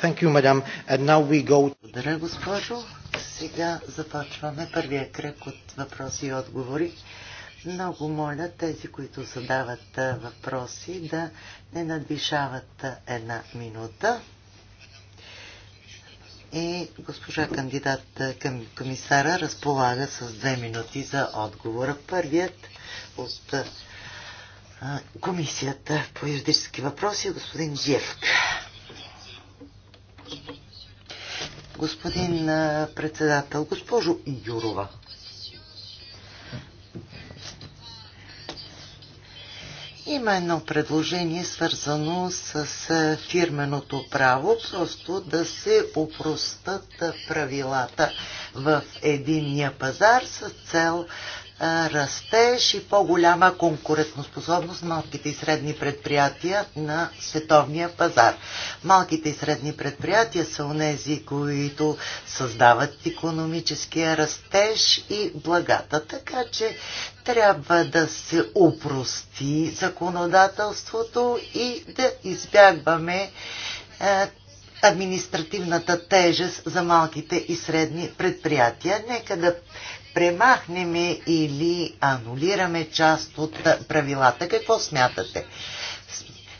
Thank you, madam. And now we go... Благодаря, госпожо. Сега започваме първия кръг от въпроси и отговори. Много моля тези, които задават въпроси, да не надвишават една минута. И госпожа кандидат към комисара разполага с две минути за отговора. Първият от комисията по юридически въпроси е господин Джевка. господин председател. Госпожо Юрова. Има едно предложение, свързано с фирменото право, просто да се опростат правилата в единния пазар с цел растеж и по-голяма конкурентоспособност малките и средни предприятия на световния пазар. Малките и средни предприятия са онези, които създават економическия растеж и благата, така че трябва да се упрости законодателството и да избягваме административната тежест за малките и средни предприятия. Нека да Премахнем или анулираме част от правилата. Какво смятате?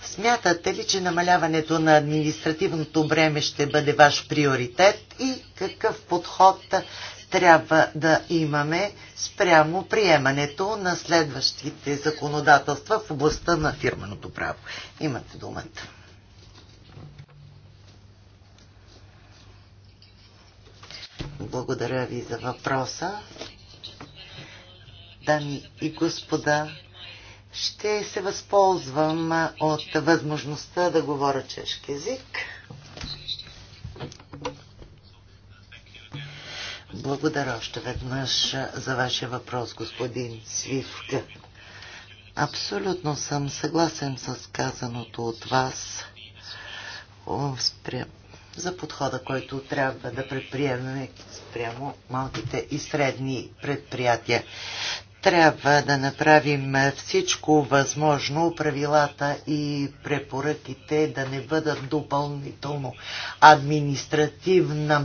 Смятате ли, че намаляването на административното бреме ще бъде ваш приоритет и какъв подход трябва да имаме спрямо приемането на следващите законодателства в областта на фирменото право? Имате думата. Благодаря ви за въпроса. Дами и господа, ще се възползвам от възможността да говоря чешки език. Благодаря още веднъж за вашия въпрос, господин Свивка. Абсолютно съм съгласен с казаното от вас за подхода, който трябва да предприемем спрямо малките и средни предприятия. Трябва да направим всичко възможно, правилата и препоръките да не бъдат допълнително административно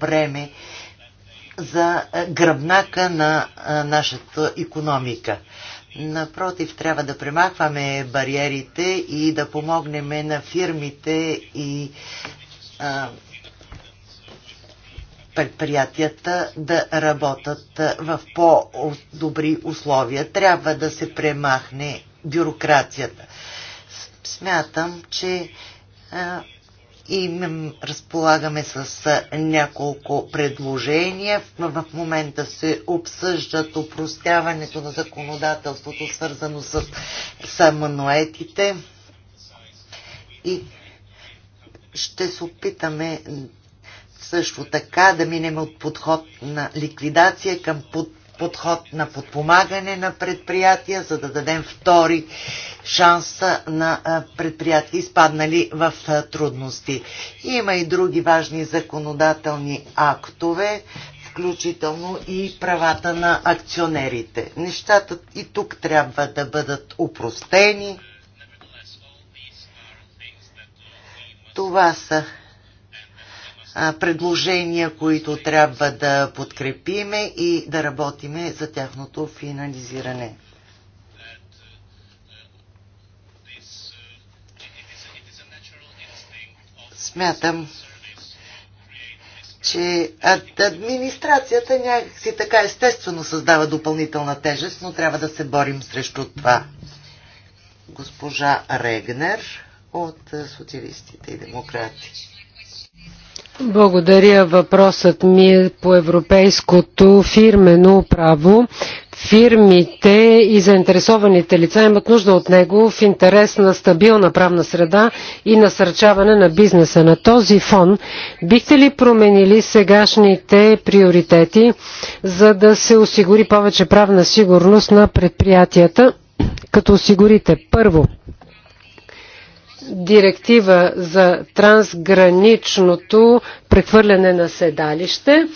бреме за гръбнака на нашата економика. Напротив, трябва да премахваме бариерите и да помогнем на фирмите и предприятията да работят в по-добри условия. Трябва да се премахне бюрокрацията. Смятам, че и разполагаме с няколко предложения. В момента се обсъждат упростяването на законодателството, свързано с самонуетите и ще се опитаме също така да минем от подход на ликвидация към под, подход на подпомагане на предприятия, за да дадем втори шанс на предприятия, изпаднали в трудности. Има и други важни законодателни актове, включително и правата на акционерите. Нещата и тук трябва да бъдат упростени Това са предложения, които трябва да подкрепиме и да работиме за тяхното финализиране. Смятам, че администрацията някакси така естествено създава допълнителна тежест, но трябва да се борим срещу това. Госпожа Регнер от социалистите и демократи. Благодаря. Въпросът ми е по европейското фирмено право. Фирмите и заинтересованите лица имат нужда от него в интерес на стабилна правна среда и насърчаване на бизнеса. На този фон бихте ли променили сегашните приоритети, за да се осигури повече правна сигурност на предприятията, като осигурите първо директива за трансграничното прехвърляне на седалище.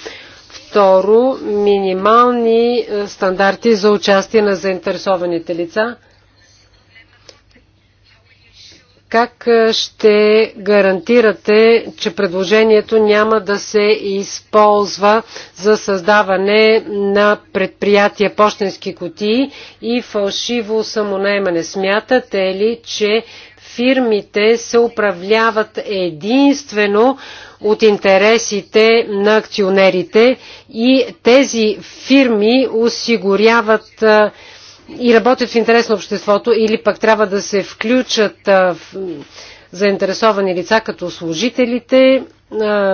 Второ, минимални е, стандарти за участие на заинтересованите лица. Как е, ще гарантирате, че предложението няма да се използва за създаване на предприятия почтенски кутии и фалшиво самонаемане? Смятате ли, че фирмите се управляват единствено от интересите на акционерите и тези фирми осигуряват и работят в интерес на обществото или пък трябва да се включат в заинтересовани лица като служителите,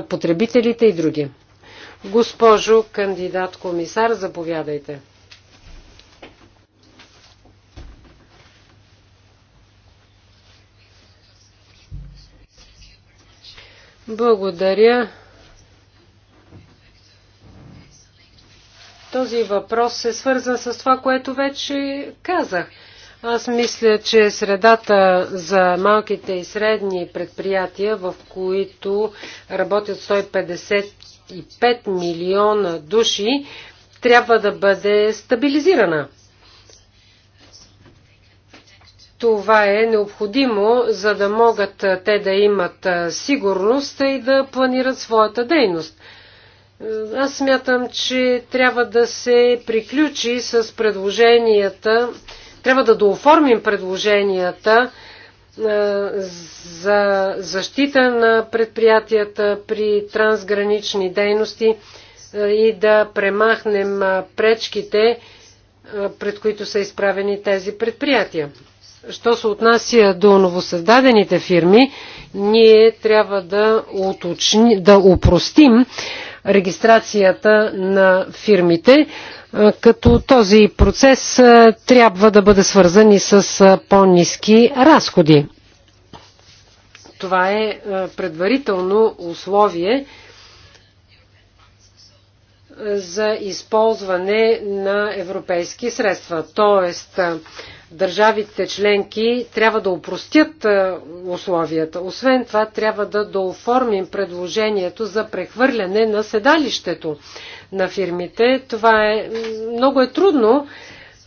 потребителите и други. Госпожо кандидат комисар, заповядайте. Благодаря. Този въпрос е свързан с това, което вече казах. Аз мисля, че средата за малките и средни предприятия, в които работят 155 милиона души, трябва да бъде стабилизирана. Това е необходимо, за да могат те да имат сигурност и да планират своята дейност. Аз смятам, че трябва да се приключи с предложенията, трябва да дооформим предложенията за защита на предприятията при трансгранични дейности и да премахнем пречките, пред които са изправени тези предприятия. Що се отнася до новосъздадените фирми, ние трябва да, уточни, да упростим регистрацията на фирмите, като този процес трябва да бъде свързан и с по-низки разходи. Това е предварително условие за използване на европейски средства. Тоест, държавите членки трябва да упростят е, условията. Освен това, трябва да дооформим предложението за прехвърляне на седалището на фирмите. Това е много е трудно.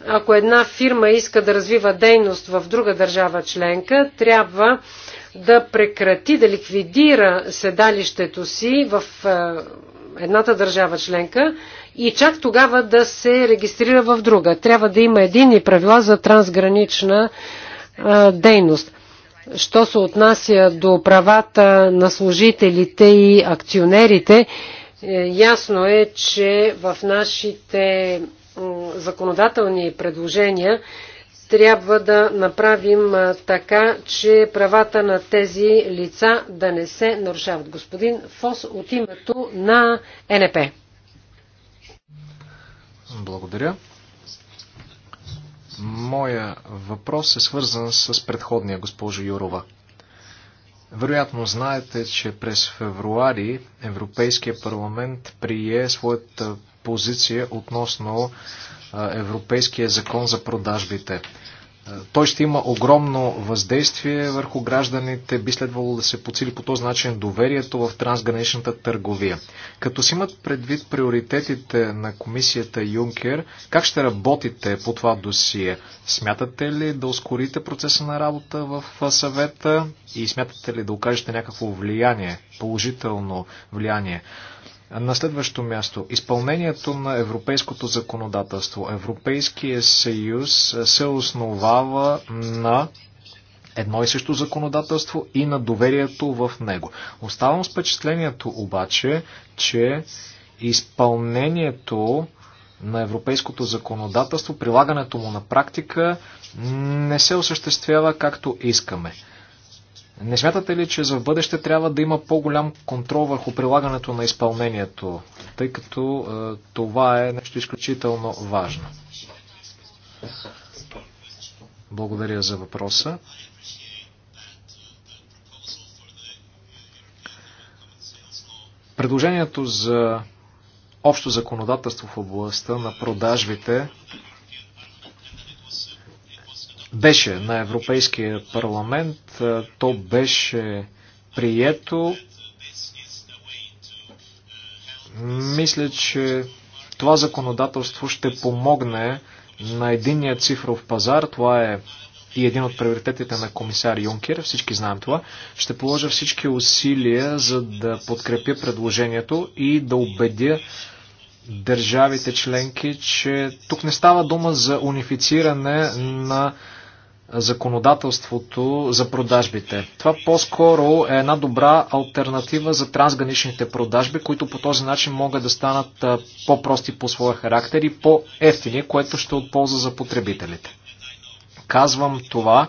Ако една фирма иска да развива дейност в друга държава членка, трябва да прекрати, да ликвидира седалището си в е, едната държава членка, и чак тогава да се регистрира в друга. Трябва да има едини правила за трансгранична а, дейност. Що се отнася до правата на служителите и акционерите, е, ясно е, че в нашите законодателни предложения трябва да направим така, че правата на тези лица да не се нарушават. Господин Фос от името на НП. Благодаря. Моя въпрос е свързан с предходния госпожо Юрова. Вероятно знаете, че през февруари Европейския парламент прие своята позиция относно Европейския закон за продажбите той ще има огромно въздействие върху гражданите. Би следвало да се подсили по този начин доверието в трансграничната търговия. Като си имат предвид приоритетите на комисията Юнкер, как ще работите по това досие? Смятате ли да ускорите процеса на работа в съвета и смятате ли да окажете някакво влияние, положително влияние? На следващо място, изпълнението на европейското законодателство. Европейския съюз се основава на едно и също законодателство и на доверието в него. Оставам с впечатлението обаче, че изпълнението на европейското законодателство, прилагането му на практика не се осъществява както искаме. Не смятате ли, че за бъдеще трябва да има по-голям контрол върху прилагането на изпълнението, тъй като е, това е нещо изключително важно? Благодаря за въпроса. Предложението за общо законодателство в областта на продажбите беше на Европейския парламент. То беше прието. Мисля, че това законодателство ще помогне на единния цифров пазар. Това е и един от приоритетите на комисар Юнкер, всички знаем това, ще положа всички усилия, за да подкрепя предложението и да убедя държавите членки, че тук не става дума за унифициране на законодателството за продажбите. Това по-скоро е една добра альтернатива за трансграничните продажби, които по този начин могат да станат по-прости по своя характер и по-ефтини, което ще отполза за потребителите. Казвам това,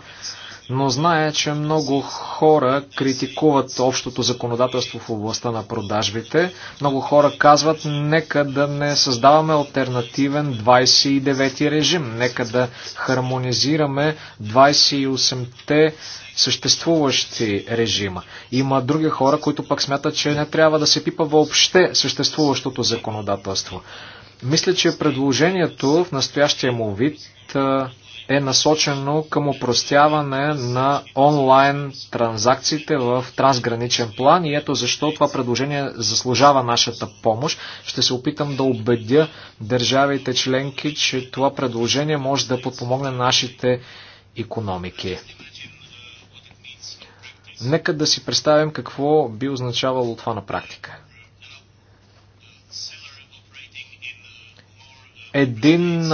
но зная, че много хора критикуват общото законодателство в областта на продажбите. Много хора казват, нека да не създаваме альтернативен 29-ти режим, нека да хармонизираме 28-те съществуващи режима. Има други хора, които пък смятат, че не трябва да се пипа въобще съществуващото законодателство. Мисля, че предложението в настоящия му вид е насочено към упростяване на онлайн транзакциите в трансграничен план и ето защо това предложение заслужава нашата помощ. Ще се опитам да убедя държавите членки, че това предложение може да подпомогне нашите економики. Нека да си представим какво би означавало това на практика. Един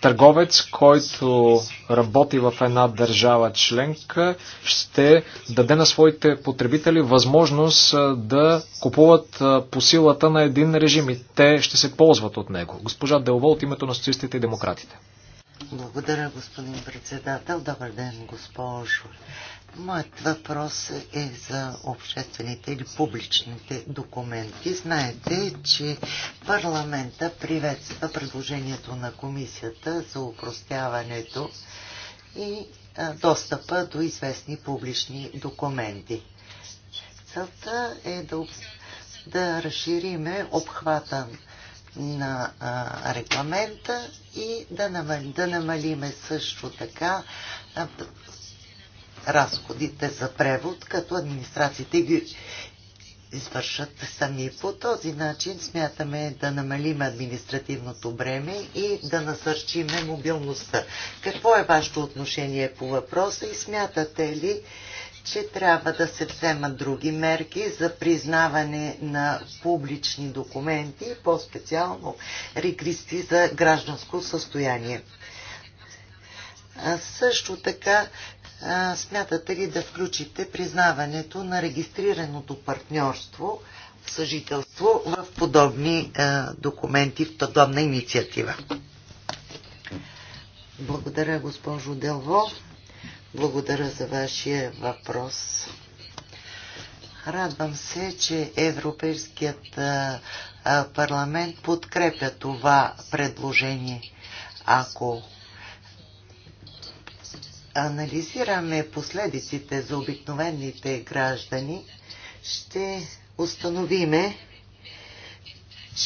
търговец, който работи в една държава членка, ще даде на своите потребители възможност да купуват по силата на един режим и те ще се ползват от него. Госпожа Делова от името на социалистите и демократите. Благодаря, господин председател. Добър ден, госпожо Моят въпрос е за обществените или публичните документи. Знаете, че парламента приветства предложението на комисията за упростяването и достъпа до известни публични документи. Целта е да, да разшириме обхвата на а, регламента и да, намал, да намалиме също така разходите за превод, като администрациите ги извършат сами. По този начин смятаме да намалим административното бреме и да насърчиме мобилността. Какво е вашето отношение по въпроса и смятате ли, че трябва да се вземат други мерки за признаване на публични документи, по-специално регристи за гражданско състояние? А също така смятате ли да включите признаването на регистрираното партньорство в съжителство в подобни документи, в подобна инициатива? Благодаря, госпожо Делво. Благодаря за вашия въпрос. Радвам се, че Европейският парламент подкрепя това предложение. Ако анализираме последиците за обикновените граждани, ще установиме,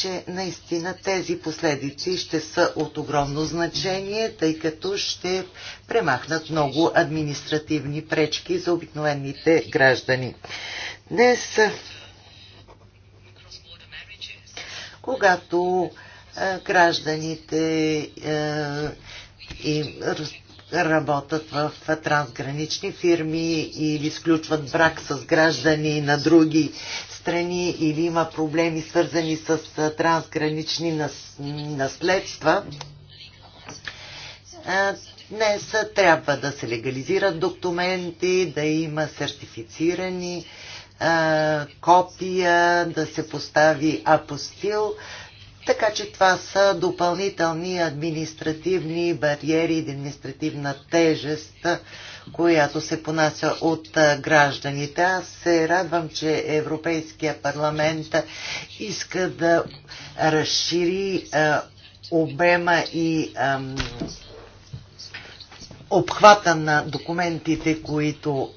че наистина тези последици ще са от огромно значение, тъй като ще премахнат много административни пречки за обикновените граждани. Днес, когато гражданите и работят в трансгранични фирми или сключват брак с граждани на други страни или има проблеми свързани с трансгранични наследства, днес трябва да се легализират документи, да има сертифицирани копия, да се постави апостил, така че това са допълнителни административни бариери, административна тежест, която се понася от гражданите. Аз се радвам, че Европейския парламент иска да разшири обема и обхвата на документите, които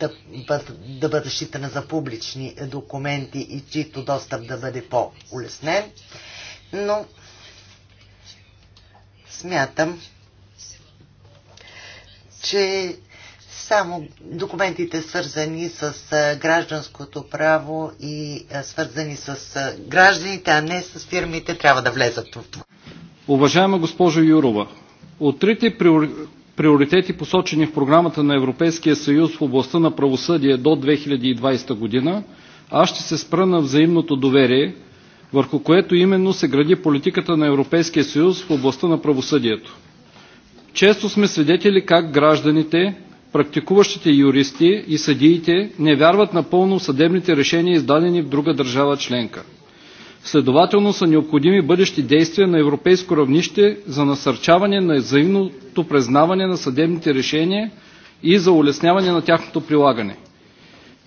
да, бъдат, да бъдат считани за публични документи и чието достъп да бъде по-улеснен но смятам, че само документите свързани с гражданското право и свързани с гражданите, а не с фирмите, трябва да влезат в това. Уважаема госпожо Юрова, от трите приоритети посочени в програмата на Европейския съюз в областта на правосъдие до 2020 година, аз ще се спра на взаимното доверие – върху което именно се гради политиката на Европейския съюз в областта на правосъдието. Често сме свидетели как гражданите, практикуващите юристи и съдиите не вярват напълно в съдебните решения, издадени в друга държава членка. Следователно са необходими бъдещи действия на европейско равнище за насърчаване на взаимното признаване на съдебните решения и за улесняване на тяхното прилагане –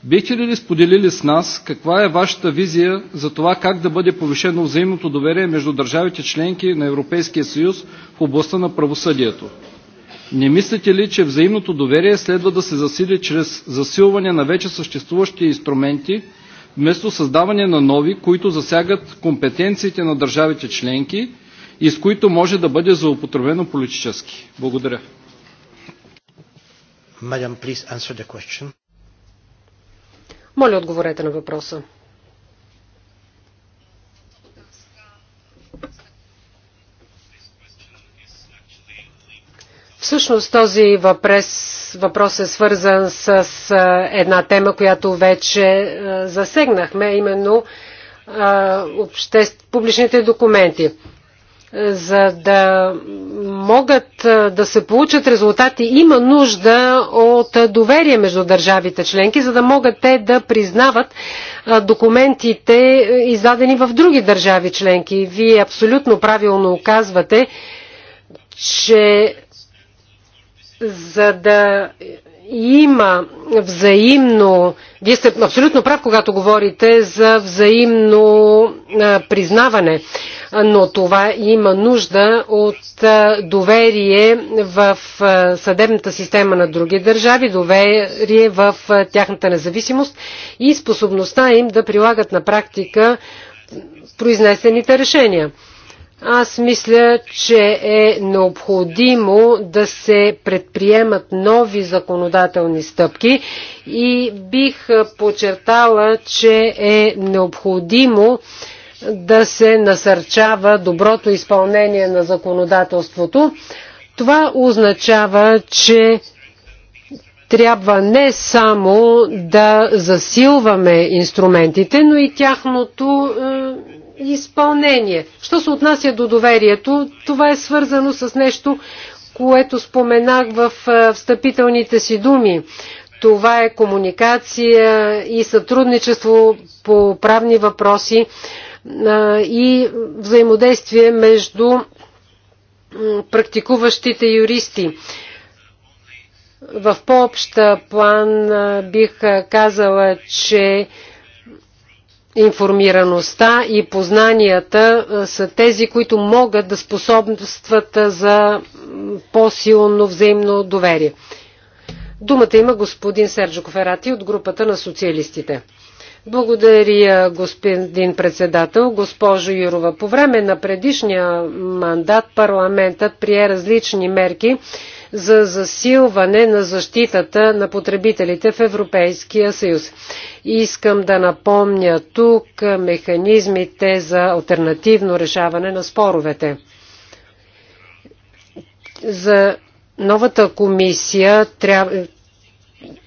Бихте ли споделили с нас каква е вашата визия за това как да бъде повишено взаимното доверие между държавите членки на Европейския съюз в областта на правосъдието? Не мислите ли, че взаимното доверие следва да се засили чрез засилване на вече съществуващи инструменти, вместо създаване на нови, които засягат компетенциите на държавите членки и с които може да бъде заупотребено политически? Благодаря. Madam, please answer the question. Моля, отговорете на въпроса. Всъщност този въпрос, въпрос е свързан с една тема, която вече засегнахме, именно публичните документи за да могат да се получат резултати, има нужда от доверие между държавите членки, за да могат те да признават документите, издадени в други държави членки. Вие абсолютно правилно оказвате, че за да има взаимно, вие сте абсолютно прав, когато говорите за взаимно признаване, но това има нужда от доверие в съдебната система на други държави, доверие в тяхната независимост и способността им да прилагат на практика произнесените решения. Аз мисля, че е необходимо да се предприемат нови законодателни стъпки и бих подчертала, че е необходимо да се насърчава доброто изпълнение на законодателството. Това означава, че трябва не само да засилваме инструментите, но и тяхното е, изпълнение. Що се отнася до доверието, това е свързано с нещо, което споменах в е, встъпителните си думи. Това е комуникация и сътрудничество по правни въпроси е, и взаимодействие между практикуващите юристи. В по-обща план е, бих казала, че информираността и познанията са тези, които могат да способстват за по-силно взаимно доверие. Думата има господин Серджо Коферати от групата на социалистите. Благодаря, господин председател. Госпожо Юрова, по време на предишния мандат парламентът прие различни мерки, за засилване на защитата на потребителите в Европейския съюз. Искам да напомня тук механизмите за альтернативно решаване на споровете. За новата комисия трябва,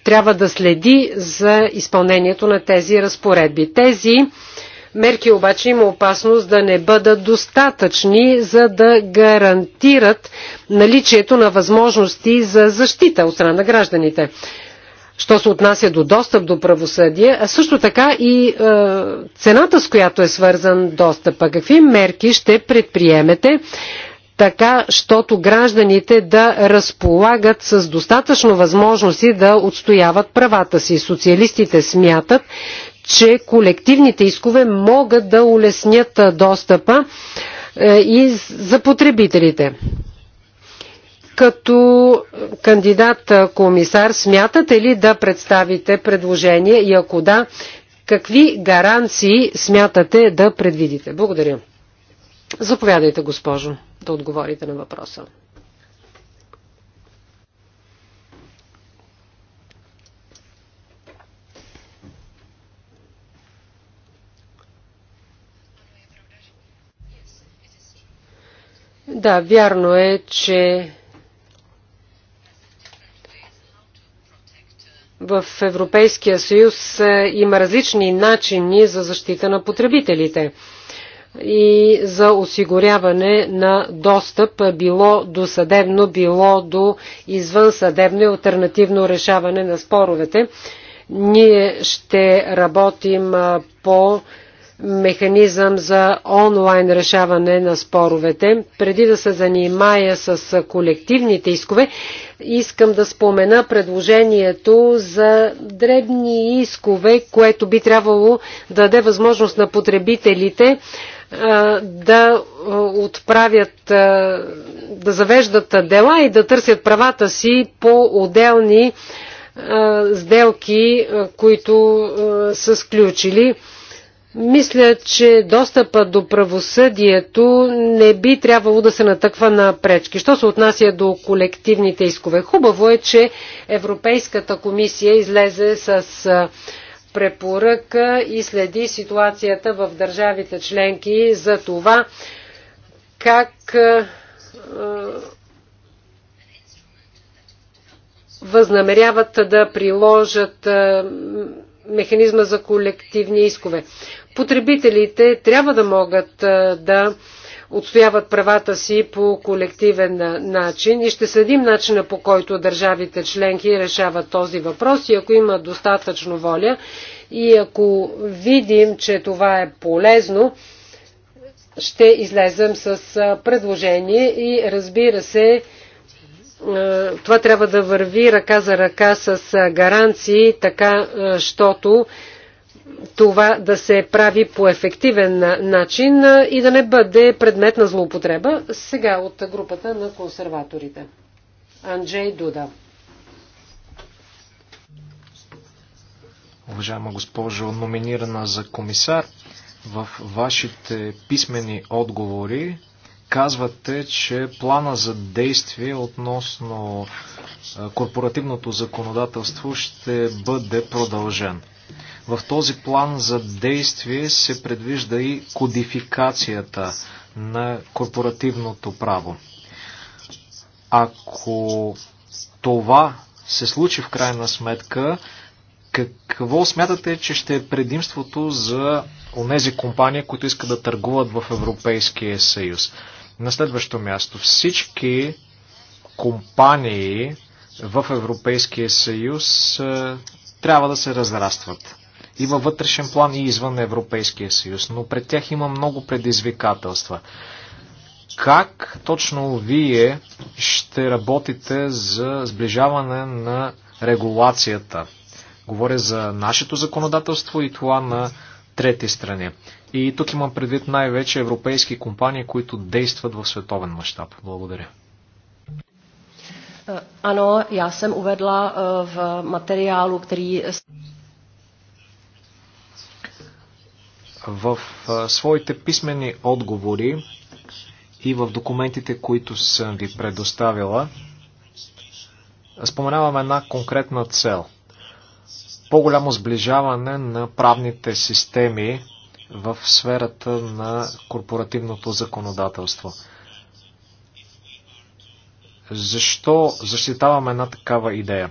трябва да следи за изпълнението на тези разпоредби. Тези мерки обаче има опасност да не бъдат достатъчни, за да гарантират наличието на възможности за защита от страна на гражданите. Що се отнася до достъп до правосъдие, а също така и е, цената, с която е свързан достъпа. Какви мерки ще предприемете? така, щото гражданите да разполагат с достатъчно възможности да отстояват правата си. Социалистите смятат, че колективните искове могат да улеснят достъпа е, и за потребителите. Като е, кандидат е, комисар, смятате ли да представите предложение и ако да, какви гаранции смятате да предвидите? Благодаря. Заповядайте, госпожо, да отговорите на въпроса. Да, вярно е, че в Европейския съюз е, има различни начини за защита на потребителите и за осигуряване на достъп било до съдебно, било до извънсъдебно и альтернативно решаване на споровете. Ние ще работим по механизъм за онлайн решаване на споровете. Преди да се занимая с колективните искове, искам да спомена предложението за дребни искове, което би трябвало да даде възможност на потребителите да отправят, да завеждат дела и да търсят правата си по отделни сделки, които са сключили. Мисля, че достъпа до правосъдието не би трябвало да се натъква на пречки. Що се отнася до колективните искове? Хубаво е, че Европейската комисия излезе с препоръка и следи ситуацията в държавите членки за това как възнамеряват да приложат механизма за колективни искове. Потребителите трябва да могат да отстояват правата си по колективен начин и ще следим начина по който държавите членки решават този въпрос и ако има достатъчно воля и ако видим, че това е полезно, ще излезем с предложение и разбира се, това трябва да върви ръка за ръка с гаранции, така, щото това да се прави по ефективен начин и да не бъде предмет на злоупотреба. Сега от групата на консерваторите. Анджей Дуда. Уважаема госпожо, номинирана за комисар, в вашите писмени отговори казвате, че плана за действие относно корпоративното законодателство ще бъде продължен. В този план за действие се предвижда и кодификацията на корпоративното право. Ако това се случи в крайна сметка, какво смятате, че ще е предимството за онези компании, които искат да търгуват в Европейския съюз? На следващо място, всички компании в Европейския съюз е, трябва да се разрастват и във вътрешен план и извън Европейския съюз, но пред тях има много предизвикателства. Как точно вие ще работите за сближаване на регулацията? Говоря за нашето законодателство и това на трети страни. И тук имам предвид най-вече европейски компании, които действат в световен мащаб. Благодаря. Ano, já jsem uvedla v materiálu, který... В своите писмени отговори и в документите, които съм ви предоставила, споменавам една конкретна цел. По-голямо сближаване на правните системи в сферата на корпоративното законодателство. Защо защитавам една такава идея?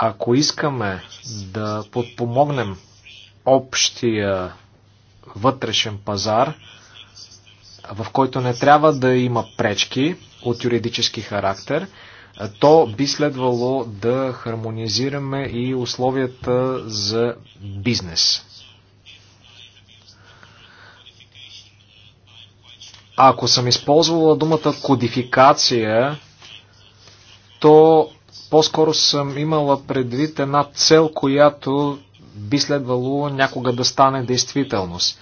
Ако искаме да подпомогнем общия вътрешен пазар, в който не трябва да има пречки от юридически характер, то би следвало да хармонизираме и условията за бизнес. ако съм използвала думата кодификация, то по-скоро съм имала предвид една цел, която би следвало някога да стане действителност.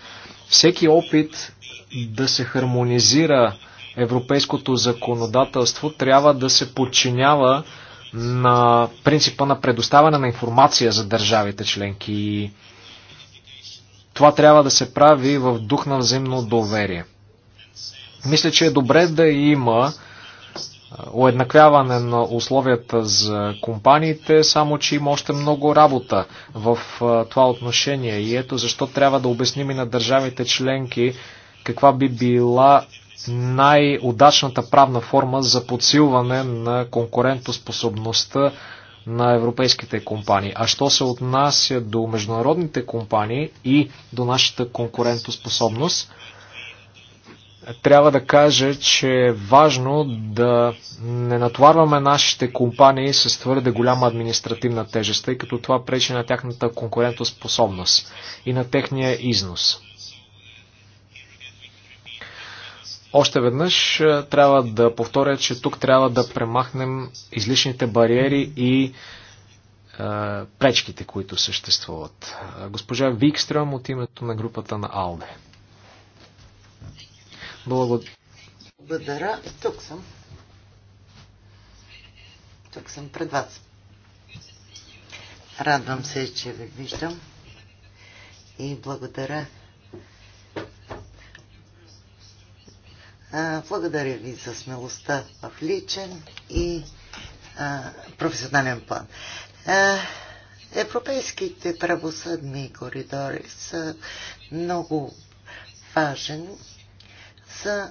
Всеки опит да се хармонизира европейското законодателство трябва да се подчинява на принципа на предоставяне на информация за държавите членки. И това трябва да се прави в дух на взаимно доверие. Мисля, че е добре да има уеднаквяване на условията за компаниите, само че има още много работа в това отношение. И ето защо трябва да обясним и на държавите членки каква би била най-удачната правна форма за подсилване на конкурентоспособността на европейските компании. А що се отнася до международните компании и до нашата конкурентоспособност – трябва да кажа, че е важно да не натоварваме нашите компании с твърде голяма административна тежест, тъй като това пречи на тяхната конкурентоспособност и на техния износ. Още веднъж е, трябва да повторя, че тук трябва да премахнем излишните бариери и е, пречките, които съществуват. Е, госпожа Викстрам от името на групата на Алде. Благодаря. Тук съм. Тук съм пред вас. Радвам се, че ви виждам. И благодаря. Благодаря ви за смелостта в личен и професионален план. Европейските правосъдни коридори са много важен са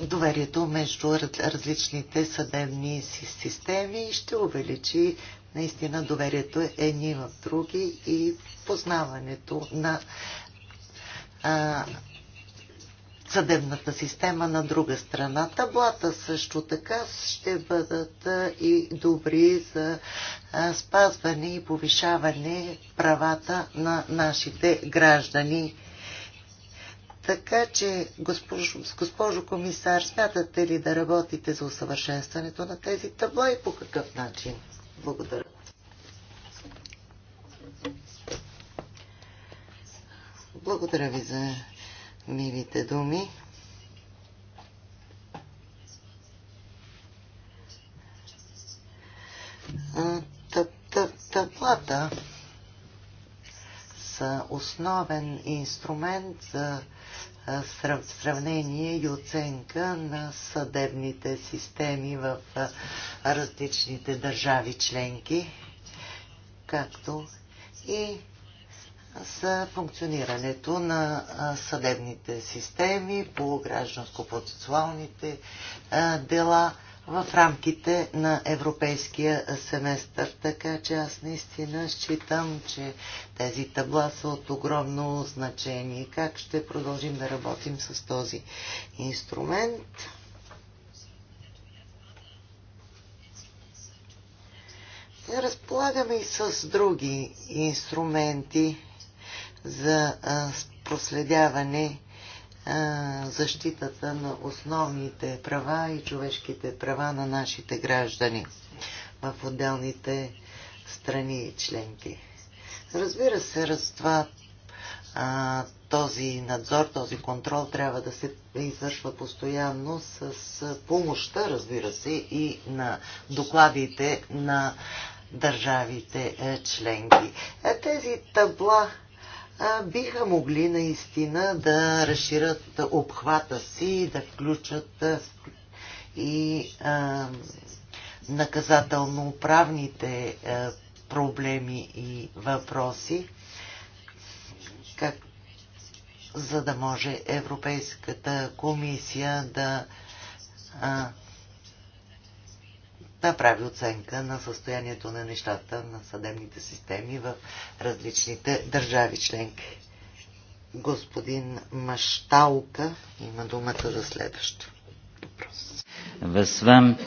доверието между различните съдебни системи и ще увеличи наистина доверието едни в други и познаването на а, съдебната система на друга страна. Таблата също така ще бъдат и добри за спазване и повишаване правата на нашите граждани така че, госпожо, госпожо комисар, смятате ли да работите за усъвършенстването на тези табла и по какъв начин? Благодаря. Благодаря ви за милите думи. Таблата са основен инструмент за сравнение и оценка на съдебните системи в различните държави членки, както и с функционирането на съдебните системи по гражданско-процесуалните дела – в рамките на европейския семестър. Така че аз наистина считам, че тези табла са от огромно значение. Как ще продължим да работим с този инструмент? Разполагаме и с други инструменти за проследяване защитата на основните права и човешките права на нашите граждани в отделните страни и членки. Разбира се, раз това а, този надзор, този контрол трябва да се извършва постоянно с помощта, разбира се, и на докладите на държавите е, членки. Е, тези табла биха могли наистина да разширят обхвата си, и да включат и наказателно управните проблеми и въпроси, как, за да може Европейската комисия да а, направи оценка на състоянието на нещата на съдебните системи в различните държави членки. Господин Машталка има думата за следващо. Въпрос. Весвен.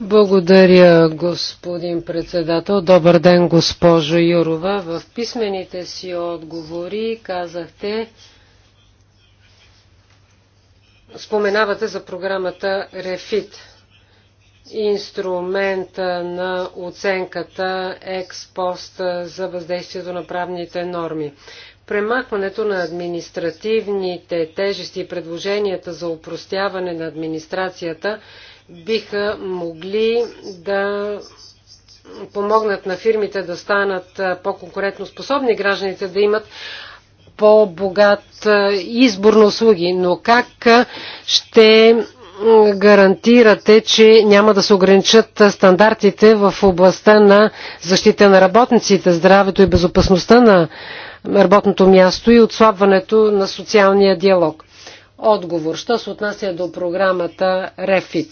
Благодаря, господин председател. Добър ден, госпожо Юрова. В писмените си отговори казахте, споменавате за програмата РЕФИТ инструмента на оценката експост за въздействието на правните норми. Премахването на административните тежести и предложенията за упростяване на администрацията биха могли да помогнат на фирмите да станат по-конкурентно способни, гражданите да имат по-богат избор на услуги. Но как ще гарантирате, че няма да се ограничат стандартите в областта на защита на работниците, здравето и безопасността на работното място и отслабването на социалния диалог? Отговор. Що се отнася до програмата REFIT?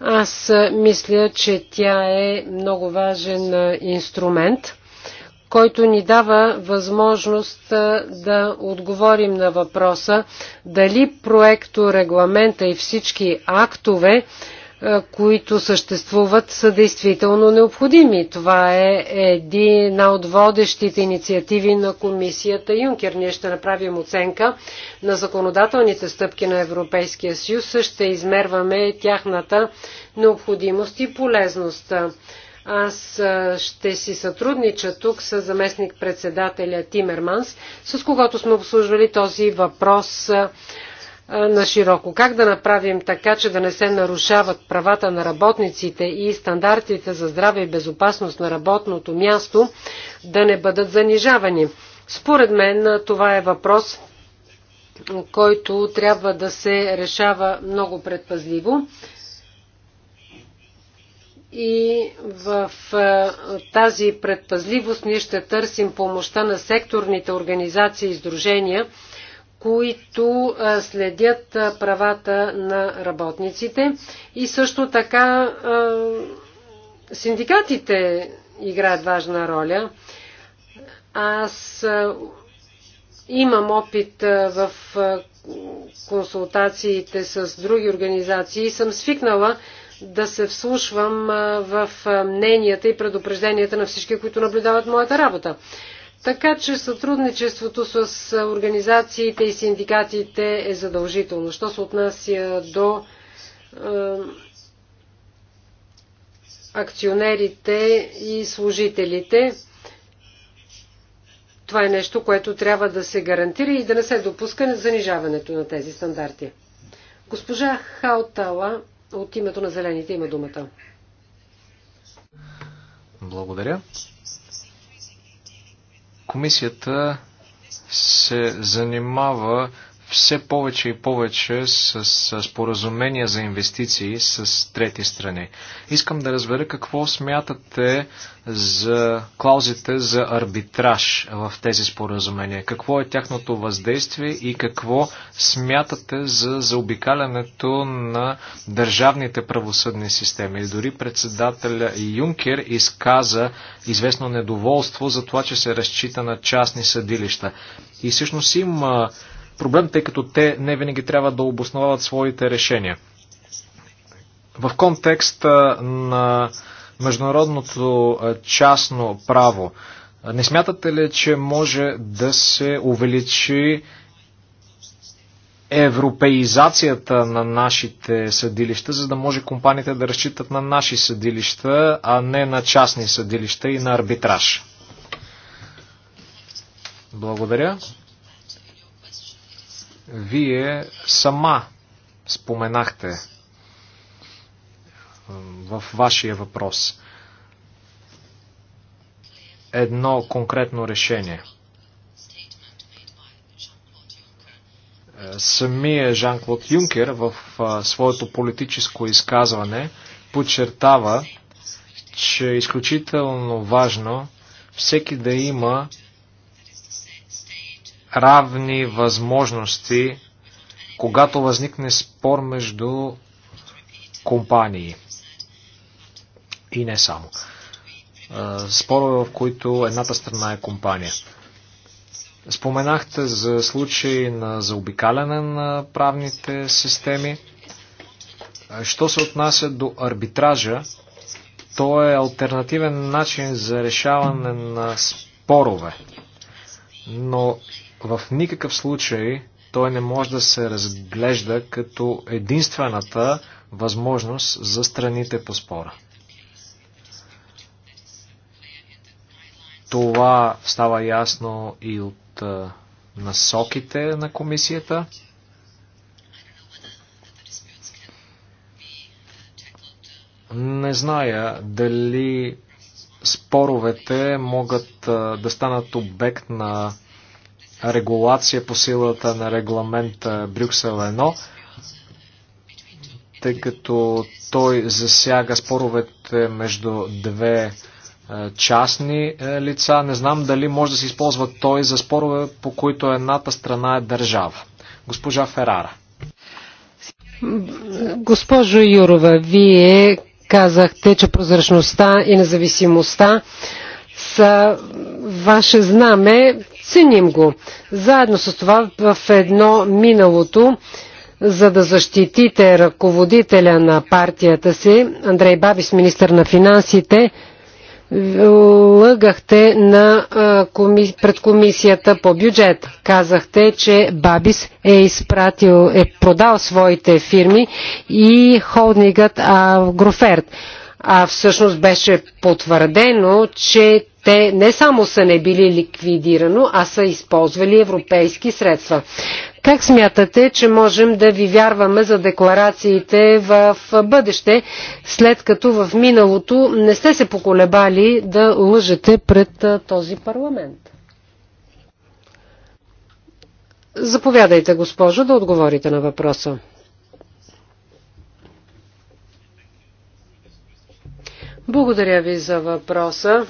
Аз мисля, че тя е много важен инструмент – който ни дава възможност да отговорим на въпроса дали проекто регламента и всички актове, които съществуват, са действително необходими. Това е една от водещите инициативи на комисията Юнкер. Ние ще направим оценка на законодателните стъпки на Европейския съюз, ще измерваме тяхната необходимост и полезност. Аз ще си сътруднича тук с заместник председателя Тимерманс, с когото сме обслужвали този въпрос на широко. Как да направим така, че да не се нарушават правата на работниците и стандартите за здраве и безопасност на работното място да не бъдат занижавани? Според мен това е въпрос, който трябва да се решава много предпазливо. И в тази предпазливост ние ще търсим помощта на секторните организации и издружения, които следят правата на работниците и също така синдикатите играят важна роля. Аз имам опит в консултациите с други организации и съм свикнала да се вслушвам в мненията и предупрежденията на всички, които наблюдават моята работа. Така че сътрудничеството с организациите и синдикатите е задължително. Що се отнася до акционерите и служителите. Това е нещо, което трябва да се гарантира и да не се допуска занижаването на тези стандарти. Госпожа Хаутала от името на зелените има думата. Благодаря. Комисията се занимава все повече и повече с, с споразумения за инвестиции с трети страни. Искам да разбера какво смятате за клаузите за арбитраж в тези споразумения. Какво е тяхното въздействие и какво смятате за заобикалянето на държавните правосъдни системи. Дори председателя Юнкер изказа известно недоволство за това, че се разчита на частни съдилища. И всъщност има проблем, тъй като те не винаги трябва да обосновават своите решения. В контекста на международното частно право, не смятате ли, че може да се увеличи европеизацията на нашите съдилища, за да може компаниите да разчитат на наши съдилища, а не на частни съдилища и на арбитраж? Благодаря. Вие сама споменахте в вашия въпрос едно конкретно решение. Самия Жан-Клод Юнкер в своето политическо изказване подчертава, че е изключително важно всеки да има равни възможности, когато възникне спор между компании. И не само. Спорове, в които едната страна е компания. Споменахте за случаи на заобикаляне на правните системи. Що се отнася до арбитража, то е альтернативен начин за решаване на спорове. Но в никакъв случай той не може да се разглежда като единствената възможност за страните по спора. Това става ясно и от насоките на комисията. Не зная дали споровете могат да станат обект на регулация по силата на регламента Брюксел 1, тъй като той засяга споровете между две е, частни е, лица. Не знам дали може да се използва той за спорове, по които едната страна е държава. Госпожа Ферара. Госпожо Юрова, вие казахте, че прозрачността и независимостта са ваше знаме. Ценим го. Заедно с това в едно миналото, за да защитите ръководителя на партията си, Андрей Бабис, министър на финансите, лъгахте на, коми, пред комисията по бюджет. Казахте, че Бабис е изпратил, е продал своите фирми и холдингът Агроферт а всъщност беше потвърдено, че те не само са не били ликвидирано, а са използвали европейски средства. Как смятате, че можем да ви вярваме за декларациите в бъдеще, след като в миналото не сте се поколебали да лъжете пред този парламент? Заповядайте, госпожо, да отговорите на въпроса. Благодаря ви за въпроса.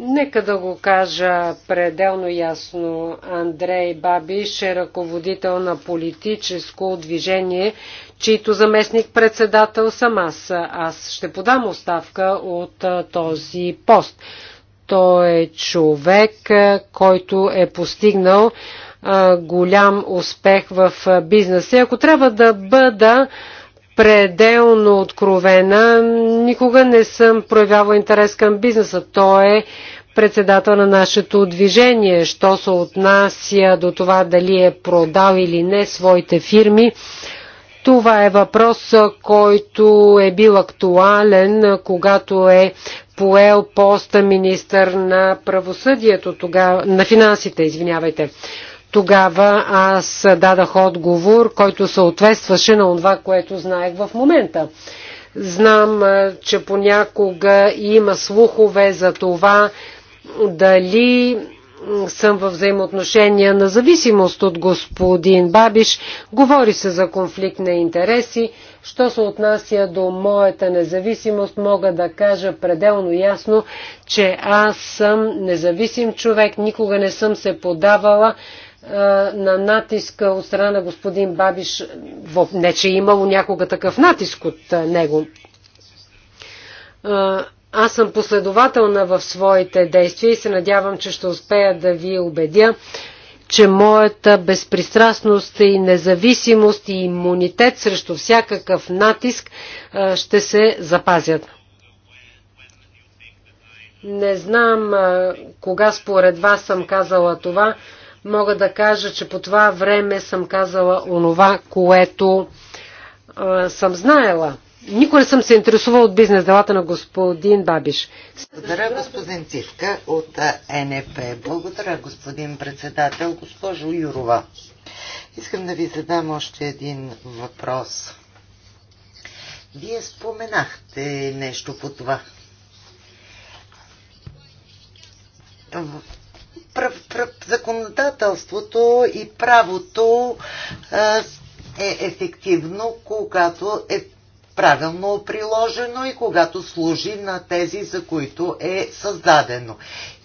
Нека да го кажа пределно ясно. Андрей Бабиш е ръководител на политическо движение, чийто заместник председател съм аз. Аз ще подам оставка от този пост. Той е човек, който е постигнал голям успех в бизнеса. Ако трябва да бъда пределно откровена. Никога не съм проявявал интерес към бизнеса. Той е председател на нашето движение. Що се отнася до това дали е продал или не своите фирми, това е въпрос, който е бил актуален, когато е поел поста министър на правосъдието, тогава, на финансите, извинявайте. Тогава аз дадах отговор, който съответстваше на това, което знаех в момента. Знам, че понякога има слухове за това дали съм във взаимоотношения на зависимост от господин Бабиш. Говори се за конфликт на интереси. Що се отнася до моята независимост, мога да кажа пределно ясно, че аз съм независим човек. Никога не съм се подавала на натиска от страна на господин Бабиш, не че е имало някога такъв натиск от него. Аз съм последователна в своите действия и се надявам, че ще успея да ви убедя, че моята безпристрастност и независимост и имунитет срещу всякакъв натиск ще се запазят. Не знам кога според вас съм казала това, Мога да кажа, че по това време съм казала онова, което а, съм знаела. Никой не съм се интересувал от бизнес делата на господин Бабиш. Благодаря, господин Цивка от НП. Благодаря, господин председател, госпожо Юрова. Искам да ви задам още един въпрос. Вие споменахте нещо по това прав, прав, законодателството и правото е ефективно, когато е правилно приложено и когато служи на тези, за които е създадено.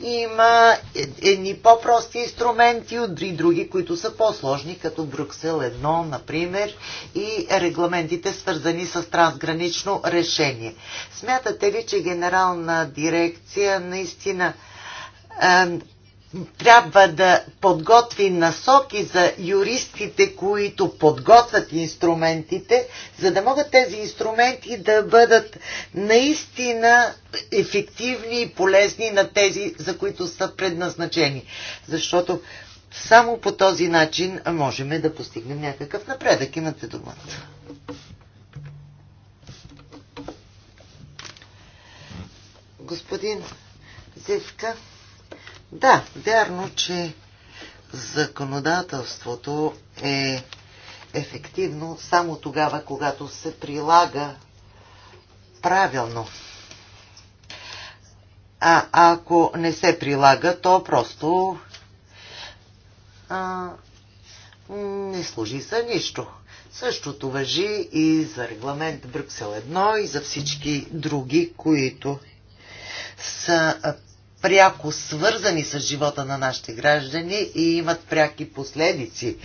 Има е, едни по-прости инструменти от други, които са по-сложни, като Брюксел 1, например, и регламентите свързани с трансгранично решение. Смятате ли, че генерална дирекция наистина трябва да подготви насоки за юристите, които подготвят инструментите, за да могат тези инструменти да бъдат наистина ефективни и полезни на тези, за които са предназначени. Защото само по този начин можем да постигнем някакъв напредък. Имате думата. Господин Зевка. Да, вярно, че законодателството е ефективно само тогава, когато се прилага правилно. А ако не се прилага, то просто а, не служи за нищо. Същото въжи и за регламент Брюксел 1 и за всички други, които са пряко свързани с живота на нашите граждани и имат пряки последици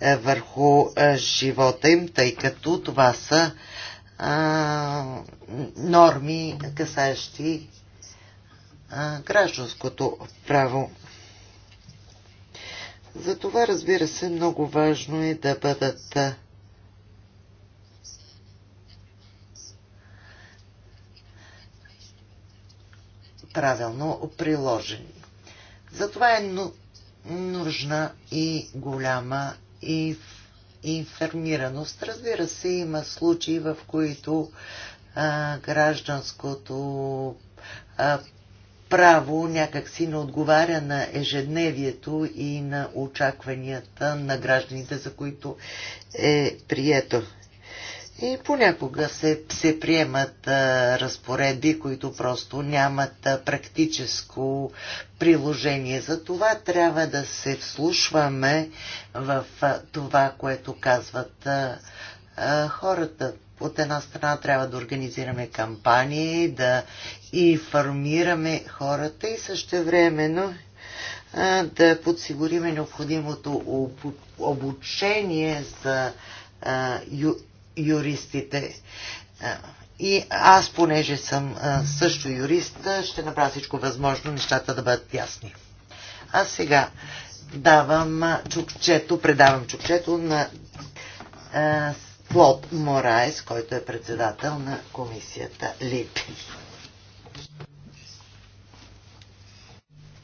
е, върху е, живота им, тъй като това са а, норми, касаещи а, гражданското право. Затова, разбира се, много важно е да бъдат е, правилно приложени. Затова е нужна и голяма и информираност. Разбира се, има случаи, в които а, гражданското а, право някакси не отговаря на ежедневието и на очакванията на гражданите, за които е прието. И понякога се, се приемат а, разпоредби, които просто нямат а, практическо приложение. За това трябва да се вслушваме в а, това, което казват а, а, хората. От една страна трябва да организираме кампании, да информираме хората и същевременно а, да подсигуриме необходимото обучение за юристите. И аз, понеже съм също юрист, ще направя всичко възможно нещата да бъдат ясни. А сега давам чукчето, предавам чукчето на Клод Мораес, който е председател на комисията ЛИП.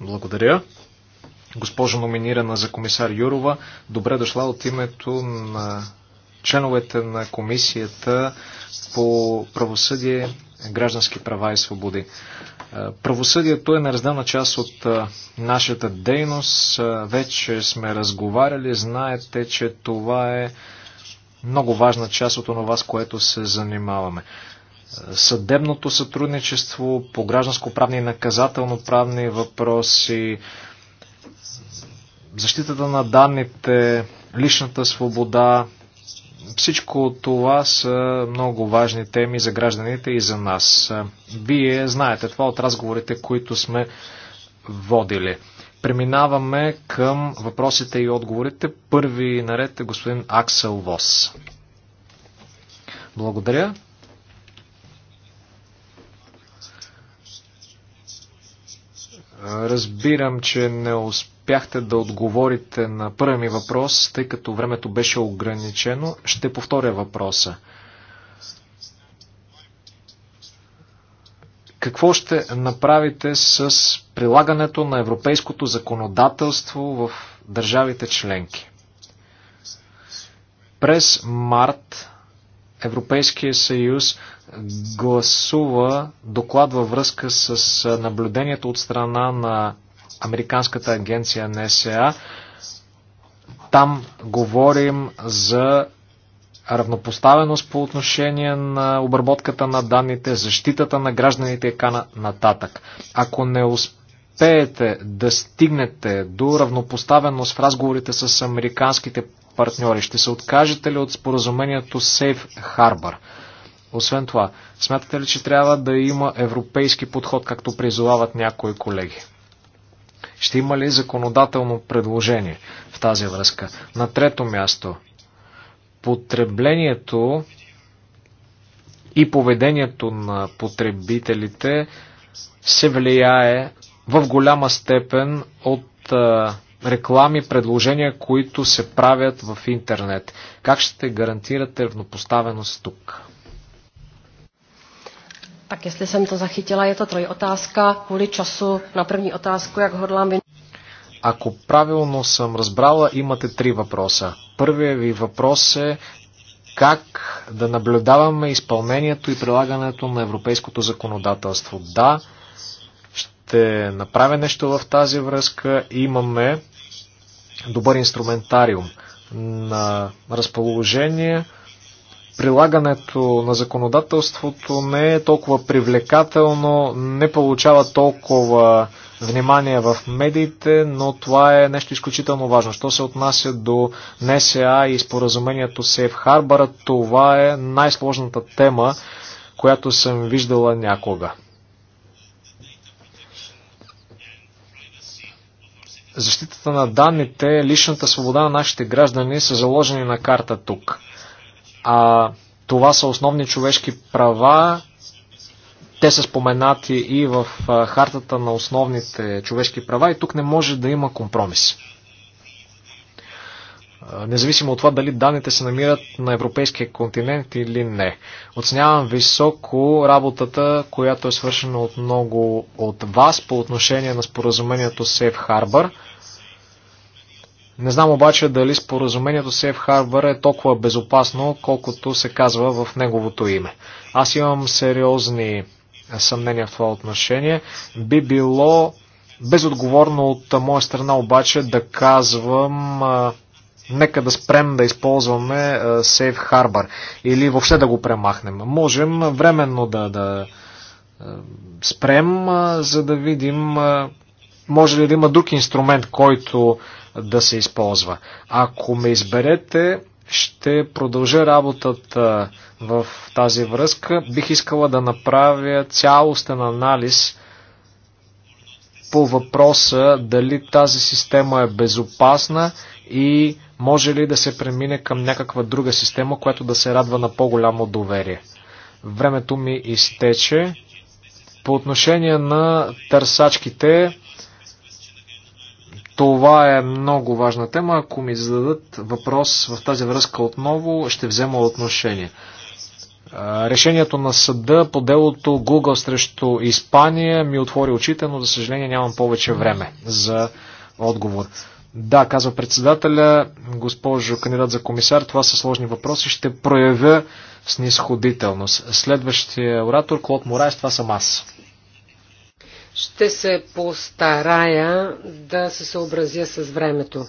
Благодаря. Госпожо номинирана за комисар Юрова, добре дошла от името на членовете на комисията по правосъдие, граждански права и свободи. Е, правосъдието е неразделна част от е, нашата дейност. Е, вече сме разговаряли. Знаете, че това е много важна част от това, с което се занимаваме. Съдебното сътрудничество по гражданско-правни и наказателно-правни въпроси, защитата на данните, личната свобода, всичко това са много важни теми за гражданите и за нас. Вие знаете това от разговорите, които сме водили. Преминаваме към въпросите и отговорите. Първи наред е господин Аксел Вос. Благодаря. Разбирам, че не успя успяхте да отговорите на първия ми въпрос, тъй като времето беше ограничено. Ще повторя въпроса. Какво ще направите с прилагането на европейското законодателство в държавите членки? През март Европейския съюз гласува доклад във връзка с наблюдението от страна на Американската агенция НСА. Там говорим за равнопоставеност по отношение на обработката на данните, защитата на гражданите и така нататък. Ако не успеете да стигнете до равнопоставеност в разговорите с американските партньори, ще се откажете ли от споразумението Safe Harbor? Освен това, смятате ли, че трябва да има европейски подход, както призовават някои колеги? Ще има ли законодателно предложение в тази връзка? На трето място, потреблението и поведението на потребителите се влияе в голяма степен от реклами, предложения, които се правят в интернет. Как ще гарантирате равнопоставеност тук? Tak jestli jsem to zachytila, je to troj otázka kvůli času na první otázku, jak hodlám vy... Ако правилно съм разбрала, имате три въпроса. Първият ви въпрос е как да наблюдаваме изпълнението и прилагането на европейското законодателство. Да, ще направя нещо в тази връзка. Имаме добър инструментариум на разположение прилагането на законодателството не е толкова привлекателно, не получава толкова внимание в медиите, но това е нещо изключително важно. Що се отнася до НСА и споразумението Сейф Harbor, това е най-сложната тема, която съм виждала някога. Защитата на данните, личната свобода на нашите граждани са заложени на карта тук. А това са основни човешки права. Те са споменати и в хартата на основните човешки права и тук не може да има компромис. Независимо от това дали данните се намират на европейския континент или не. Оценявам високо работата, която е свършена от много от вас по отношение на споразумението Safe Harbor – не знам обаче дали споразумението Safe Harbor е толкова безопасно, колкото се казва в неговото име. Аз имам сериозни съмнения в това отношение. Би било безотговорно от моя страна обаче да казвам нека да спрем да използваме Safe Harbor или въобще да го премахнем. Можем временно да, да спрем, за да видим може ли да има друг инструмент, който да се използва. Ако ме изберете, ще продължа работата в тази връзка. Бих искала да направя цялостен анализ по въпроса дали тази система е безопасна и може ли да се премине към някаква друга система, която да се радва на по-голямо доверие. Времето ми изтече. По отношение на търсачките, това е много важна тема. Ако ми зададат въпрос в тази връзка отново, ще взема отношение. Решението на съда по делото Google срещу Испания ми отвори очите, но за съжаление нямам повече време за отговор. Да, казва председателя, госпожо кандидат за комисар, това са сложни въпроси, ще проявя снисходителност. Следващия оратор, Клод Морайс, това съм аз. Ще се постарая да се съобразя с времето.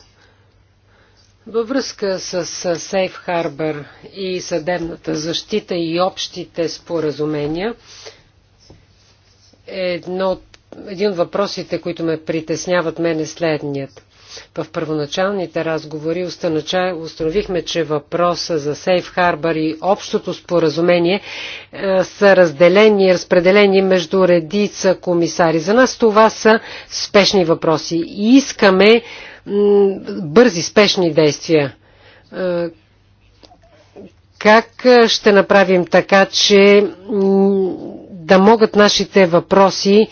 Във връзка с Сейф Харбър и съдебната защита и общите споразумения, едно, един от въпросите, които ме притесняват мен е следният. В първоначалните разговори установихме, че въпроса за Сейф Харбър и общото споразумение е, са разделени и разпределени между редица комисари. За нас това са спешни въпроси и искаме бързи, спешни действия е, как ще направим така, че да могат нашите въпроси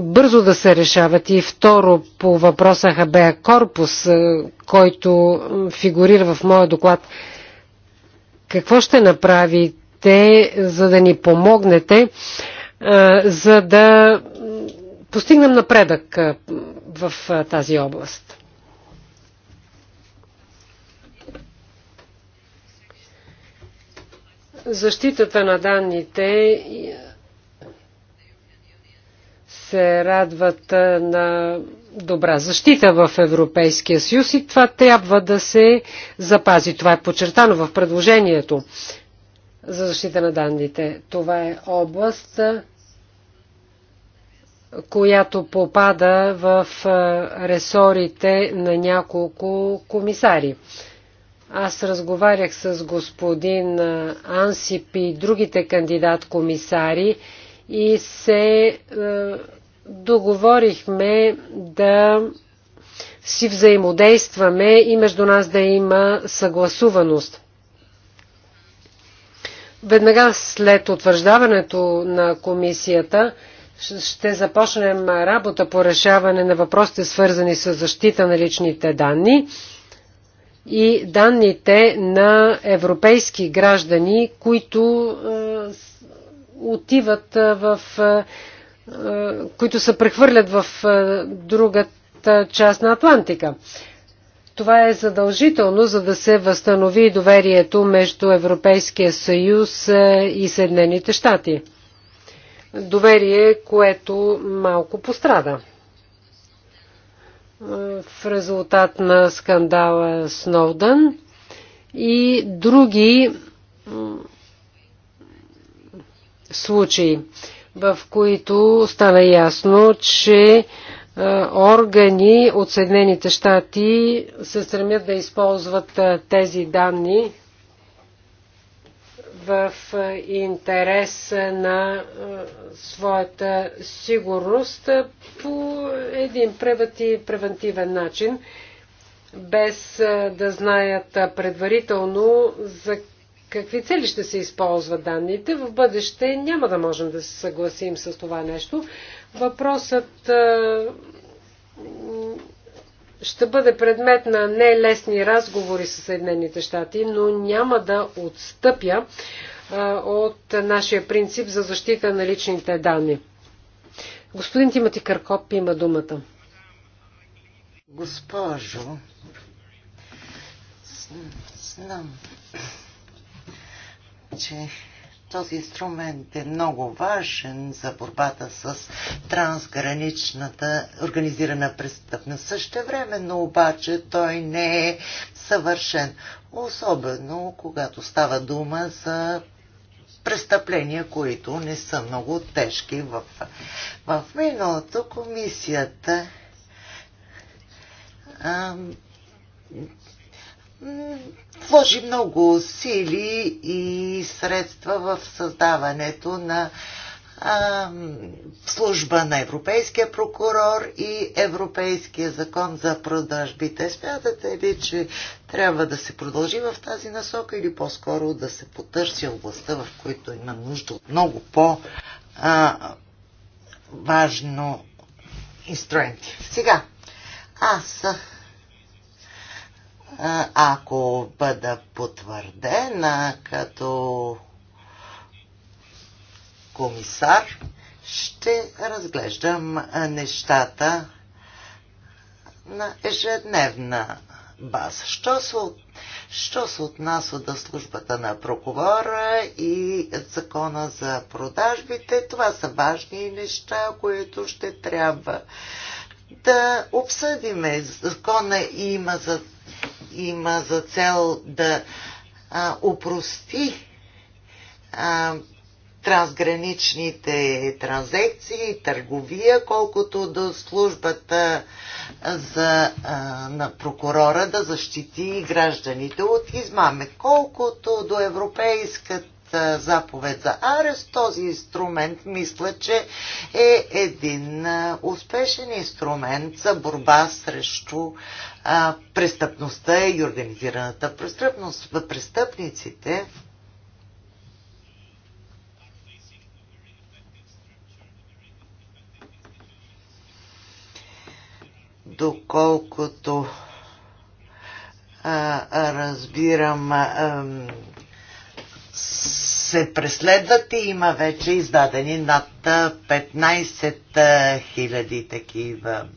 бързо да се решават. И второ, по въпроса Хабея Корпус, е, който фигурира в моя доклад, какво ще направите, за да ни помогнете, е, за да постигнем напредък е, в тази област? Защитата на данните се радват на добра защита в Европейския съюз и това трябва да се запази. Това е подчертано в предложението за защита на данните. Това е област, която попада в ресорите на няколко комисари. Аз разговарях с господин Ансип и другите кандидат-комисари и се договорихме да си взаимодействаме и между нас да има съгласуваност. Веднага след утвърждаването на комисията ще започнем работа по решаване на въпросите свързани с защита на личните данни и данните на европейски граждани, които е, отиват е, в е, е, които се прехвърлят в е, другата част на Атлантика. Това е задължително, за да се възстанови доверието между Европейския съюз е, и Съединените щати. Доверие, което малко пострада в резултат на скандала Сноудън и други случаи в които стана ясно, че органи от Съединените щати се стремят да използват тези данни в интерес на своята сигурност по един превентивен начин, без да знаят предварително за какви цели ще се използват данните. В бъдеще няма да можем да се съгласим с това нещо. Въпросът ще бъде предмет на нелесни разговори с Съединените щати, но няма да отстъпя от нашия принцип за защита на личните данни. Господин Тимати Каркоп има думата. Госпожо, знам, че този инструмент е много важен за борбата с трансграничната организирана престъпност. но обаче той не е съвършен, особено когато става дума за престъпления, които не са много тежки. В, в миналото комисията вложи много сили и средства в създаването на а, служба на Европейския прокурор и Европейския закон за продажбите. Смятате ли, че трябва да се продължи в тази насока или по-скоро да се потърси областта, в която има нужда от много по-важно инструменти? Сега, аз ако бъда потвърдена като комисар, ще разглеждам нещата на ежедневна база. Що се, от... Що се отнася до службата на прокурора и закона за продажбите, това са важни неща, които ще трябва да обсъдиме. Закона има за има за цел да а, упрости а, трансграничните транзекции, търговия, колкото до службата за, а, на прокурора да защити гражданите от измаме. Колкото до европейската заповед за арест, този инструмент мисля, че е един успешен инструмент за борба срещу а, престъпността и организираната престъпност. в Престъпниците доколкото а, разбирам, а, се преследват и има вече издадени над 15 000 такива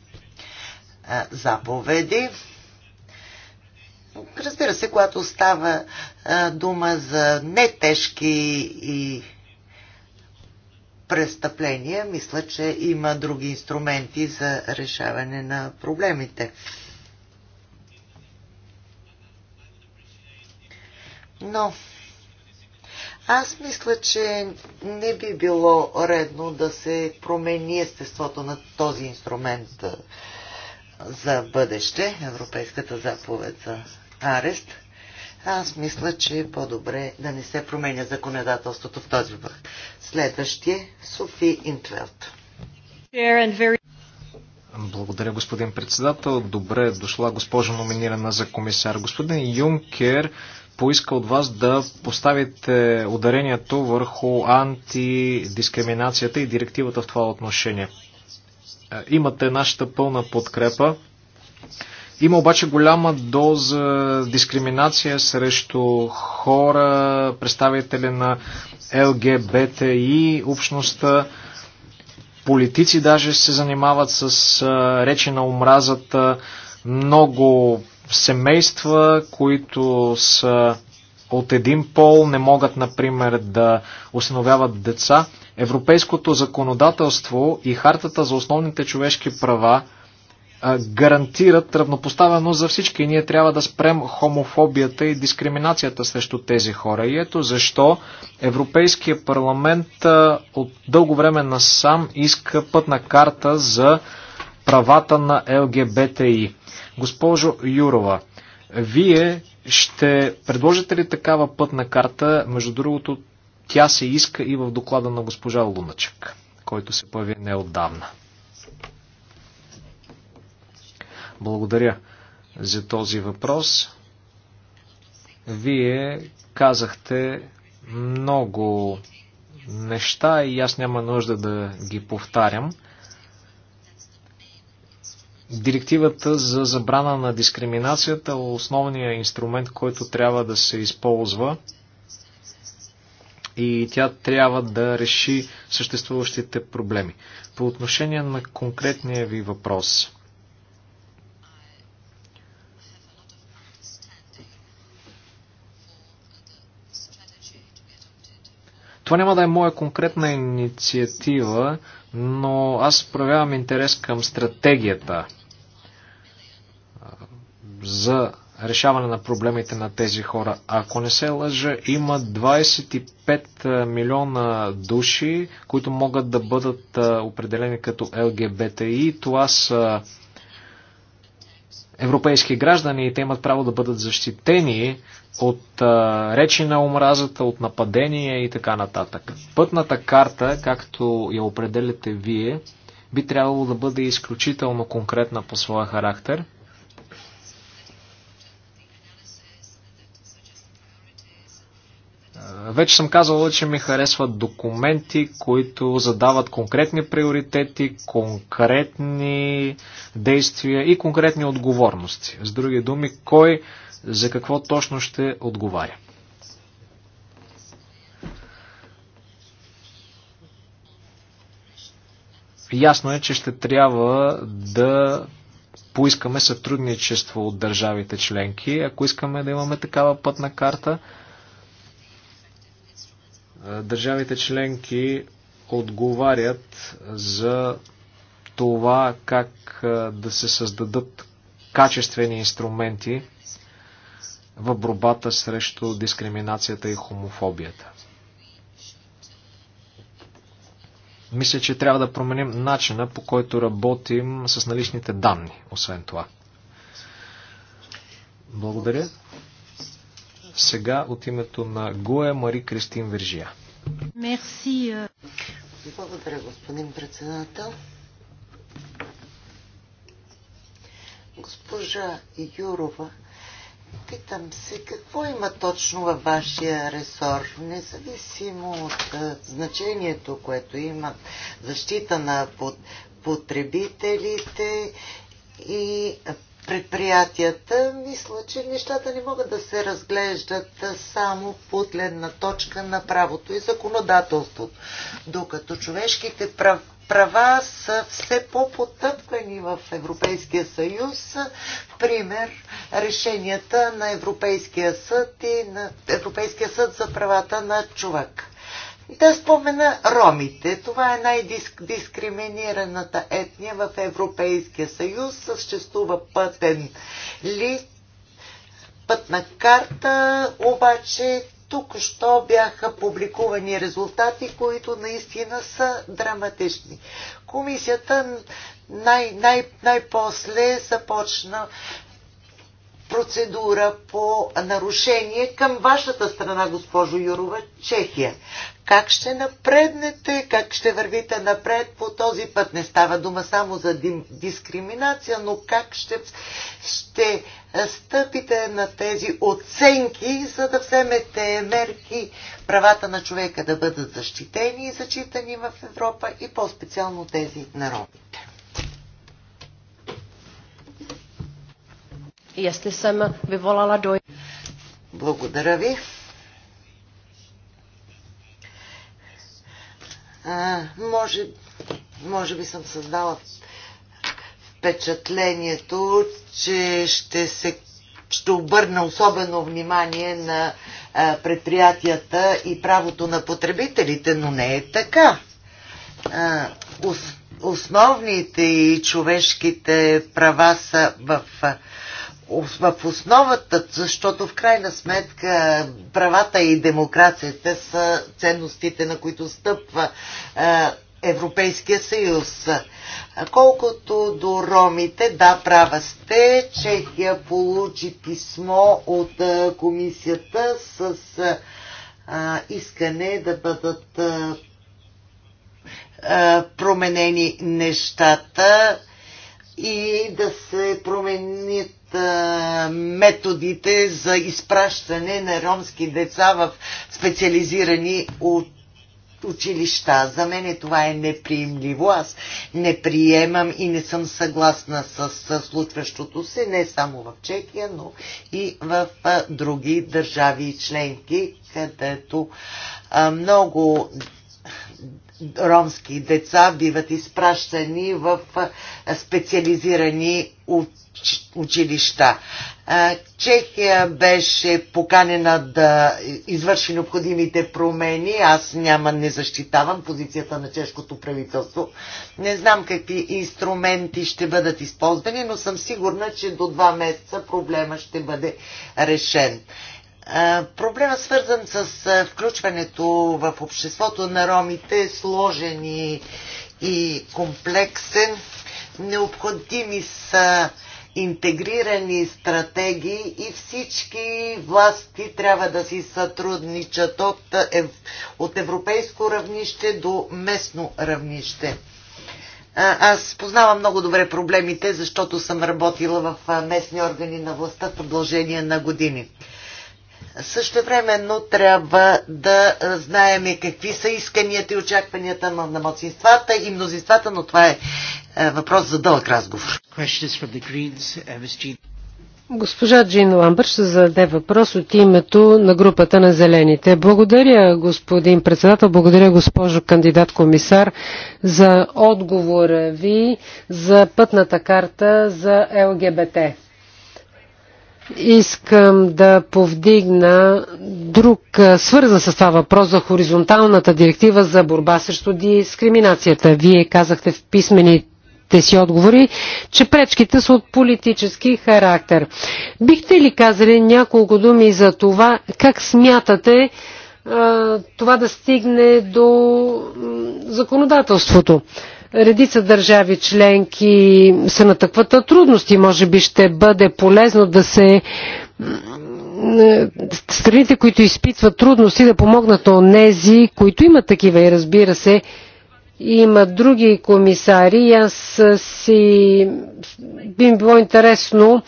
заповеди. Разбира се, когато става дума за нетежки и престъпления, мисля, че има други инструменти за решаване на проблемите. Но аз мисля, че не би било редно да се промени естеството на този инструмент за бъдеще, Европейската заповед за арест, аз мисля, че е по-добре да не се променя законодателството в този бъх. Следващия е Софи Интвелт. Благодаря, господин председател. Добре е дошла госпожа номинирана за комисар. Господин Юнкер поиска от вас да поставите ударението върху антидискриминацията и директивата в това отношение. Е, имате нашата пълна подкрепа. Има обаче голяма доза дискриминация срещу хора, представители на ЛГБТИ общността. Политици даже се занимават с е, речи на омразата. Много семейства, които са от един пол, не могат, например, да установяват деца. Европейското законодателство и хартата за основните човешки права гарантират равнопоставено за всички. Ние трябва да спрем хомофобията и дискриминацията срещу тези хора. И ето защо Европейския парламент от дълго време насам иска пътна карта за правата на ЛГБТИ. Госпожо Юрова, вие ще предложите ли такава пътна карта? Между другото, тя се иска и в доклада на госпожа Луначък, който се появи неотдавна. Благодаря за този въпрос. Вие казахте много неща и аз няма нужда да ги повтарям. Директивата за забрана на дискриминацията е основният инструмент, който трябва да се използва и тя трябва да реши съществуващите проблеми. По отношение на конкретния ви въпрос. Това няма да е моя конкретна инициатива, но аз проявявам интерес към стратегията за решаване на проблемите на тези хора. Ако не се лъжа, има 25 е, милиона души, които могат да бъдат е, определени като ЛГБТИ. Това са европейски граждани и те имат право да бъдат защитени от а, е, речи на омразата, от нападения и така нататък. Пътната карта, както я определяте вие, би трябвало да бъде изключително конкретна по своя характер – Вече съм казал, че ми харесват документи, които задават конкретни приоритети, конкретни действия и конкретни отговорности. С други думи, кой за какво точно ще отговаря. Ясно е, че ще трябва да поискаме сътрудничество от държавите членки, ако искаме да имаме такава пътна карта – държавите членки отговарят за това как да се създадат качествени инструменти в борбата срещу дискриминацията и хомофобията. Мисля, че трябва да променим начина по който работим с наличните данни, освен това. Благодаря. Сега от името на ГУЕ Мари Кристин Вержия. Мерси. Е. Благодаря, господин председател. Госпожа Юрова, питам се какво има точно във вашия ресор, независимо от е, значението, което има защита на потребителите и предприятията, мисля, че нещата не могат да се разглеждат само по гледна точка на правото и законодателството, докато човешките прав, права са все по-потъпкани в Европейския съюз. Пример, решенията на Европейския съд и на Европейския съд за правата на човек да спомена ромите. Това е най-дискриминираната етния в Европейския съюз. Съществува пътен лист, пътна карта, обаче тук що бяха публикувани резултати, които наистина са драматични. Комисията най- най- най-после започна процедура по нарушение към вашата страна, госпожо Юрова, Чехия. Как ще напреднете, как ще вървите напред по този път? Не става дума само за дискриминация, но как ще, ще стъпите на тези оценки, за да вземете мерки правата на човека да бъдат защитени и зачитани в Европа и по-специално тези народите? jestli jsem vyvolala do... Благодаря ви. А, може, може би съм създала впечатлението, че ще се ще обърна особено внимание на а, предприятията и правото на потребителите, но не е така. А, ос, основните и човешките права са в а, в основата, защото в крайна сметка правата и демокрацията са ценностите, на които стъпва Европейския съюз. Колкото до ромите, да, права сте, Чехия получи писмо от комисията с искане да бъдат променени нещата и да се променят методите за изпращане на ромски деца в специализирани училища. За мен това е неприемливо. Аз не приемам и не съм съгласна с, с случващото се, не само в Чехия, но и в а, други държави и членки, където а, много ромски деца биват изпращани в специализирани училища. Чехия беше поканена да извърши необходимите промени. Аз няма не защитавам позицията на чешкото правителство. Не знам какви инструменти ще бъдат използвани, но съм сигурна, че до два месеца проблема ще бъде решен. Проблема свързан с включването в обществото на ромите е сложен и, комплексен. Необходими са интегрирани стратегии и всички власти трябва да си сътрудничат от е, европейско равнище до местно равнище. Аз познавам много добре проблемите, защото съм работила в местни органи на властта в продължение на години. Същевременно трябва да е, знаем какви са исканията и очакванията на, на младсинствата и мнозинствата, но това е, е въпрос за дълъг разговор. Госпожа Джин Ламбър ще зададе въпрос от името на групата на Зелените. Благодаря, господин председател, благодаря, госпожо кандидат комисар, за отговора ви за пътната карта за ЛГБТ искам да повдигна друг, свързан с това въпрос за хоризонталната директива за борба срещу дискриминацията. Вие казахте в писмените си отговори, че пречките са от политически характер. Бихте ли казали няколко думи за това, как смятате а, това да стигне до законодателството? Редица държави членки се натъкват на трудности. Може би ще бъде полезно да се страните, които изпитват трудности, да помогнат на онези, които имат такива и разбира се, има други комисари. Аз си би било интересно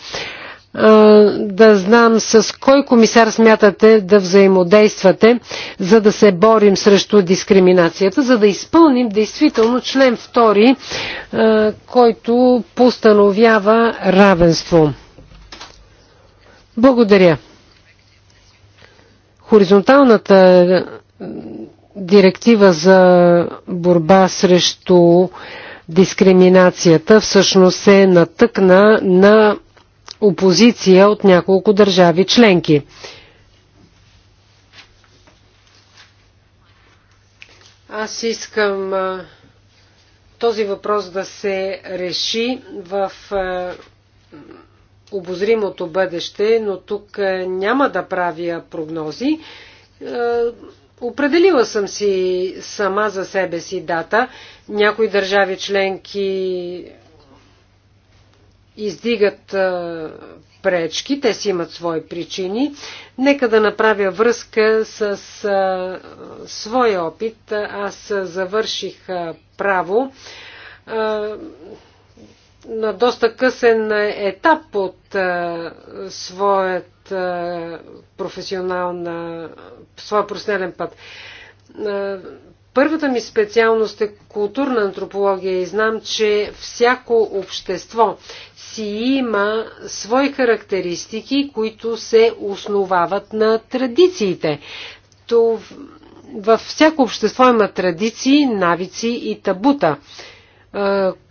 да знам с кой комисар смятате да взаимодействате, за да се борим срещу дискриминацията, за да изпълним действително член 2, който постановява равенство. Благодаря. Хоризонталната директива за борба срещу дискриминацията всъщност се натъкна на опозиция от няколко държави членки. Аз искам този въпрос да се реши в обозримото бъдеще, но тук няма да правя прогнози. Определила съм си сама за себе си дата. Някои държави членки издигат пречки, те си имат свои причини. Нека да направя връзка с своя опит. Аз завърших право на доста късен етап от а, своят а, професионална, своя професионален път. А, първата ми специалност е културна антропология и знам, че всяко общество, си има свои характеристики, които се основават на традициите. То във всяко общество има традиции, навици и табута,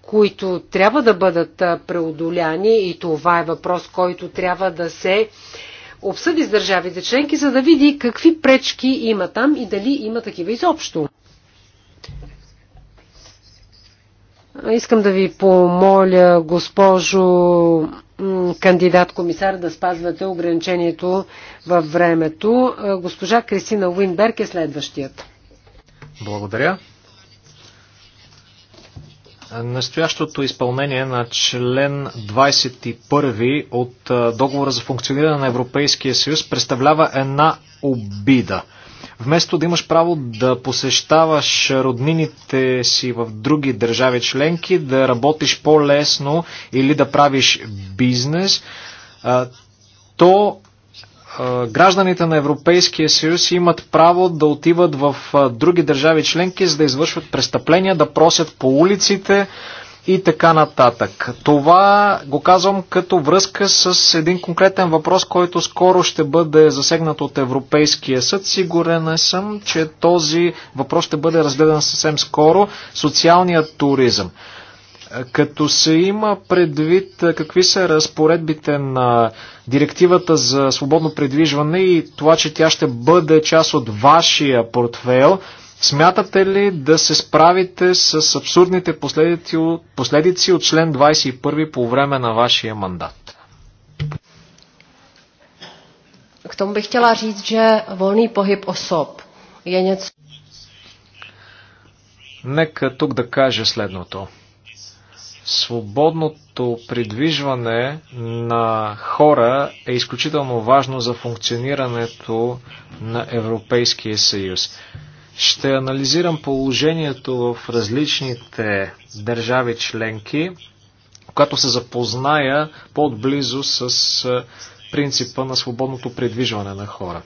които трябва да бъдат преодоляни и това е въпрос, който трябва да се обсъди с държавите членки, за да види какви пречки има там и дали има такива изобщо. Искам да ви помоля, госпожо кандидат комисар, да спазвате ограничението във времето. Е, госпожа Кристина Уинберг е следващият. Благодаря. Настоящото изпълнение на член 21 от е, договора за функциониране на Европейския съюз представлява една обида – Вместо да имаш право да посещаваш роднините си в други държави членки, да работиш по-лесно или да правиш бизнес, то гражданите на Европейския съюз имат право да отиват в други държави членки, за да извършват престъпления, да просят по улиците, и така нататък. Това го казвам като връзка с един конкретен въпрос, който скоро ще бъде засегнат от Европейския съд. Сигурен съм, че този въпрос ще бъде разгледан съвсем скоро. Социалният туризъм. Като се има предвид какви са разпоредбите на директивата за свободно предвижване и това, че тя ще бъде част от вашия портфел, Смятате ли да се справите с абсурдните последици от, последици от член 21 по време на вашия мандат? К тому бих хотела říct, že volný pohyb osob je něco. Нека тук да кажа следното. Свободното придвижване на хора е изключително важно за функционирането на Европейския съюз. Ще анализирам положението в различните държави членки, когато се запозная по-отблизо с принципа на свободното придвижване на хора.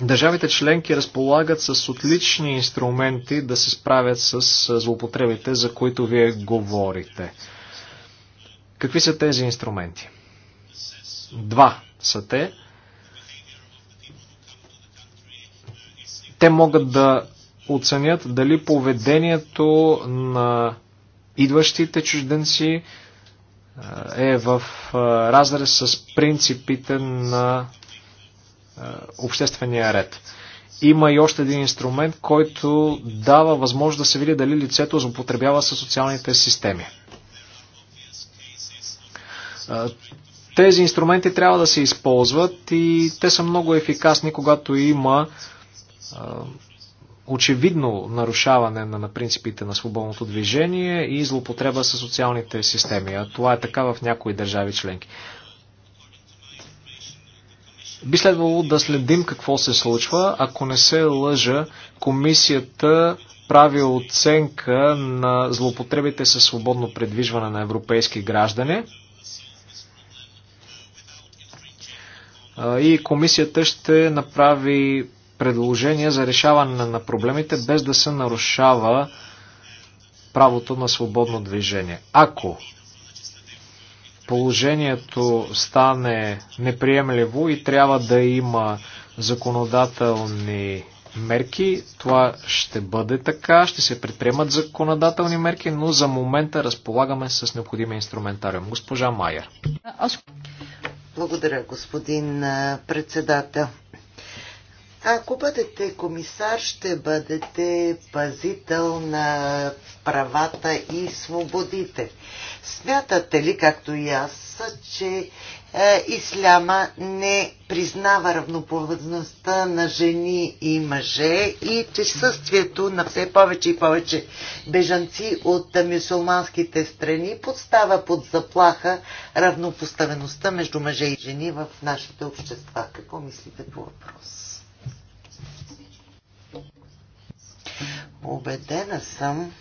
Държавите членки разполагат с отлични инструменти да се справят с злоупотребите, за които вие говорите. Какви са тези инструменти? Два са те. Те могат да оценят дали поведението на идващите чужденци е, е в е, разрез с принципите на е, обществения ред. Има и още един инструмент, който дава възможност да се види дали лицето злоупотребява със социалните системи. Тези инструменти трябва да се използват и те са много ефикасни, когато има очевидно нарушаване на, на принципите на свободното движение и злоупотреба с социалните системи. А това е така в някои държави членки. Би следвало да следим какво се случва. Ако не се лъжа, комисията прави оценка на злоупотребите със свободно предвижване на европейски граждани. И комисията ще направи предложения за решаване на проблемите, без да се нарушава правото на свободно движение. Ако положението стане неприемливо и трябва да има законодателни мерки, това ще бъде така, ще се предприемат законодателни мерки, но за момента разполагаме с необходимия инструментариум. Госпожа Майер. Благодаря, господин председател. Ако бъдете комисар, ще бъдете пазител на правата и свободите. Смятате ли, както и аз, че е, исляма не признава равноправността на жени и мъже и че съствието на все повече и повече бежанци от мюсулманските страни подстава под заплаха равнопоставеността между мъже и жени в нашите общества. Какво мислите по въпроса? Обедена съм,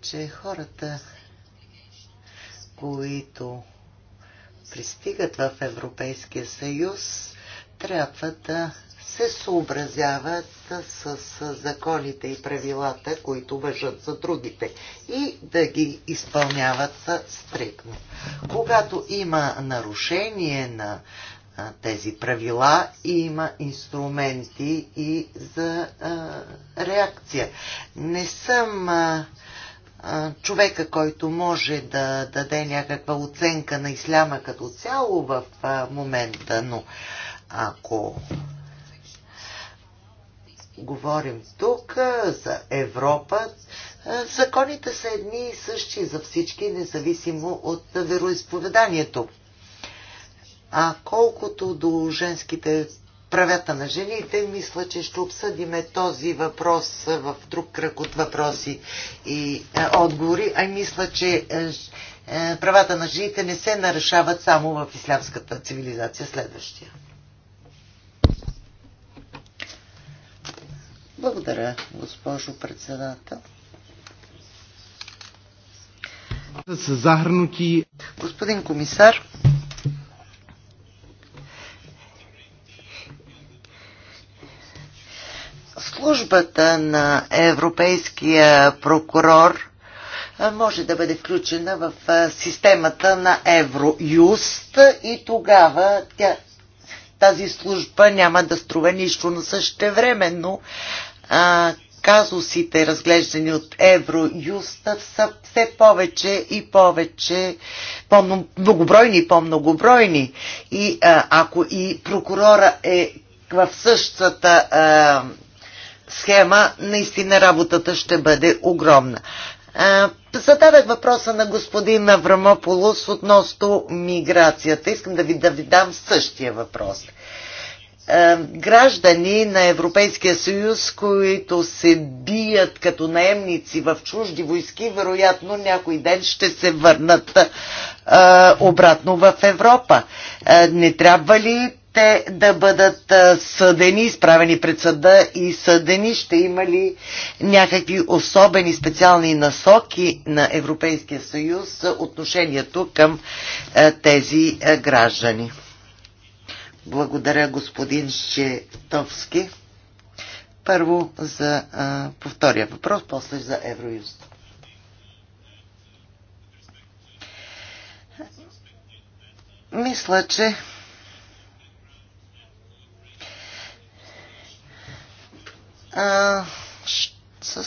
че хората, които пристигат в Европейския съюз, трябва да се съобразяват с, с законите и правилата, които въжат за другите и да ги изпълняват стрикно. Когато има нарушение на а, тези правила и има инструменти и за а, реакция. Не съм а, а, човека, който може да даде някаква оценка на исляма като цяло в а, момента, но ако говорим тук за Европа, законите са едни и същи за всички, независимо от вероисповеданието. А колкото до женските правята на жените, мисля, че ще обсъдиме този въпрос в друг кръг от въпроси и е, отговори. А мисля, че е, е правата на жените не се нарушават само в ислямската цивилизация. Следващия. Благодаря, госпожо председател. Господин комисар, службата на европейския прокурор може да бъде включена в системата на Евроюст и тогава тя, тази служба няма да струва нищо, но същевременно а, казусите, разглеждани от Евроюст, са все повече и повече по-многобройни и по-многобройни. И а, ако и прокурора е в същата а, схема, наистина работата ще бъде огромна. Зададах въпроса на господин Аврамополос относно миграцията. Искам да ви, да ви дам същия въпрос. Граждани на Европейския съюз, които се бият като наемници в чужди войски, вероятно някой ден ще се върнат обратно в Европа. не трябва ли те да бъдат съдени, изправени пред съда и съдени? Ще има ли някакви особени специални насоки на Европейския съюз отношението към тези граждани? Благодаря, господин Щетовски. Първо за а, по втория въпрос, после за Евроюст. Мисля, че А, с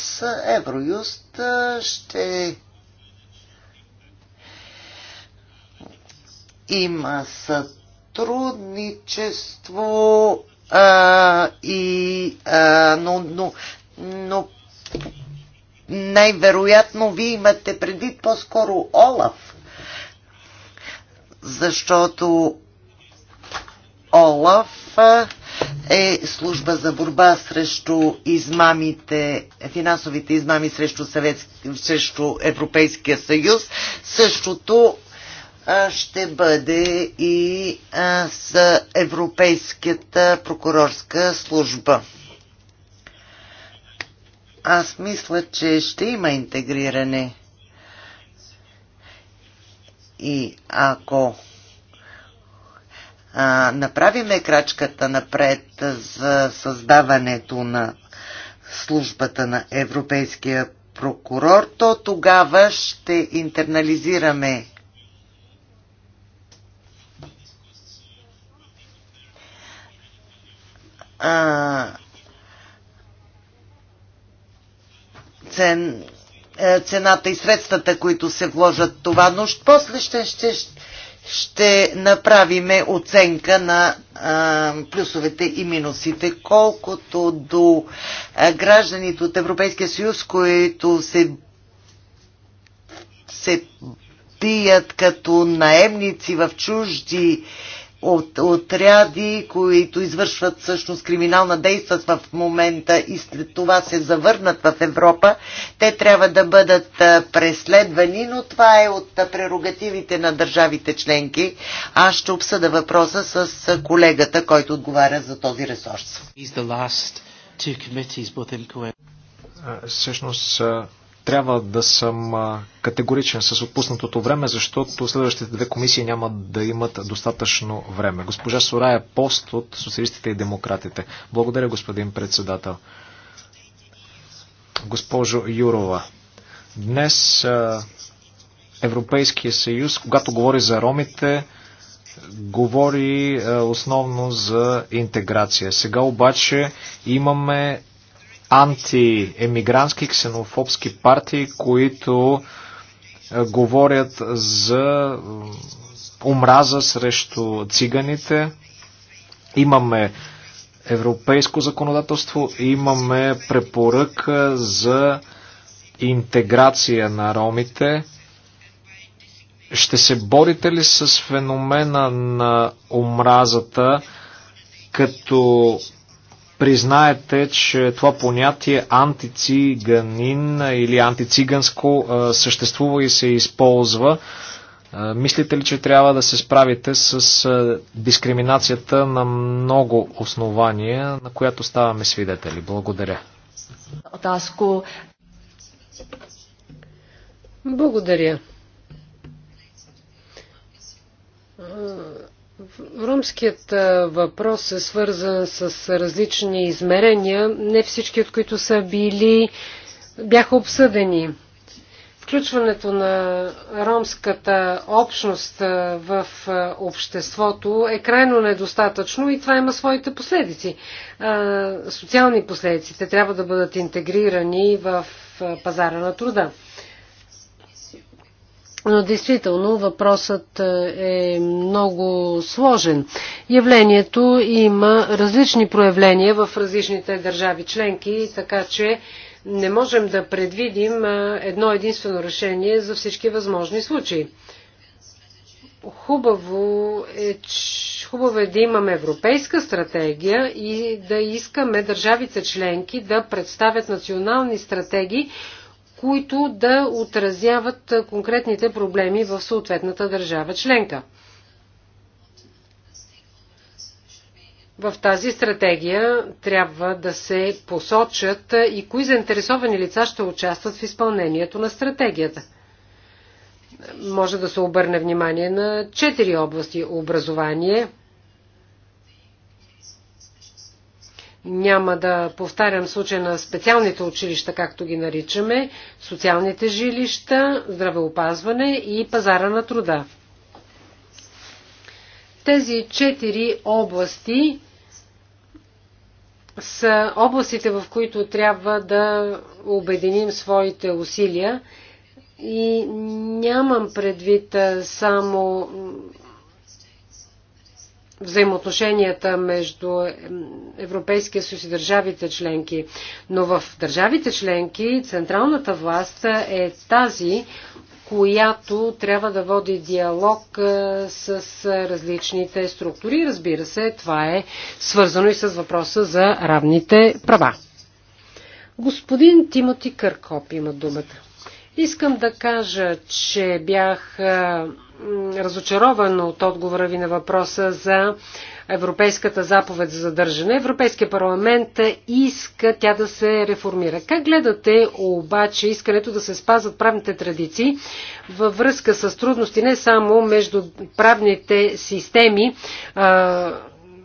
Евроюст ще има сътрудничество а, и а, но, но, но най-вероятно ви имате преди по-скоро Олаф, защото Олаф а, е служба за борба срещу измамите, финансовите измами срещу, Съветски, срещу Европейския съюз. Същото ще бъде и с Европейската прокурорска служба. Аз мисля, че ще има интегриране. И ако а, направиме крачката напред за създаването на службата на Европейския прокурор, то тогава ще интернализираме а, цен, е, цената и средствата, които се вложат това, но после ще, ще, ще направиме оценка на а, плюсовете и минусите. Колкото до а, гражданите от Европейския съюз, които се, се бият като наемници в чужди от отряди, които извършват всъщност криминална действност в момента и след това се завърнат в Европа, те трябва да бъдат преследвани, но това е от прерогативите на държавите членки. Аз ще обсъда въпроса с колегата, който отговаря за този ресурс. Всъщност трябва да съм категоричен с отпуснатото време, защото следващите две комисии няма да имат достатъчно време. Госпожа Сорая Пост от Социалистите и Демократите. Благодаря, господин председател. Госпожо Юрова, днес Европейския съюз, когато говори за ромите, говори основно за интеграция. Сега обаче имаме антиемигрантски ксенофобски партии, които е, говорят за омраза срещу циганите. Имаме европейско законодателство, имаме препоръка за интеграция на ромите. Ще се борите ли с феномена на омразата, като признаете, че това понятие антициганин или антициганско съществува и се използва. Мислите ли, че трябва да се справите с дискриминацията на много основания, на която ставаме свидетели? Благодаря. Благодаря. Румският въпрос е свързан с различни измерения, не всички от които са били, бяха обсъдени. Включването на ромската общност в обществото е крайно недостатъчно и това има своите последици. Социални последици. Те трябва да бъдат интегрирани в пазара на труда. Но действително въпросът е, е много сложен. Явлението има различни проявления в различните държави членки, така че не можем да предвидим е, едно единствено решение за всички възможни случаи. Хубаво е, хубаво е да имаме европейска стратегия и да искаме държавите членки да представят национални стратегии, които да отразяват конкретните проблеми в съответната държава членка. В тази стратегия трябва да се посочат и кои заинтересовани лица ще участват в изпълнението на стратегията. Може да се обърне внимание на четири области – образование – Няма да повтарям случая на специалните училища, както ги наричаме, социалните жилища, здравеопазване и пазара на труда. Тези четири области са областите, в които трябва да обединим своите усилия и нямам предвид само взаимоотношенията между Европейския съюз и държавите членки. Но в държавите членки централната власт е тази, която трябва да води диалог с различните структури. Разбира се, това е свързано и с въпроса за равните права. Господин Тимоти Къркоп има думата. Искам да кажа, че бях разочарован от отговора ви на въпроса за Европейската заповед за задържане. Европейския парламент иска тя да се реформира. Как гледате обаче искането да се спазват правните традиции във връзка с трудности не само между правните системи,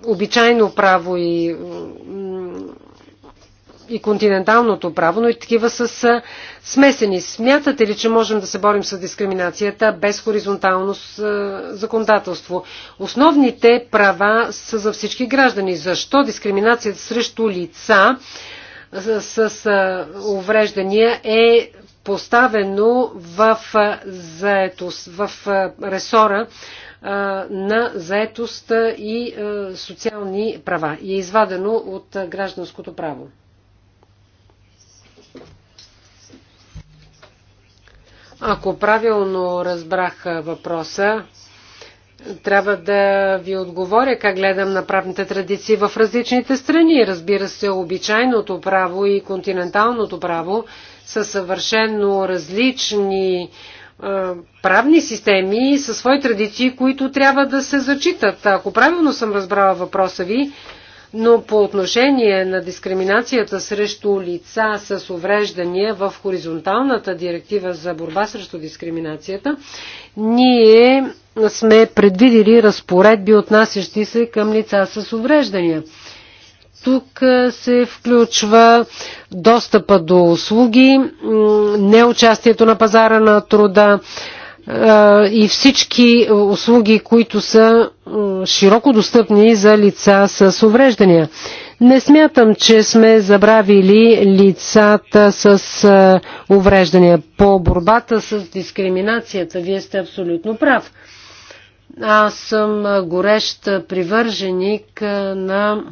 обичайно право и и континенталното право, но и такива с смесени. Смятате ли, че можем да се борим с дискриминацията без хоризонтално законодателство? Основните права са за всички граждани. Защо дискриминацията срещу лица с, с увреждания е поставено в, заетост, в ресора на заетост и социални права и е извадено от гражданското право. Ако правилно разбрах въпроса, трябва да ви отговоря как гледам на правните традиции в различните страни. Разбира се, обичайното право и континенталното право са съвършенно различни правни системи със свои традиции, които трябва да се зачитат. Ако правилно съм разбрала въпроса ви, но по отношение на дискриминацията срещу лица с увреждания в хоризонталната директива за борба срещу дискриминацията, ние сме предвидили разпоредби, отнасящи се към лица с увреждания. Тук се включва достъпа до услуги, неучастието на пазара на труда, и всички услуги, които са широко достъпни за лица с увреждания. Не смятам, че сме забравили лицата с увреждания. По борбата с дискриминацията, вие сте абсолютно прав. Аз съм горещ привърженик на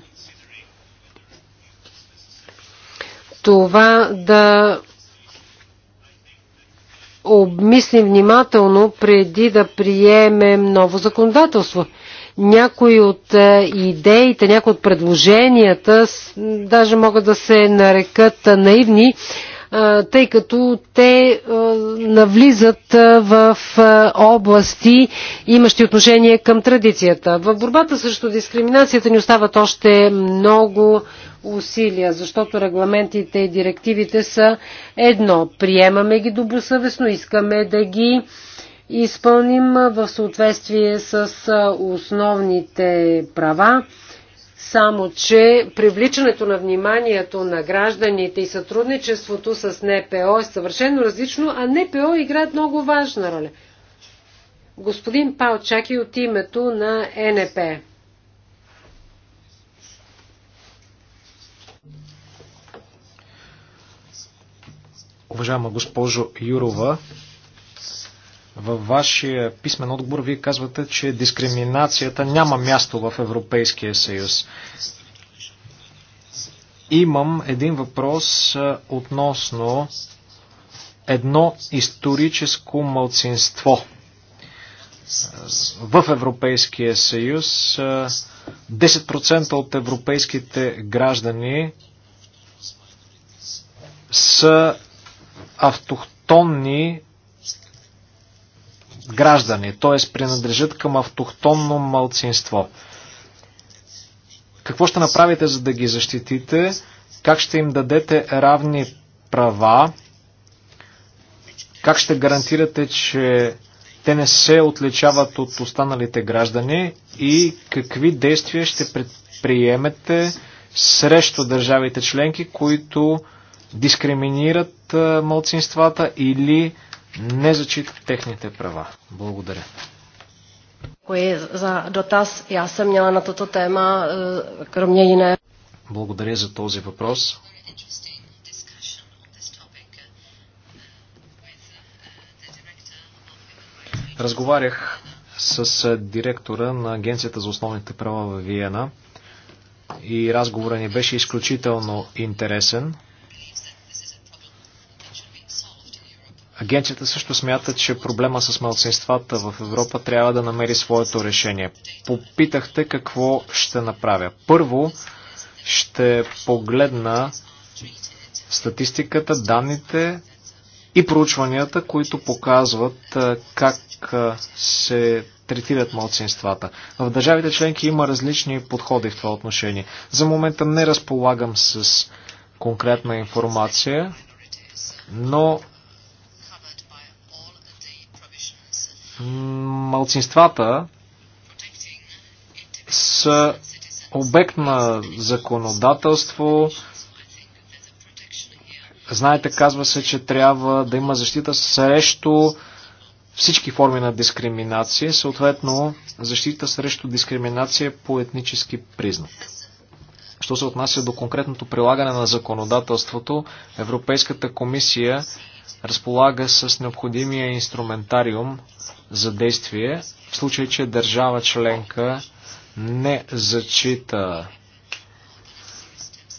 това да обмислим внимателно преди да приемем ново законодателство. Някои от е, идеите, някои от предложенията даже могат да се нарекат наивни, е, тъй като те е, навлизат в области, имащи отношение към традицията. В борбата срещу дискриминацията ни остават още много усилия, защото регламентите и директивите са едно. Приемаме ги добросъвестно, искаме да ги изпълним в съответствие с основните права. Само, че привличането на вниманието на гражданите и сътрудничеството с НПО е съвършено различно, а НПО играят много важна роля. Господин Палчаки от името на НП. Уважаема госпожо Юрова, във вашия писмен отговор вие казвате, че дискриминацията няма място в Европейския съюз. Имам един въпрос относно едно историческо мълцинство в Европейския съюз. 10% от европейските граждани са автохтонни граждани, т.е. принадлежат към автохтонно малцинство. Какво ще направите, за да ги защитите? Как ще им дадете равни права? Как ще гарантирате, че те не се отличават от останалите граждани? И какви действия ще предприемете срещу държавите членки, които дискриминират младсинствата или не зачитат техните права. Благодаря. Děkuji za dotaz. Já jsem měla na toto téma, e, kromě jiné. Благодаря за този въпрос. Разговарях с директора на Агенцията за основните права в Виена и разговорът ни беше изключително интересен. Агенцията също смята, че проблема с малцинствата в Европа трябва да намери своето решение. Попитахте какво ще направя. Първо ще погледна статистиката, данните и проучванията, които показват как се третират малцинствата. В държавите членки има различни подходи в това отношение. За момента не разполагам с конкретна информация, но Малцинствата са обект на законодателство. Знаете, казва се, че трябва да има защита срещу всички форми на дискриминация, съответно защита срещу дискриминация по етнически признак. Що се отнася до конкретното прилагане на законодателството, Европейската комисия разполага с необходимия инструментариум за действие в случай, че държава членка не зачита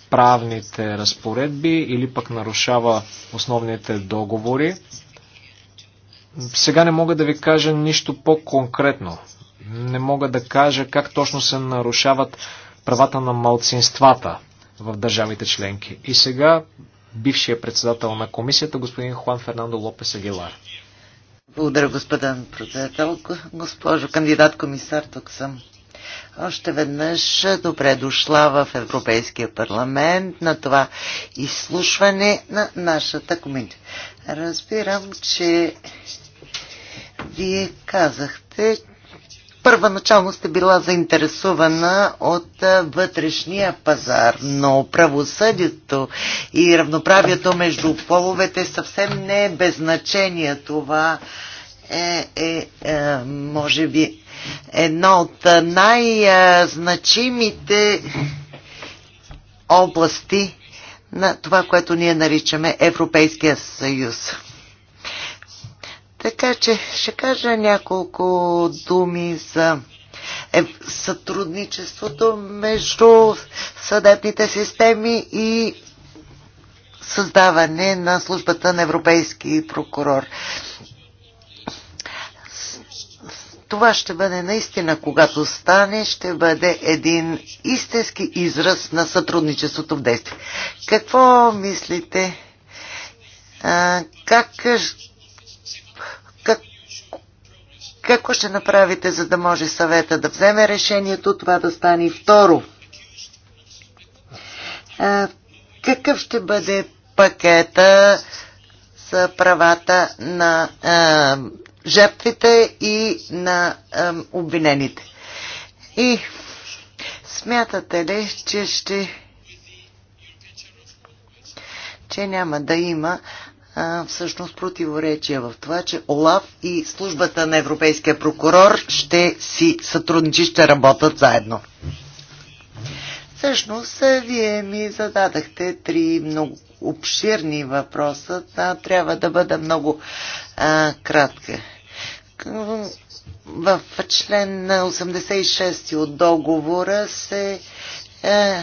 правните разпоредби или пък нарушава основните договори. Сега не мога да ви кажа нищо по-конкретно. Не мога да кажа как точно се нарушават правата на малцинствата в държавите членки. И сега бившия председател на комисията, господин Хуан Фернандо Лопес Агилар. Благодаря, господин председател. Госпожо кандидат комисар, тук съм. Още веднъж добре дошла в Европейския парламент на това изслушване на нашата комисия. Разбирам, че вие казахте, първоначално сте била заинтересувана от вътрешния пазар, но правосъдието и равноправието между половете съвсем не е без значение. Това е, е, е може би, едно от най-значимите области на това, което ние наричаме Европейския съюз. Така че ще кажа няколко думи за е, сътрудничеството между съдебните системи и създаване на службата на европейски прокурор. Това ще бъде наистина, когато стане, ще бъде един истински израз на сътрудничеството в действие. Какво мислите? А, как какво ще направите, за да може съвета да вземе решението, това да стане второ? Какъв ще бъде пакета с правата на жертвите и на обвинените? И смятате ли, че ще че няма да има всъщност противоречия в това, че ОЛАВ и службата на Европейския прокурор ще си сътрудничи, ще работят заедно. Всъщност, вие ми зададахте три много обширни въпроса. А, трябва да бъда много а, кратка. В член 86 от договора се а,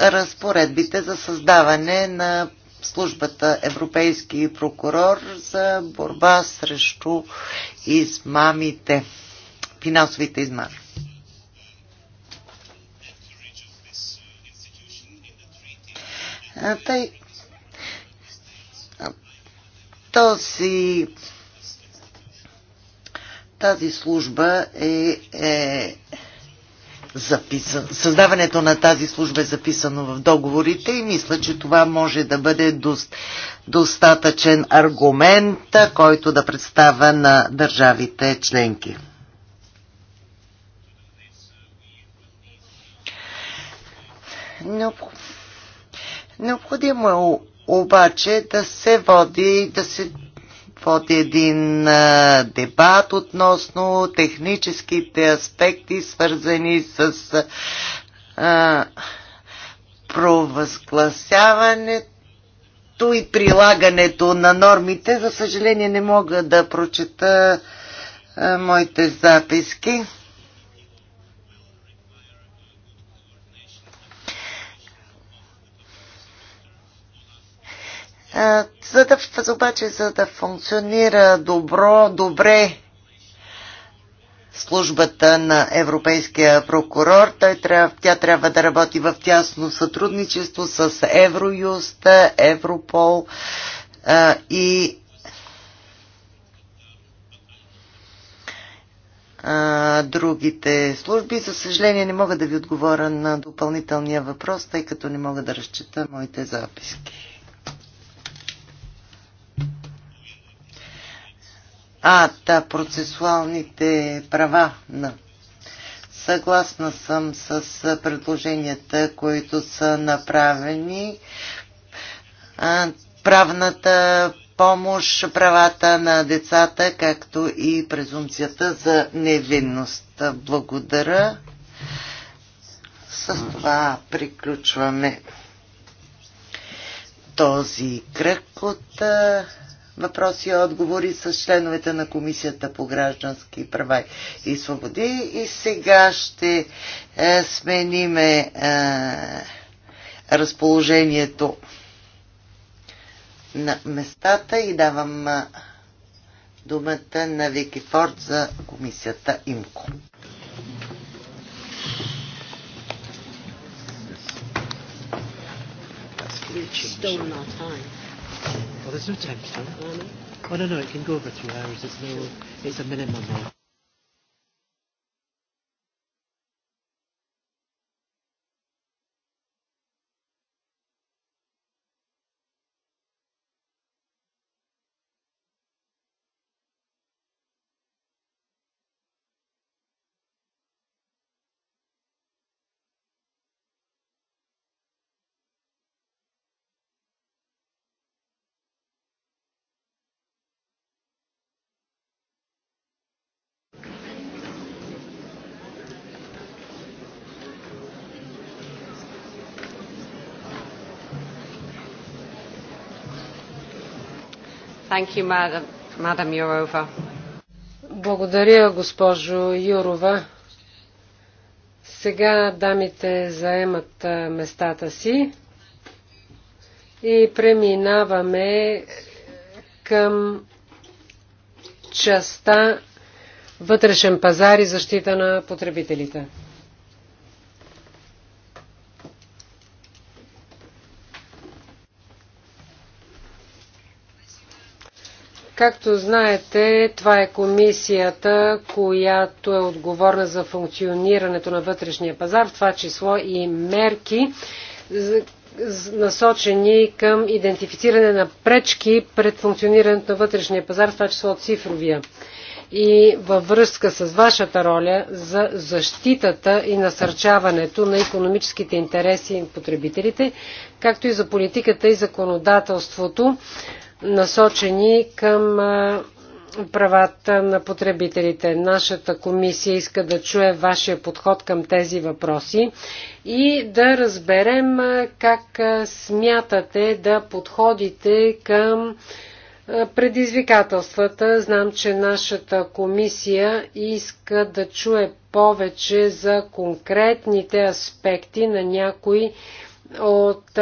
разпоредбите за създаване на службата Европейски прокурор за борба срещу измамите, финансовите измами. Тъй, този, тази служба е, е записан. Създаването на тази служба е записано в договорите и мисля, че това може да бъде дост, достатъчен аргумент, който да представя на държавите членки. Необходимо е обаче да се води, да се под един а, дебат относно техническите аспекти, свързани с а, провъзгласяването и прилагането на нормите. За съжаление не мога да прочета а, моите записки. Е, за да, обаче, за да функционира добро, добре службата на европейския прокурор. Той трябва, тя трябва да работи в тясно сътрудничество с Евроюст, Европол а, е, и а, е, другите служби. За съжаление не мога да ви отговоря на допълнителния въпрос, тъй като не мога да разчита моите записки. А та, процесуалните права на. Съгласна съм с предложенията, които са направени. Правната помощ, правата на децата, както и презумцията за невинност. Благодаря. С това приключваме този кръг от въпроси и отговори с членовете на Комисията по граждански права и свободи. И сега ще е, смениме е, разположението на местата и давам е, думата на Вики Форд за Комисията ИМКО. Still not time. Well, there's no time stamp. Oh, no, no, it can go over two hours. It's, no, it's a minimum. Of Благодаря, госпожо Юрова. Сега дамите заемат местата си и преминаваме е, към частта вътрешен пазар и защита на потребителите. Както знаете, това е комисията, която е отговорна за функционирането на вътрешния пазар, в това число и мерки, насочени към идентифициране на пречки пред функционирането на вътрешния пазар, в това число цифровия. И във връзка с вашата роля за защитата и насърчаването на економическите интереси на потребителите, както и за политиката и законодателството, насочени към правата на потребителите. Нашата комисия иска да чуе вашия подход към тези въпроси и да разберем как смятате да подходите към предизвикателствата. Знам, че нашата комисия иска да чуе повече за конкретните аспекти на някои от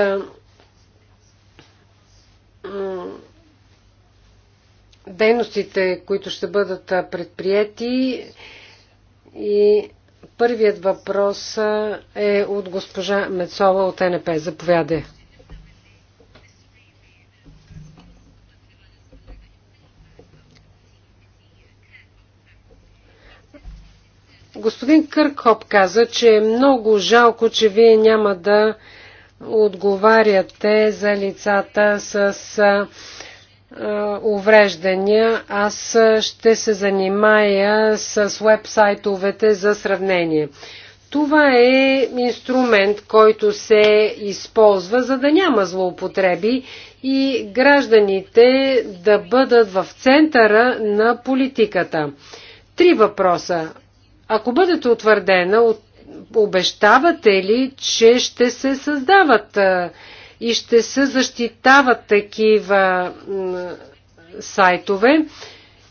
дейностите, които ще бъдат предприяти. И първият въпрос е от госпожа Мецова от НП. Заповядай. Господин Къркоп каза, че е много жалко, че вие няма да отговаряте за лицата с е, увреждания, аз ще се занимая с вебсайтовете за сравнение. Това е инструмент, който се използва, за да няма злоупотреби и гражданите да бъдат в центъра на политиката. Три въпроса. Ако бъдете утвърдена, обещавате ли, че ще се създават е, и ще се защитават такива сайтове.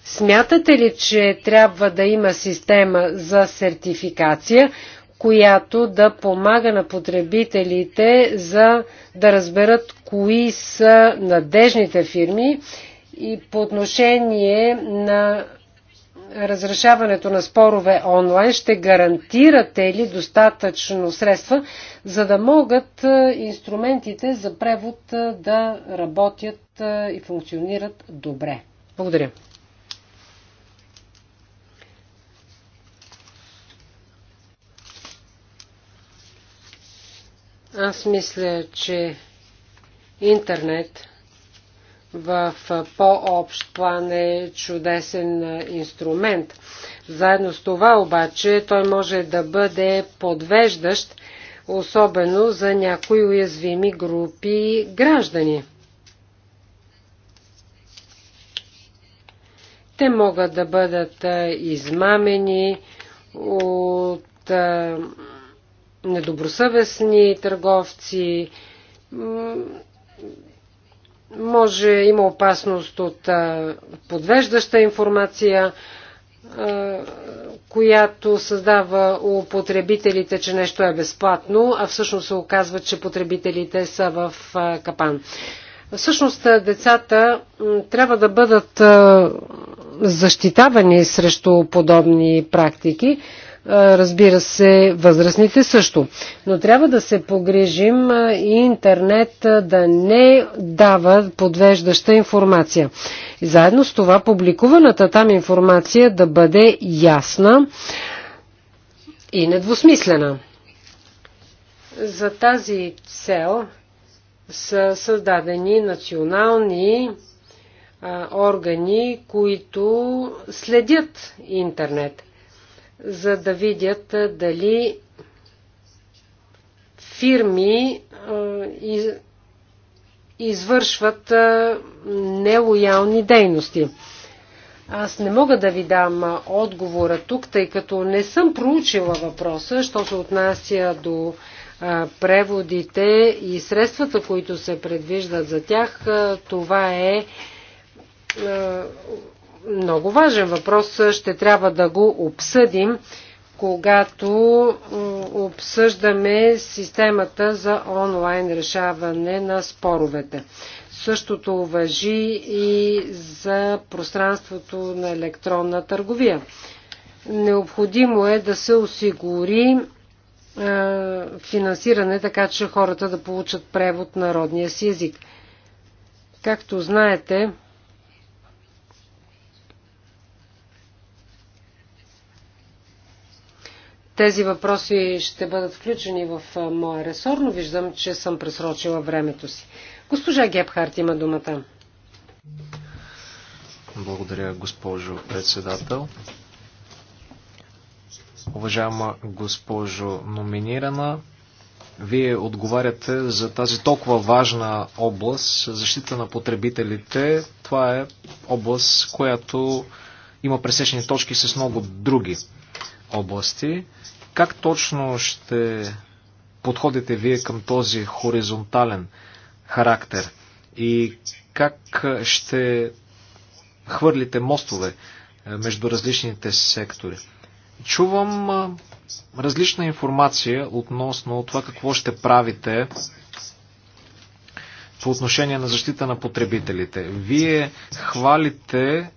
Смятате ли, че трябва да има система за сертификация, която да помага на потребителите за да разберат кои са надежните фирми и по отношение на разрешаването на спорове онлайн, ще гарантирате ли достатъчно средства, за да могат е, инструментите за превод е, да работят е, и функционират добре? Благодаря. Аз мисля, че интернет в по-общ план е чудесен инструмент. Заедно с това обаче той може да бъде подвеждащ, особено за някои уязвими групи граждани. Те могат да бъдат измамени от недобросъвестни търговци, може има опасност от подвеждаща информация, която създава у потребителите, че нещо е безплатно, а всъщност се оказва, че потребителите са в капан. Всъщност децата трябва да бъдат защитавани срещу подобни практики разбира се, възрастните също. Но трябва да се погрижим и интернет да не дава подвеждаща информация. заедно с това публикуваната там информация да бъде ясна и недвусмислена. За тази цел са създадени национални органи, които следят интернет за да видят дали фирми извършват нелоялни дейности. Аз не мога да ви дам отговора тук, тъй като не съм проучила въпроса, що се отнася до преводите и средствата, които се предвиждат за тях. Това е много важен въпрос. Ще трябва да го обсъдим, когато обсъждаме системата за онлайн решаване на споровете. Същото въжи и за пространството на електронна търговия. Необходимо е да се осигури финансиране, така че хората да получат превод на родния си език. Както знаете, Тези въпроси ще бъдат включени в моя ресор, но виждам, че съм пресрочила времето си. Госпожа Гепхарт има думата. Благодаря, госпожо председател. Уважаема госпожо номинирана, вие отговаряте за тази толкова важна област, защита на потребителите. Това е област, която има пресечни точки с много други области. Как точно ще подходите вие към този хоризонтален характер и как ще хвърлите мостове е, между различните сектори? Чувам е, различна информация относно това какво ще правите по отношение на защита на потребителите. Вие хвалите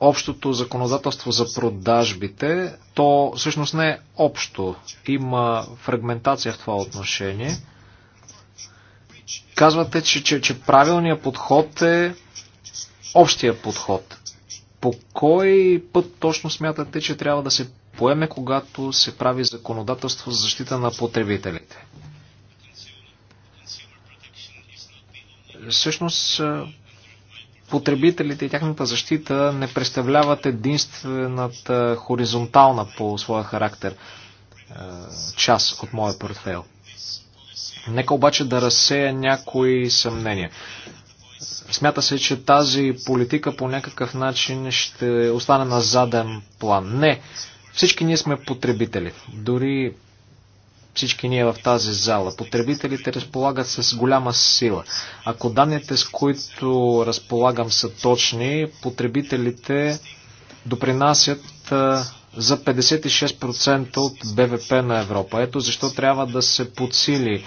общото законодателство за продажбите, то всъщност не е общо. Има фрагментация в това отношение. Казвате, че, че, че правилният подход е общия подход. По кой път точно смятате, че трябва да се поеме, когато се прави законодателство за защита на потребителите? Всъщност, потребителите и тяхната защита не представляват единствената хоризонтална по своя характер е, част от моя портфел. Нека обаче да разсея някои съмнения. Смята се, че тази политика по някакъв начин ще остане на заден план. Не. Всички ние сме потребители. Дори всички ние в тази зала. Потребителите разполагат с голяма сила. Ако данните, с които разполагам, са точни, потребителите допринасят за 56% от БВП на Европа. Ето защо трябва да се подсили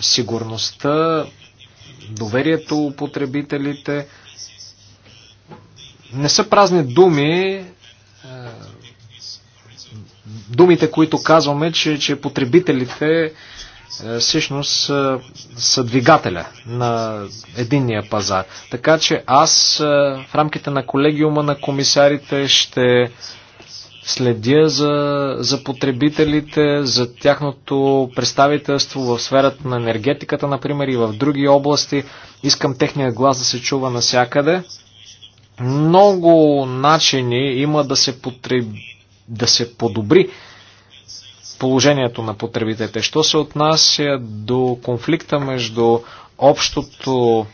сигурността, доверието у потребителите. Не са празни думи, думите, които казваме, че, че потребителите е, всъщност е, са, двигателя на единния пазар. Така че аз е, в рамките на колегиума на комисарите ще следя за, за потребителите, за тяхното представителство в сферата на енергетиката, например, и в други области. Искам техния глас да се чува насякъде. Много начини има да се потреб да се подобри положението на потребителите. Що се отнася до конфликта между общото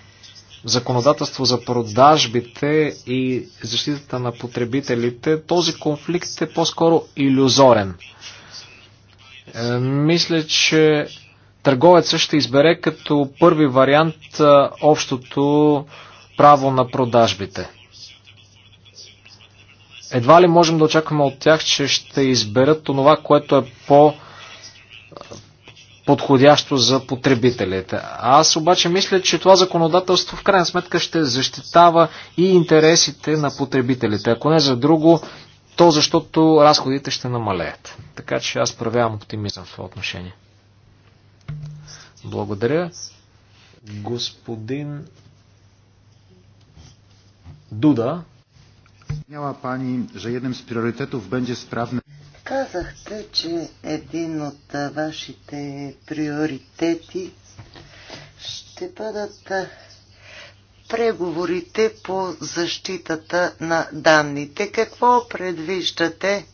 законодателство за продажбите и защитата на потребителите, този конфликт е по-скоро иллюзорен. Е, мисля, че търговецът ще избере като първи вариант е, общото право на продажбите. Едва ли можем да очакваме от тях, че ще изберат това, което е по- подходящо за потребителите. Аз обаче мисля, че това законодателство в крайна сметка ще защитава и интересите на потребителите. Ако не за друго, то защото разходите ще намалеят. Така че аз проявявам оптимизъм в това отношение. Благодаря. Господин Дуда Пани, че едним с приоритетов бъде справна... Казахте, че един от вашите приоритети ще бъдат преговорите по защитата на данните. Какво предвиждате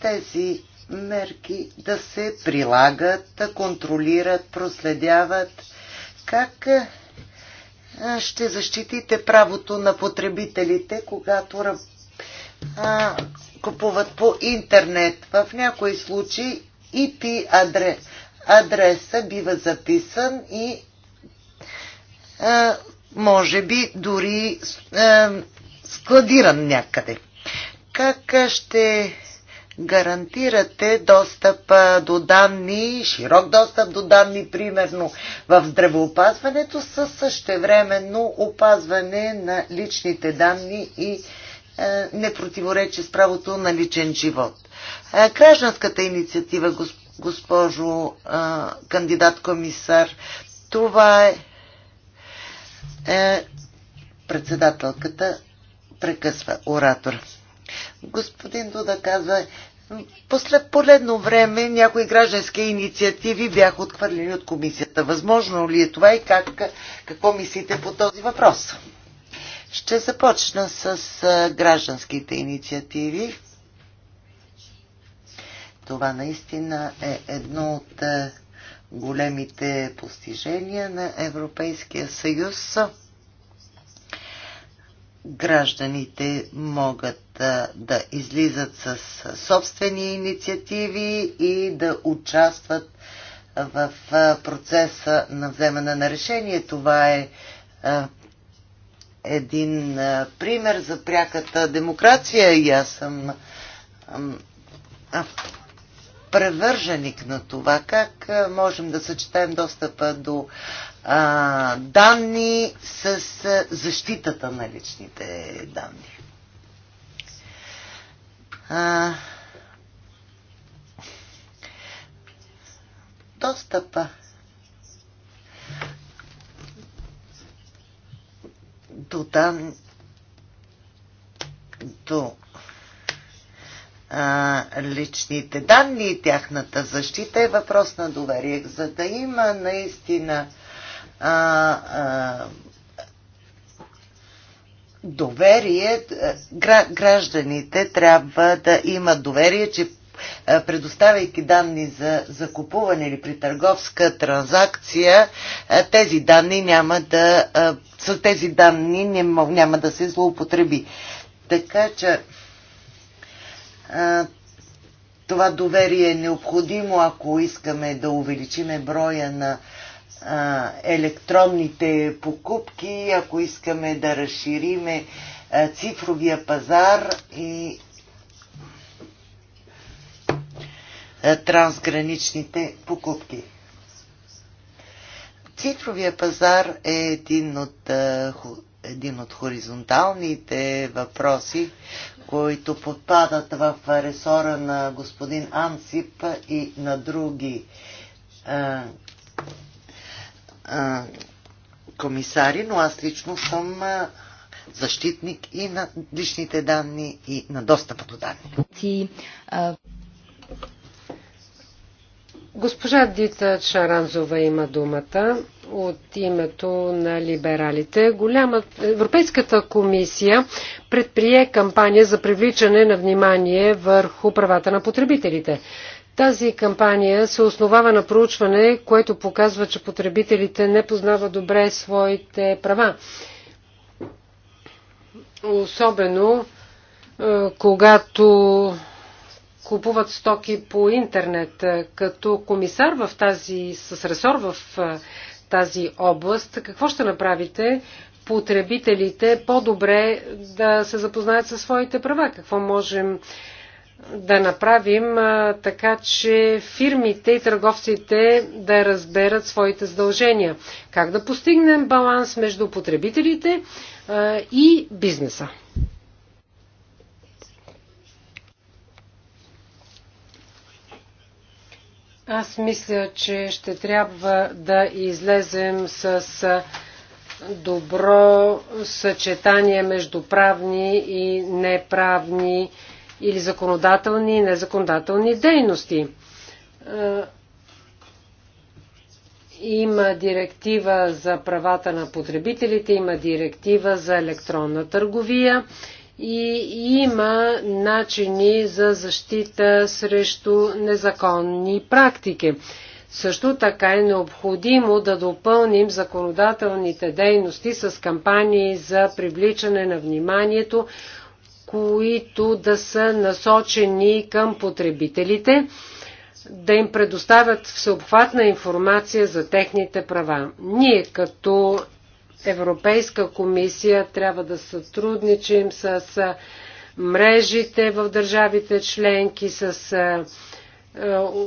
тези мерки да се прилагат, да контролират, проследяват? Как ще защитите правото на потребителите, когато а, купуват по интернет. В някои случаи IP адрес, адреса бива записан и а, може би дори а, складиран някъде. Как ще гарантирате достъп до данни, широк достъп до данни, примерно в здравеопазването, със същевременно опазване на личните данни и е, непротиворечие с правото на личен живот. Е, гражданската инициатива, госпожо е, кандидат-комисар, това е, е председателката прекъсва оратора. Господин Дуда казва, Послед поредно време някои граждански инициативи бяха отхвърлени от комисията. Възможно ли е това и как, какво мислите по този въпрос? Ще започна с гражданските инициативи. Това наистина е едно от големите постижения на Европейския съюз гражданите могат да излизат с собствени инициативи и да участват в процеса на вземане на решение. Това е един пример за пряката демокрация и аз съм превърженик на това, как можем да съчетаем достъпа до а, данни с а, защитата на личните данни. А, достъпа до данни до а, личните данни и тяхната защита е въпрос на доверие. За да има наистина а, а, доверие, е, гражданите трябва да имат доверие, че предоставяйки данни за закупуване или при търговска транзакция, тези данни няма да, с тези данни няма, няма да се злоупотреби. Така че това доверие е необходимо, ако искаме да увеличиме броя на електронните покупки, ако искаме да разшириме цифровия пазар и трансграничните покупки. Цифровия пазар е един от, един от хоризонталните въпроси, които подпадат в ресора на господин Ансип и на други комисари, но аз лично съм защитник и на личните данни, и на достъпа до данни. Госпожа Дита Шаранзова има думата от името на либералите. Голяма... Европейската комисия предприе кампания за привличане на внимание върху правата на потребителите. Тази кампания се основава на проучване, което показва, че потребителите не познават добре своите права. Особено е, когато купуват стоки по интернет. Е, като комисар в тази, с ресор в е, тази област, какво ще направите потребителите по-добре да се запознаят със своите права? Какво можем да направим а, така, че фирмите и търговците да разберат своите задължения. Как да постигнем баланс между потребителите а, и бизнеса. Аз мисля, че ще трябва да излезем с добро съчетание между правни и неправни или законодателни и незаконодателни дейности. Е, има директива за правата на потребителите, има директива за електронна търговия и има начини за защита срещу незаконни практики. Също така е необходимо да допълним законодателните дейности с кампании за привличане на вниманието които да са насочени към потребителите, да им предоставят всеобхватна информация за техните права. Ние като Европейска комисия трябва да сътрудничим с мрежите в държавите членки, с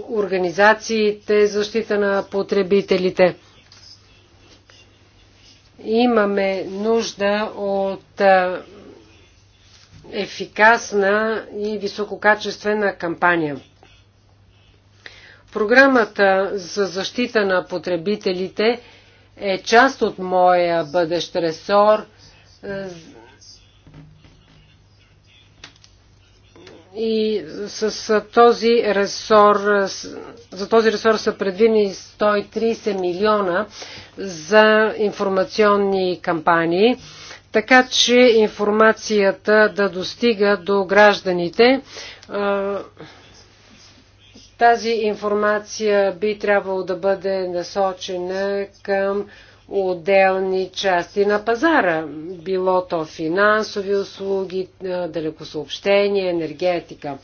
организациите защита на потребителите. Имаме нужда от ефикасна и висококачествена кампания. Програмата за защита на потребителите е част от моя бъдещ ресор и с този ресор, за този ресор са предвидени 130 милиона за информационни кампании така че информацията да достига до гражданите. Тази информация би трябвало да бъде насочена към отделни части на пазара, било то финансови услуги, далекосъобщение, енергетика.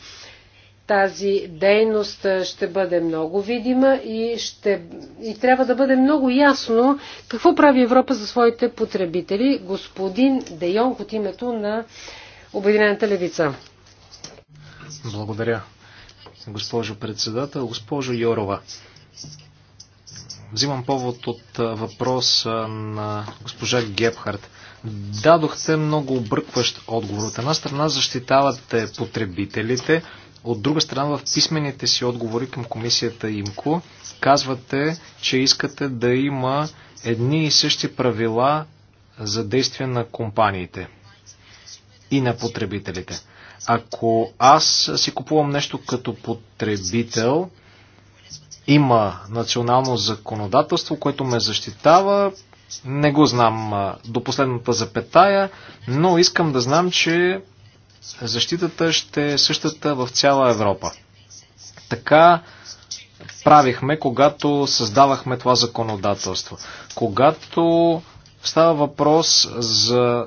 Тази дейност ще бъде много видима и, ще, и трябва да бъде много ясно какво прави Европа за своите потребители. Господин Де Йонг от името на Обединената левица. Благодаря, госпожо председател. Госпожо Йорова, взимам повод от въпроса на госпожа Гебхарт. Дадохте много объркващ отговор. От една страна защитавате потребителите, от друга страна, в писмените си отговори към комисията ИМКО казвате, че искате да има едни и същи правила за действие на компаниите и на потребителите. Ако аз си купувам нещо като потребител, има национално законодателство, което ме защитава, не го знам до последната запетая, но искам да знам, че защитата ще е същата в цяла Европа. Така правихме, когато създавахме това законодателство. Когато става въпрос за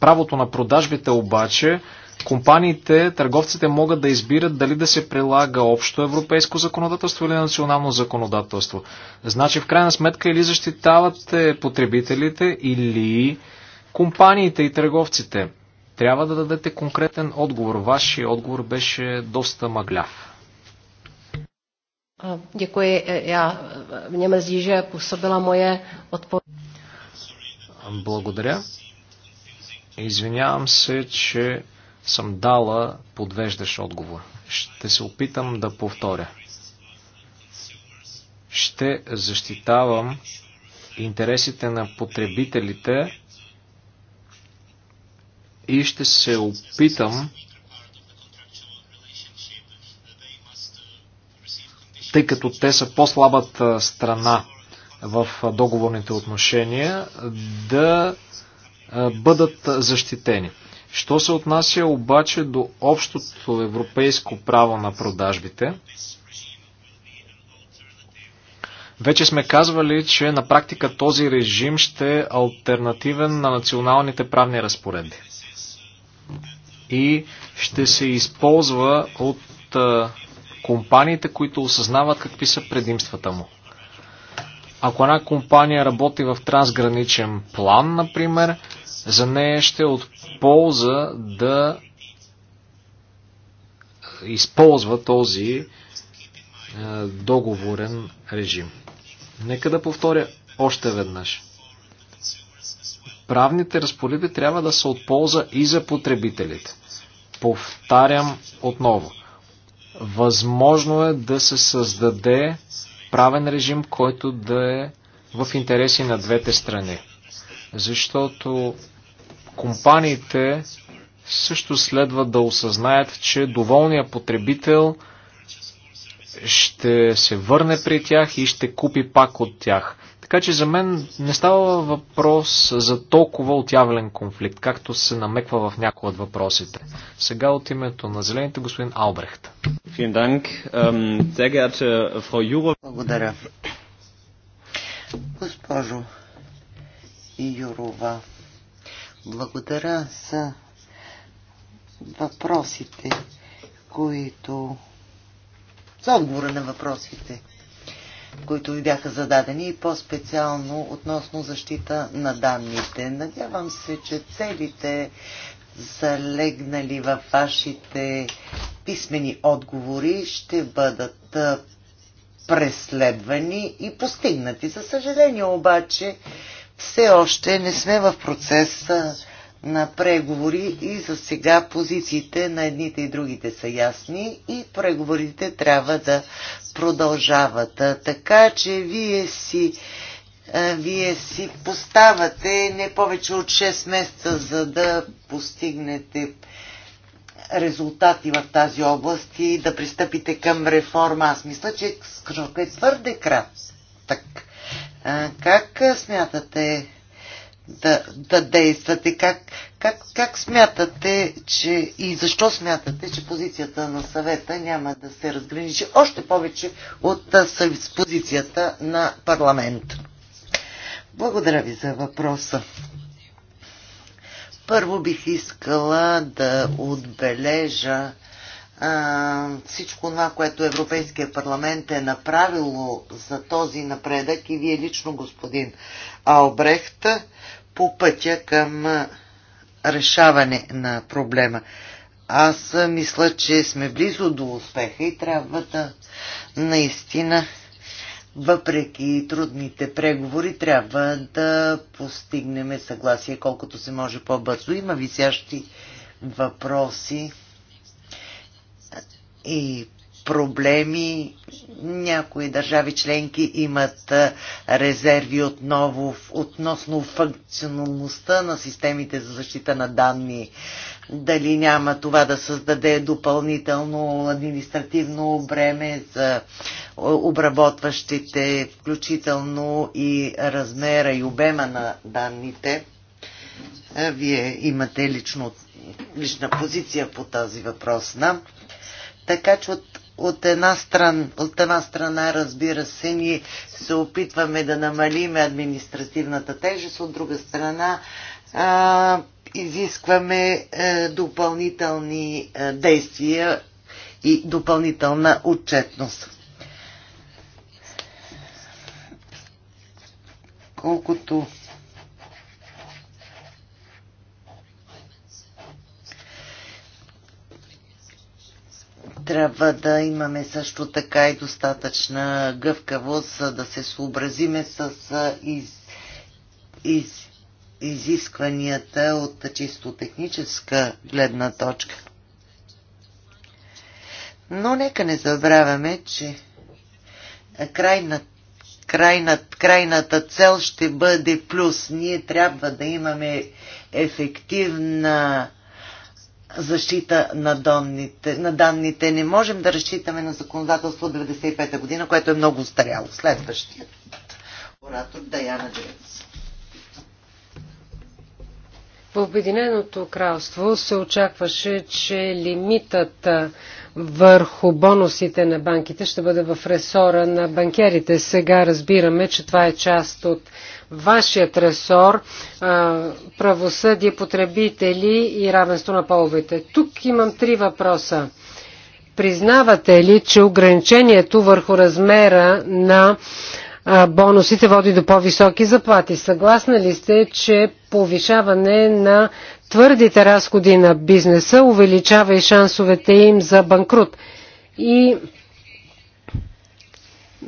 правото на продажбите обаче, компаниите, търговците могат да избират дали да се прилага общо европейско законодателство или национално законодателство. Значи в крайна сметка или защитавате потребителите, или компаниите и търговците. Трябва да дадете конкретен отговор. Вашия отговор беше доста мъгляв. Děkuji. Já, mě mrzí, že působila moje odpověď. Благодаря. Извинявам се, че съм дала подвеждащ отговор. Ще се опитам да повторя. Ще защитавам интересите на потребителите и ще се опитам тъй като те са по-слабата страна в договорните отношения, да бъдат защитени. Що се отнася обаче до общото европейско право на продажбите, вече сме казвали, че на практика този режим ще е альтернативен на националните правни разпоредби и ще се използва от компаниите, които осъзнават какви са предимствата му. Ако една компания работи в трансграничен план, например, за нея ще е от полза да използва този е, договорен режим. Нека да повторя още веднъж. Правните разпоредби трябва да са от полза и за потребителите повтарям отново. Възможно е да се създаде правен режим, който да е в интереси на двете страни. Защото компаниите също следва да осъзнаят, че доволният потребител ще се върне при тях и ще купи пак от тях. Така че за мен не става въпрос за толкова отявлен конфликт, както се намеква в някои от въпросите. Сега от името на зелените господин Албрехт. Ähm, äh, благодаря. Госпожо Юрова, благодаря за въпросите, които... за отговора на въпросите, които ви бяха зададени и по-специално относно защита на данните. Надявам се, че целите залегнали във вашите писмени отговори ще бъдат преследвани и постигнати. За съжаление обаче, все още не сме в процеса на преговори и за сега позициите на едните и другите са ясни и преговорите трябва да продължават. Така че вие си вие си поставате не повече от 6 месеца, за да постигнете резултати в тази област и да пристъпите към реформа. Аз мисля, че срокът е твърде крат. как смятате да, да действате? Как, как, как смятате, че и защо смятате, че позицията на съвета няма да се разграничи още повече от позицията на парламент? Благодаря ви за въпроса. Първо бих искала да отбележа а, всичко това, което Европейския парламент е направило за този напредък и вие лично, господин Албрехт, по пътя към решаване на проблема. Аз мисля, че сме близо до успеха и трябва да наистина, въпреки трудните преговори, трябва да постигнем съгласие колкото се може по-бързо. Има висящи въпроси и проблеми. Някои държави членки имат резерви отново относно функционалността на системите за защита на данни. Дали няма това да създаде допълнително административно бреме за обработващите, включително и размера и обема на данните. Вие имате лично, лична позиция по този въпрос, Така че от от една, стран, от една страна, разбира се, ние се опитваме да намалиме административната тежест, от друга страна а, изискваме а, е, допълнителни а, е, действия и допълнителна отчетност. Колкото Трябва да имаме също така и достатъчна гъвкавост, за да се съобразиме с из, из, изискванията от чисто техническа гледна точка. Но нека не забравяме, че крайната крайнат, крайната цел ще бъде плюс. Ние трябва да имаме ефективна защита на, донните, на данните. Не можем да разчитаме на законодателство от 1995 година, което е много старяло. Следващият оратор Даяна Дрец. В Обединеното кралство се очакваше, че лимитът върху бонусите на банките ще бъде в ресора на банкерите. Сега разбираме, че това е част от вашият ресор правосъдие, потребители и равенство на половете. Тук имам три въпроса. Признавате ли, че ограничението върху размера на бонусите води до по-високи заплати? Съгласна ли сте, че повишаване на твърдите разходи на бизнеса увеличава и шансовете им за банкрут. И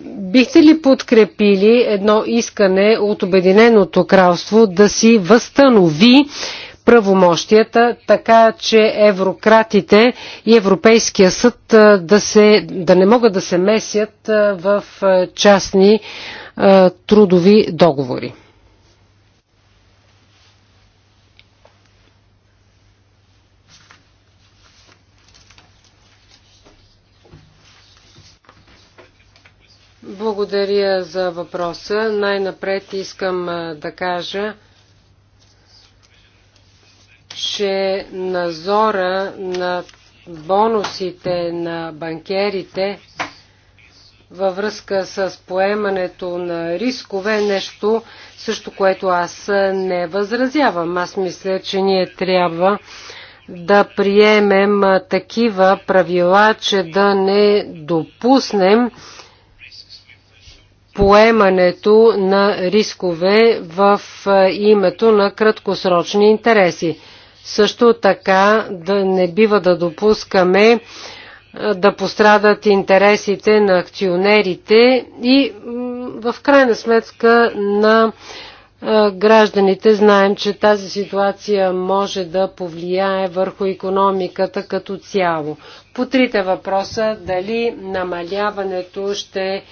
бихте ли подкрепили едно искане от Обединеното кралство да си възстанови правомощията, така че еврократите и Европейския съд да, се, да не могат да се месят в частни трудови договори? Благодаря за въпроса. Най-напред искам да кажа, че назора на бонусите на банкерите във връзка с поемането на рискове е нещо, също което аз не възразявам. Аз мисля, че ние трябва да приемем такива правила, че да не допуснем поемането на рискове в името на краткосрочни интереси. Също така да не бива да допускаме да пострадат интересите на акционерите и в крайна сметка на гражданите. Знаем, че тази ситуация може да повлияе върху економиката като цяло. По трите въпроса дали намаляването ще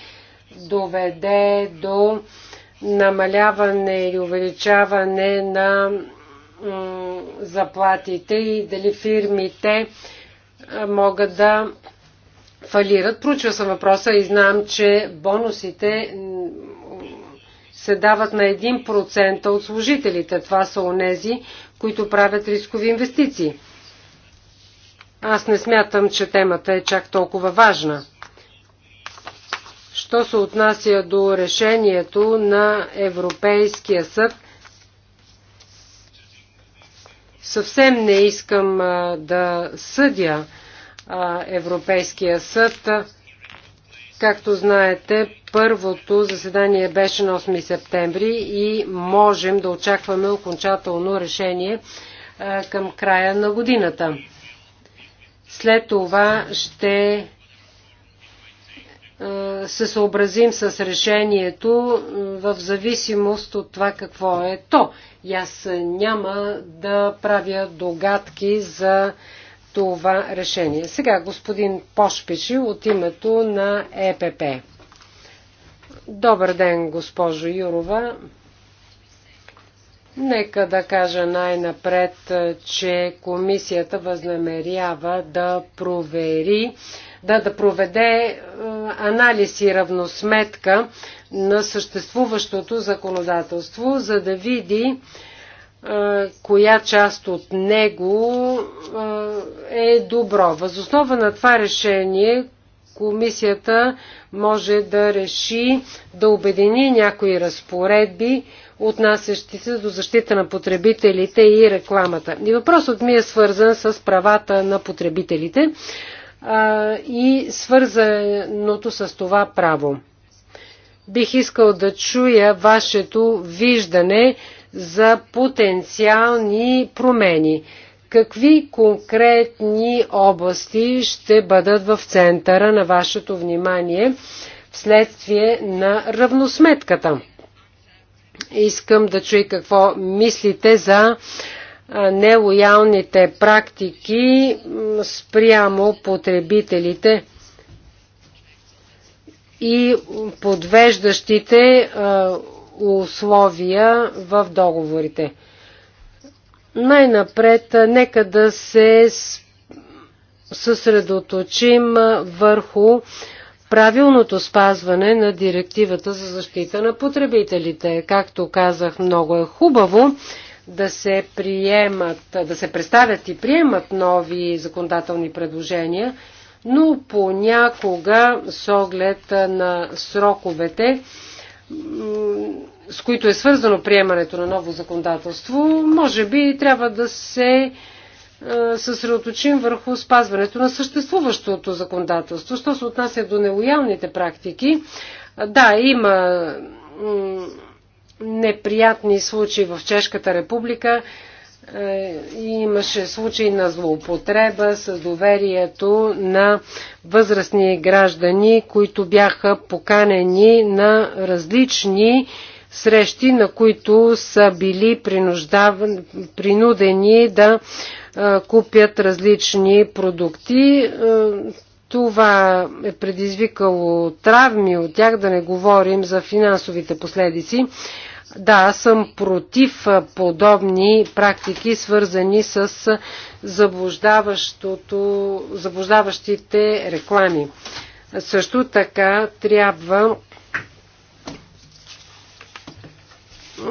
доведе до намаляване или увеличаване на заплатите и дали фирмите могат да фалират. Проучва съм въпроса и знам, че бонусите се дават на 1% от служителите. Това са онези, които правят рискови инвестиции. Аз не смятам, че темата е чак толкова важна. Що се отнася до решението на Европейския съд, съвсем не искам да съдя Европейския съд. Както знаете, първото заседание беше на 8 септември и можем да очакваме окончателно решение към края на годината. След това ще е, се съобразим с решението в зависимост от това какво е то. И аз няма да правя догадки за това решение. Сега господин Пошпиши от името на ЕПП. Добър ден, госпожо Юрова. Нека да кажа най-напред, че комисията възнамерява да провери да, да проведе е, анализ и равносметка на съществуващото законодателство, за да види е, коя част от него е, е добро. Възоснова на това решение комисията може да реши да обедини някои разпоредби, отнасящи се до защита на потребителите и рекламата. И въпросът ми е свързан с правата на потребителите и свързаното с това право. Бих искал да чуя вашето виждане за потенциални промени. Какви конкретни области ще бъдат в центъра на вашето внимание вследствие на равносметката? Искам да чуя какво мислите за нелоялните практики спрямо потребителите и подвеждащите условия в договорите. Най-напред, нека да се съсредоточим върху правилното спазване на директивата за защита на потребителите. Както казах, много е хубаво, да се приемат, да се представят и приемат нови законодателни предложения, но понякога с оглед на сроковете, с които е свързано приемането на ново законодателство, може би трябва да се е, съсредоточим върху спазването на съществуващото законодателство. Що се отнася до нелоялните практики, да, има неприятни случаи в Чешката република. Е, имаше случаи на злоупотреба с доверието на възрастни граждани, които бяха поканени на различни срещи, на които са били принудени да е, купят различни продукти. Е, това е предизвикало травми от тях, да не говорим за финансовите последици. Да, аз съм против подобни практики, свързани с заблуждаващите реклами. Също така трябва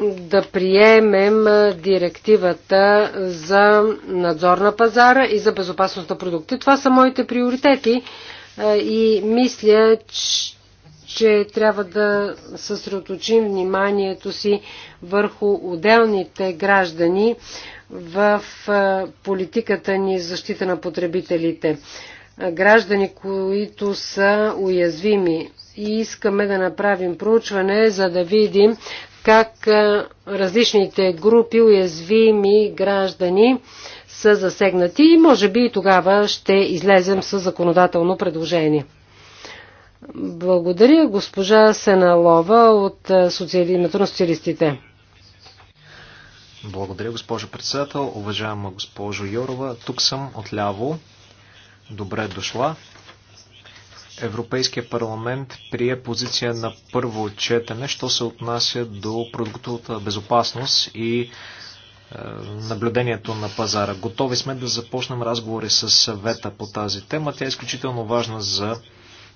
да приемем директивата за надзор на пазара и за безопасност на продукти. Това са моите приоритети и мисля, че трябва да съсредоточим вниманието си върху отделните граждани в политиката ни защита на потребителите. Граждани, които са уязвими и искаме да направим проучване, за да видим как различните групи уязвими граждани са засегнати и може би и тогава ще излезем с законодателно предложение. Благодаря госпожа Сеналова от социали... името на социалистите. Благодаря, госпожо председател. Уважаема госпожо Йорова, тук съм отляво. Добре дошла. Европейския парламент прие позиция на първо четене, що се отнася до продуктовата безопасност и е, наблюдението на пазара. Готови сме да започнем разговори с съвета по тази тема. Тя е изключително важна за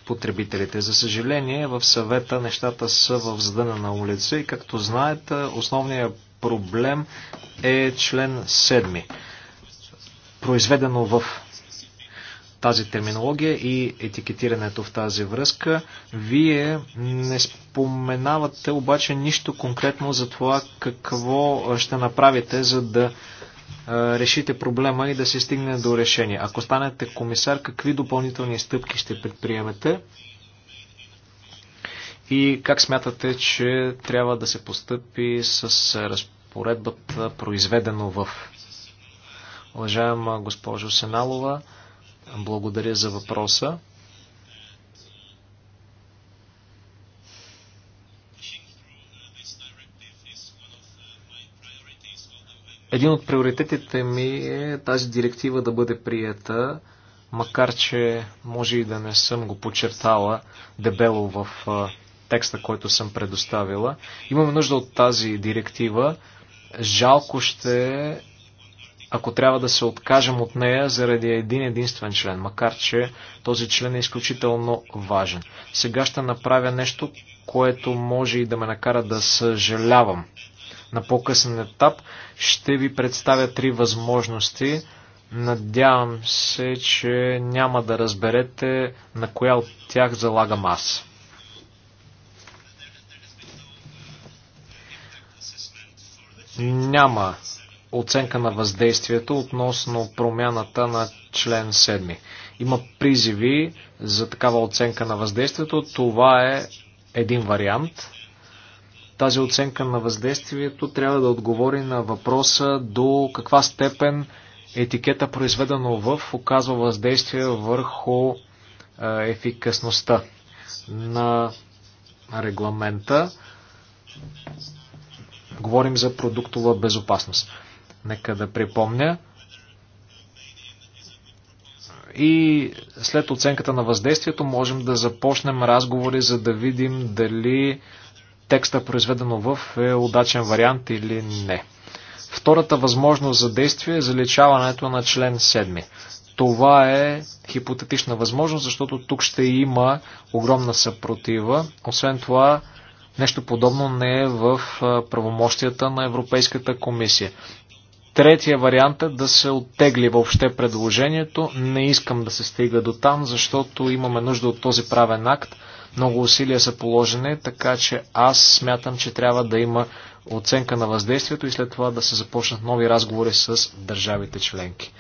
потребителите. За съжаление, в съвета нещата са в задъна на улица и както знаете, основният проблем е член 7. Произведено в тази терминология и етикетирането в тази връзка. Вие не споменавате обаче нищо конкретно за това какво ще направите, за да е, решите проблема и да се стигне до решение. Ако станете комисар, какви допълнителни стъпки ще предприемете? И как смятате, че трябва да се постъпи с разпоредбата, произведено в? Уважаема госпожо Сеналова, благодаря за въпроса. Един от приоритетите ми е тази директива да бъде прията, макар че може и да не съм го подчертала дебело в текста, който съм предоставила. Имаме нужда от тази директива. Жалко ще е, ако трябва да се откажем от нея заради един единствен член, макар че този член е изключително важен. Сега ще направя нещо, което може и да ме накара да съжалявам. На по-късен етап ще ви представя три възможности. Надявам се, че няма да разберете на коя от тях залагам аз. Няма оценка на въздействието относно промяната на член 7. Има призиви за такава оценка на въздействието. Това е един вариант. Тази оценка на въздействието трябва да отговори на въпроса до каква степен етикета произведено в оказва въздействие върху е, ефикасността на регламента. Говорим за продуктова безопасност. Нека да припомня. И след оценката на въздействието можем да започнем разговори, за да видим дали текста произведено в е удачен вариант или не. Втората възможност за действие е заличаването на член 7. Това е хипотетична възможност, защото тук ще има огромна съпротива. Освен това, нещо подобно не е в правомощията на Европейската комисия. Третия вариант е да се оттегли въобще предложението. Не искам да се стига до там, защото имаме нужда от този правен акт. Много усилия са положени, така че аз смятам, че трябва да има оценка на въздействието и след това да се започнат нови разговори с държавите членки.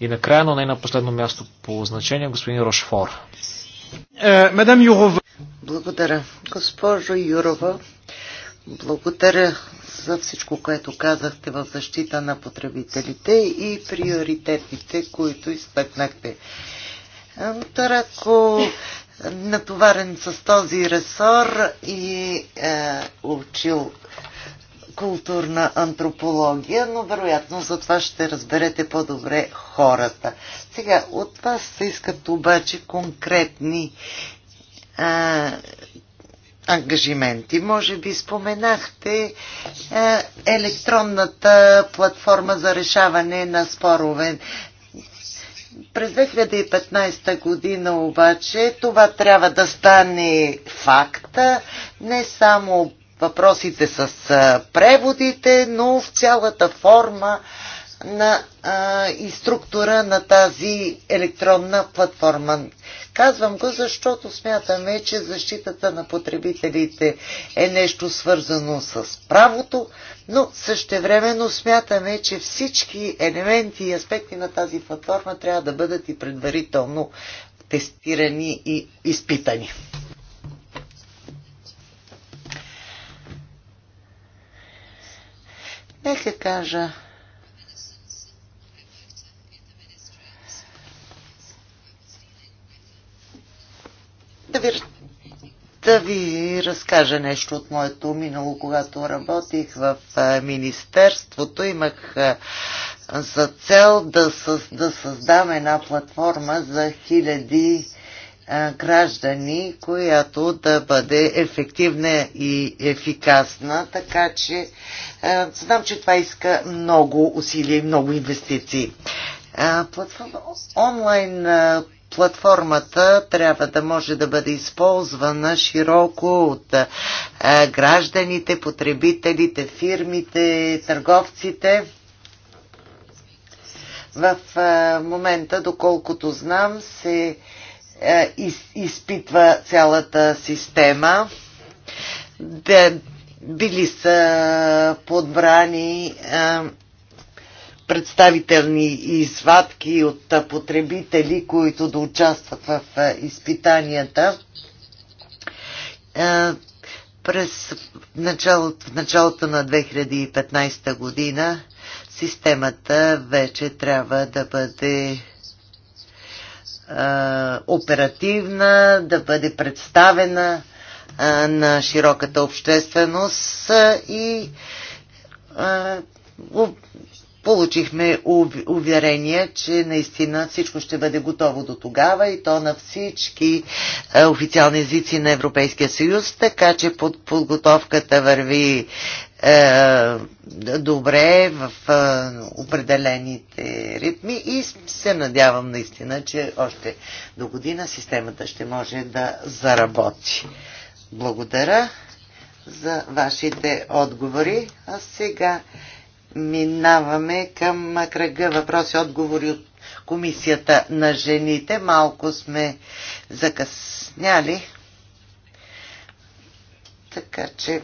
И накрая, но не на последно място по значение, господин Рошфор. Е, мадам Юрова. Благодаря. Госпожо Юрова, благодаря за всичко, което казахте в защита на потребителите и приоритетите, които изтъкнахте. Тарако, натоварен с този ресор и е, учил културна антропология, но вероятно за това ще разберете по-добре хората. Сега, от вас се искат обаче конкретни е, ангажименти. Може би споменахте е, електронната платформа за решаване на спорове. През 2015 година обаче това трябва да стане факта, не само въпросите с е, преводите, но в цялата форма на а, и структура на тази електронна платформа. Казвам го, защото смятаме, че защитата на потребителите е нещо свързано с правото, но същевременно смятаме, че всички елементи и аспекти на тази платформа трябва да бъдат и предварително тестирани и изпитани. Нека кажа да ви, да ви разкажа нещо от моето минало, когато работих в Министерството. Имах за цел да, със, да създам една платформа за хиляди граждани, която да бъде ефективна и ефикасна, така че знам, че това иска много усилия и много инвестиции. Платформа, онлайн платформата трябва да може да бъде използвана широко от гражданите, потребителите, фирмите, търговците. В момента, доколкото знам, се изпитва цялата система. Били са подбрани представителни извадки от потребители, които да участват в изпитанията. През началото, в началото на 2015 година системата вече трябва да бъде оперативна, да бъде представена на широката общественост и Получихме уверение, че наистина всичко ще бъде готово до тогава и то на всички е, официални езици на Европейския съюз, така че под подготовката върви е, добре в е, определените ритми и се надявам наистина, че още до година системата ще може да заработи. Благодаря за вашите отговори. А сега минаваме към кръга въпроси отговори от комисията на жените. Малко сме закъсняли. Така че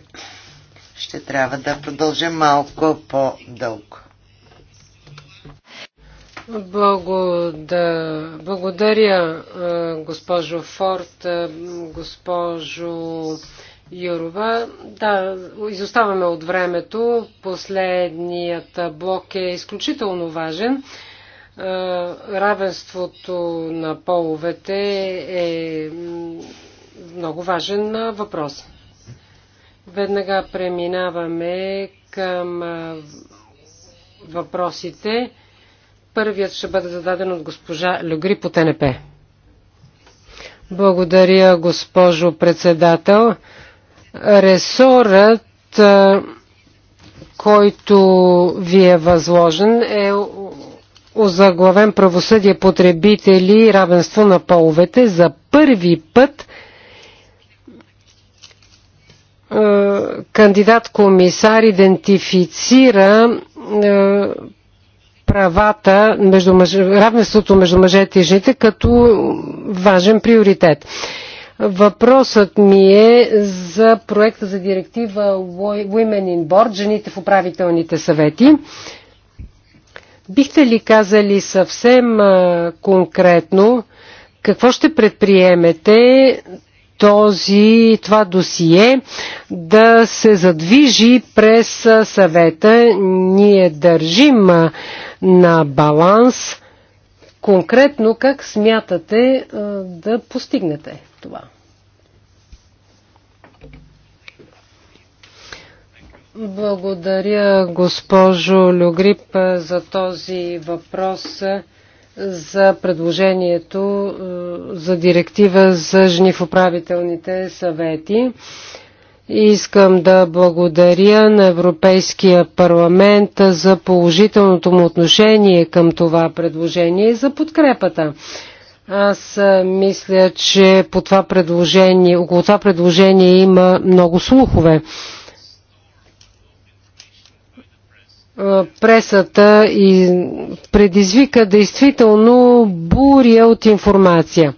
ще трябва да продължим малко по-дълго. Благодаря, благодаря госпожо Форд, госпожо Юрова. Да, изоставаме от времето. Последният блок е изключително важен. Е, равенството на половете е много важен въпрос. Веднага преминаваме към въпросите. Първият ще бъде зададен от госпожа Люгри по ТНП. Благодаря, госпожо председател. Ресорът, който ви е възложен, е озаглавен правосъдие потребители и равенство на половете. За първи път кандидат-комисар идентифицира правата, между мъж... равенството между мъжете и жените като важен приоритет. Въпросът ми е за проекта за директива Women in Board, жените в управителните съвети. Бихте ли казали съвсем конкретно какво ще предприемете този, това досие да се задвижи през съвета. Ние държим на баланс. Конкретно как смятате да постигнете? това. Благодаря, госпожо Люгрип, за този въпрос за предложението е, за директива за жени в управителните съвети. Искам да благодаря на Европейския парламент за положителното му отношение към това предложение и за подкрепата. Аз мисля, че по това предложение, около това предложение има много слухове. Пресата и предизвика действително буря от информация.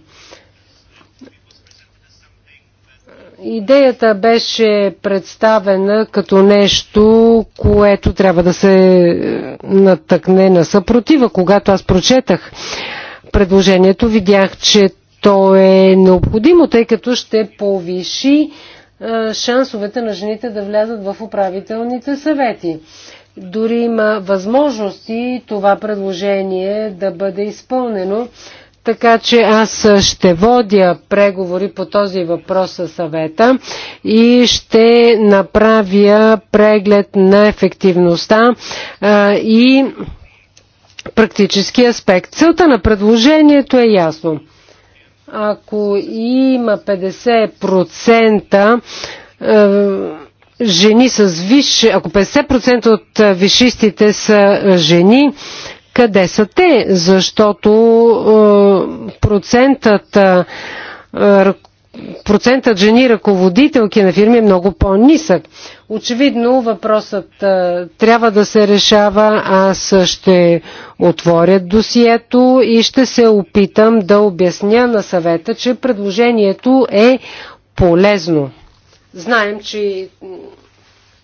Идеята беше представена като нещо, което трябва да се натъкне на съпротива. Когато аз прочетах предложението. Видях, че то е необходимо, тъй като ще повиши е, шансовете на жените да влязат в управителните съвети. Дори има възможности това предложение да бъде изпълнено, така че аз ще водя преговори по този въпрос със съвета и ще направя преглед на ефективността е, и практически аспект. Целта на предложението е ясно. Ако има 50% е, жени с висше, ако 50% от е, вишистите са е, жени, къде са те? Защото процентът процентът жени ръководителки на фирми е много по-нисък. Очевидно въпросът трябва да се решава. Аз ще отворя досието и ще се опитам да обясня на съвета, че предложението е полезно. Знаем, че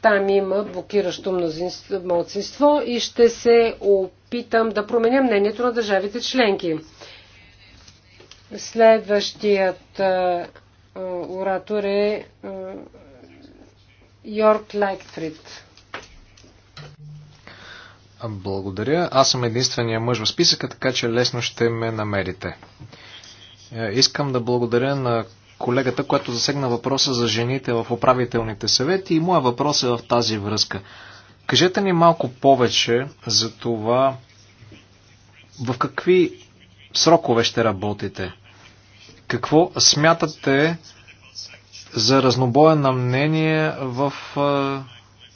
там има блокиращо мълцинство и ще се опитам да променя мнението на държавите членки. Следващият а, оратор е а, Йорк Лайкфрид. Благодаря. Аз съм единствения мъж в списъка, така че лесно ще ме намерите. Е, искам да благодаря на колегата, която засегна въпроса за жените в управителните съвети и моя въпрос е в тази връзка. Кажете ни малко повече за това в какви срокове ще работите? Какво смятате за разнобоя на мнение в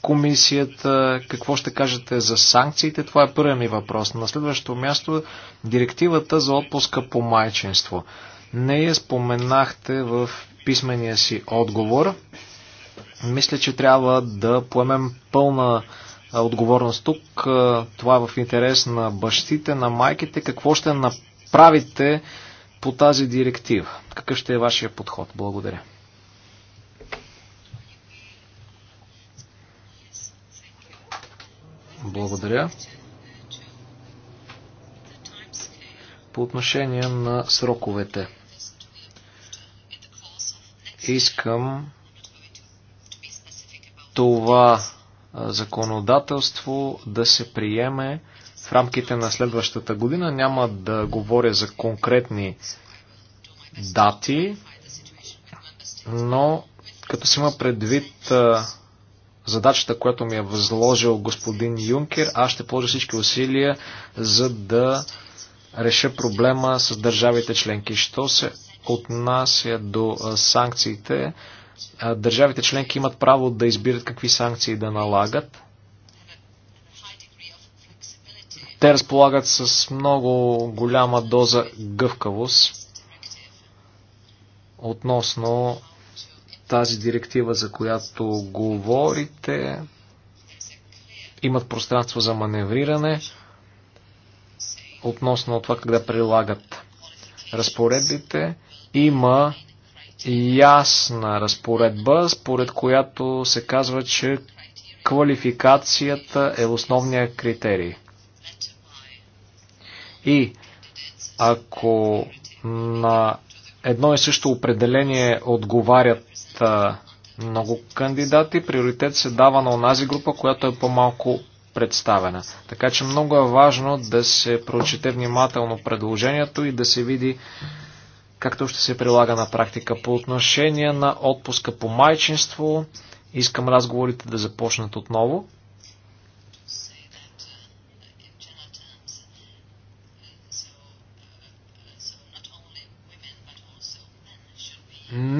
комисията? Какво ще кажете за санкциите? Това е първият ми въпрос. На следващото място директивата за отпуска по майчинство. Не я споменахте в писмения си отговор. Мисля, че трябва да поемем пълна отговорност тук. Това е в интерес на бащите, на майките. Какво ще направим? правите по тази директива? Какъв ще е вашия подход? Благодаря. Благодаря. По отношение на сроковете. Искам това законодателство да се приеме в рамките на следващата година. Няма да говоря за конкретни дати, но като си има предвид задачата, която ми е възложил господин Юнкер, аз ще положа всички усилия, за да реша проблема с държавите членки. Що се отнася до санкциите, държавите членки имат право да избират какви санкции да налагат. Те разполагат с много голяма доза гъвкавост относно тази директива, за която говорите. Имат пространство за маневриране относно това как да прилагат разпоредбите. Има ясна разпоредба, според която се казва, че квалификацията е основния критерий. И ако на едно и също определение отговарят много кандидати, приоритет се дава на онази група, която е по-малко представена. Така че много е важно да се прочете внимателно предложението и да се види как то ще се прилага на практика. По отношение на отпуска по майчинство, искам разговорите да започнат отново.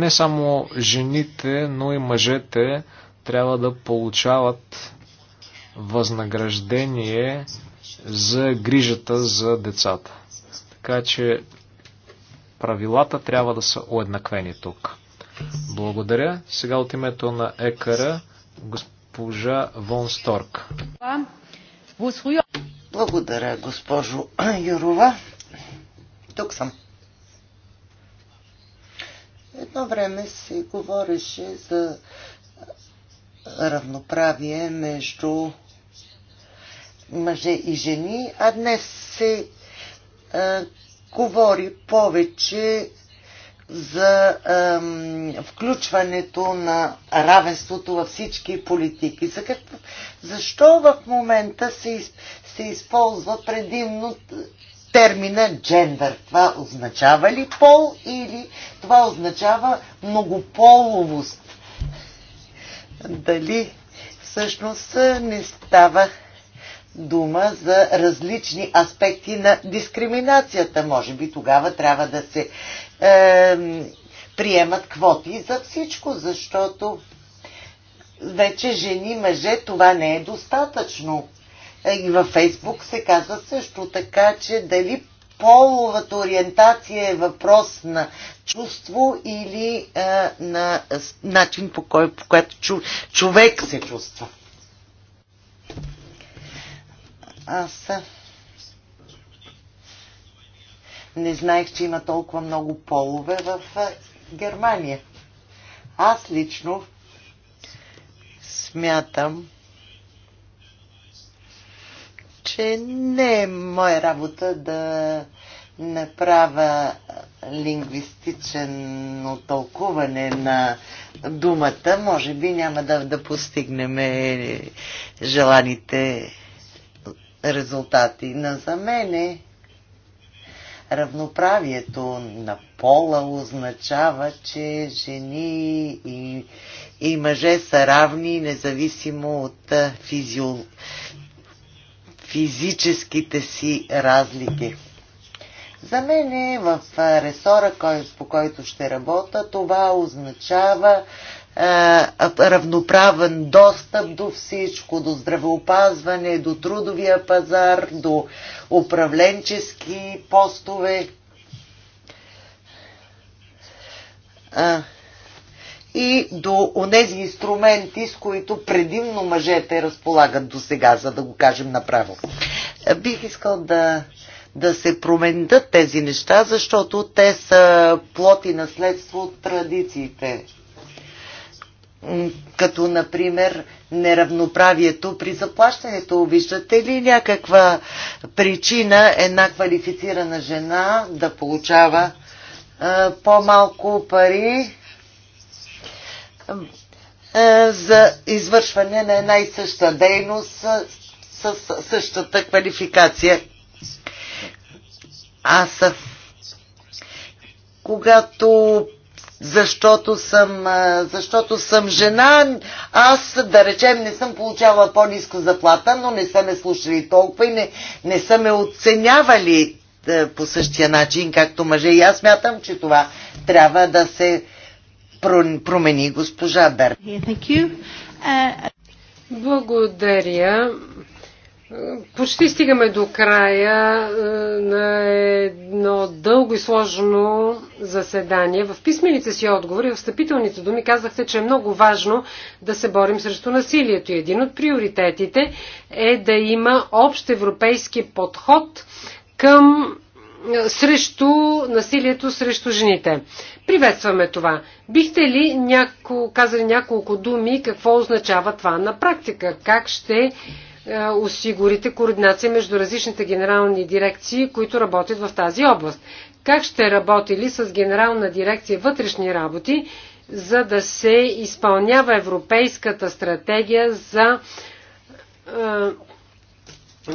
не само жените, но и мъжете трябва да получават възнаграждение за грижата за децата. Така че правилата трябва да са уеднаквени тук. Благодаря. Сега от името на ЕКР госпожа Вон Сторк. Благодаря, госпожо Юрова. Тук съм едно време се говореше за равноправие между мъже и жени, а днес се а, говори повече за а, включването на равенството във всички политики. За какво? Защо в момента се, се използва предимно термина джендър. Това означава ли пол или това означава многополовост? Дали всъщност не става дума за различни аспекти на дискриминацията. Може би тогава трябва да се е, приемат квоти за всичко, защото вече жени, мъже, това не е достатъчно и е, във Фейсбук се казва също така, че дали половата ориентация е въпрос на чувство или а, е, на начин по, кой, по който чу, човек се чувства. Аз е, не знаех, че има толкова много полове в Германия. Аз лично смятам, че не е моя работа да направя лингвистично тълкуване на думата. Може би няма да, да постигнем желаните резултати. На за мене равноправието на пола означава, че жени и, и мъже са равни, независимо от физиологията физическите си разлики. За мен е в ресора, по който ще работя, това означава равноправен достъп до всичко, до здравеопазване, до трудовия пазар, до управленчески постове и до онези инструменти, с които предимно мъжете разполагат до сега, за да го кажем направо. Е, бих искал да, да се променят тези неща, защото те са плод и наследство от традициите. Като, например, неравноправието при заплащането. Виждате ли някаква причина една квалифицирана жена да получава по-малко пари е, за извършване на една и съща дейност с същата квалификация. Аз, когато защото съм, е, защото съм жена, аз, да речем, не съм получавала по-ниска заплата, но не са ме слушали толкова и не, не са ме оценявали е, по същия начин, както мъже. И аз мятам, че това трябва да се промени госпожа Бер. Uh, Благодаря. Почти стигаме до края uh, на едно дълго и сложно заседание. В писмените си отговори, в встъпителните думи казахте, че е много важно да се борим срещу насилието. И един от приоритетите е да има общ европейски подход към срещу насилието срещу жените. Приветстваме това. Бихте ли няко, казали няколко думи какво означава това на практика? Как ще е, осигурите координация между различните генерални дирекции, които работят в тази област? Как ще работи ли с генерална дирекция вътрешни работи, за да се изпълнява европейската стратегия за е,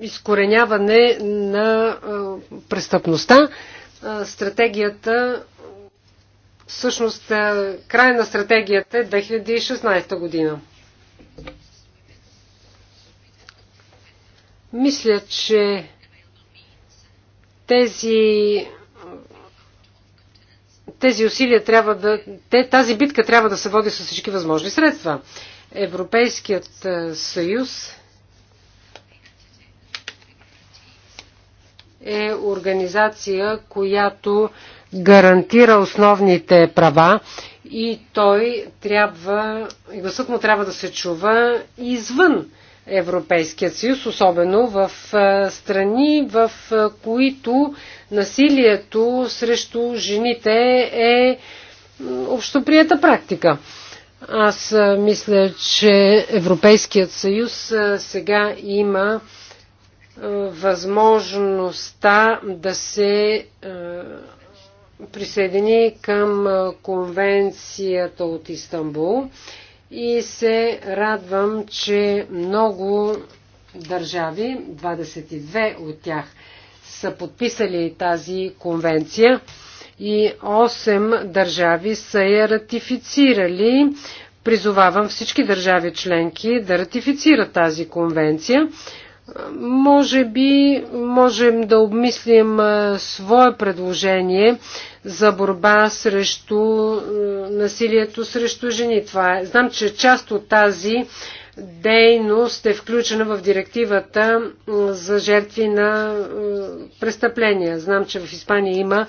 изкореняване на престъпността. Стратегията, всъщност, край на стратегията е 2016 година. Мисля, че тези тези усилия трябва да, те, тази битка трябва да се води с всички възможни средства. Европейският съюз е организация, която гарантира основните права и той трябва, и гласът му трябва да се чува извън Европейският съюз, особено в страни, в които насилието срещу жените е общоприета практика. Аз мисля, че Европейският съюз сега има е, възможността да се е, присъедини към е, конвенцията от Истанбул и се радвам, че много държави, 22 от тях, са подписали тази конвенция и 8 държави са я ратифицирали. Призовавам всички държави членки да ратифицират тази конвенция. Може би можем да обмислим свое предложение за борба срещу насилието срещу жени. Това е. Знам, че част от тази дейност е включена в директивата за жертви на престъпления. Знам, че в Испания има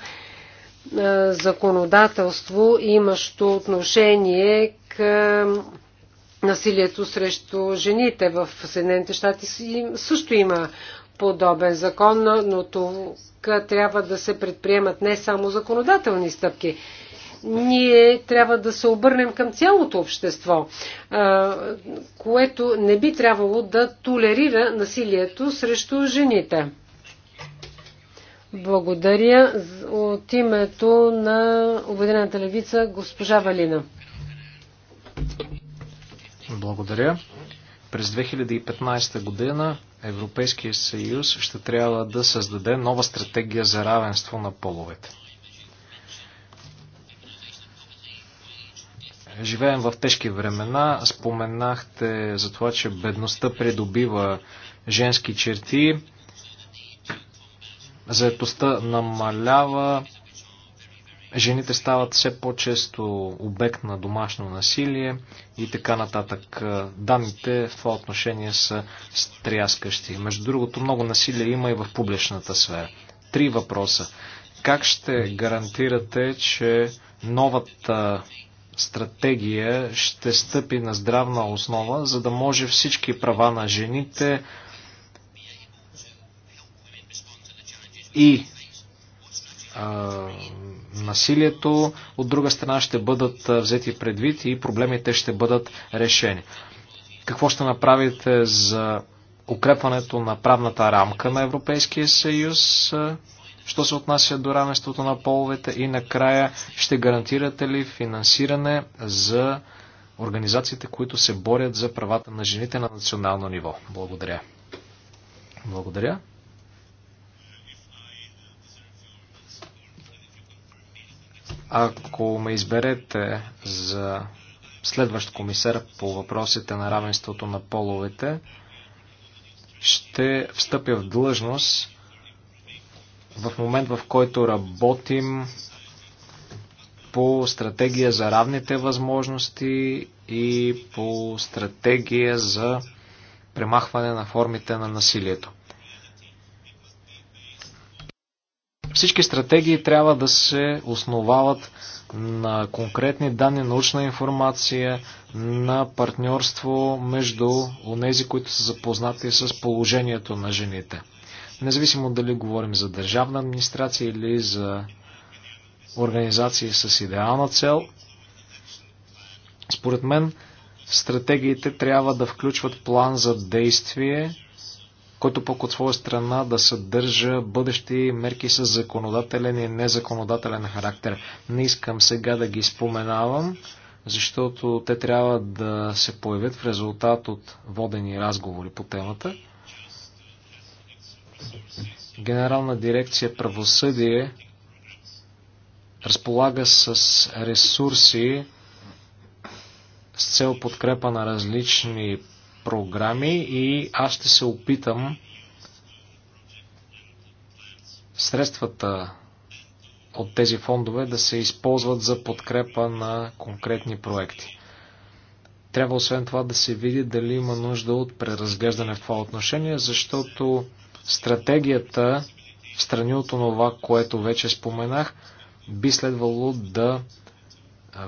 законодателство, имащо отношение към насилието срещу жените в Съединените щати също има подобен закон, но тук трябва да се предприемат не само законодателни стъпки. Ние трябва да се обърнем към цялото общество, което не би трябвало да толерира насилието срещу жените. Благодаря от името на Обединената левица госпожа Валина. Благодаря. През 2015 година Европейския съюз ще трябва да създаде нова стратегия за равенство на половете. Живеем в тежки времена. Споменахте за това, че бедността придобива женски черти. Заетостта намалява, Жените стават все по-често обект на домашно насилие и така нататък. Е, данните в това отношение са стряскащи. Между другото, много насилие има и в публичната сфера. Три въпроса. Как ще гарантирате, че новата стратегия ще стъпи на здравна основа, за да може всички права на жените и насилието, от друга страна ще бъдат взети предвид и проблемите ще бъдат решени. Какво ще направите за укрепването на правната рамка на Европейския съюз, що се отнася до равенството на половете и накрая ще гарантирате ли финансиране за организациите, които се борят за правата на жените на национално ниво? Благодаря. Благодаря. Ако ме изберете за следващ комисар по въпросите на равенството на половете, ще встъпя в длъжност в момент, в който работим по стратегия за равните възможности и по стратегия за премахване на формите на насилието. Всички стратегии трябва да се основават на конкретни данни, научна информация, на партньорство между онези, които са запознати с положението на жените. Независимо дали говорим за държавна администрация или за организации с идеална цел, според мен стратегиите трябва да включват план за действие, който пък от своя страна да съдържа бъдещи мерки с законодателен и незаконодателен характер. Не искам сега да ги споменавам, защото те трябва да се появят в резултат от водени разговори по темата. Генерална дирекция правосъдие разполага с ресурси с цел подкрепа на различни програми и аз ще се опитам средствата от тези фондове да се използват за подкрепа на конкретни проекти. Трябва освен това да се види дали има нужда от преразглеждане в това отношение, защото стратегията в страни от това, което вече споменах, би следвало да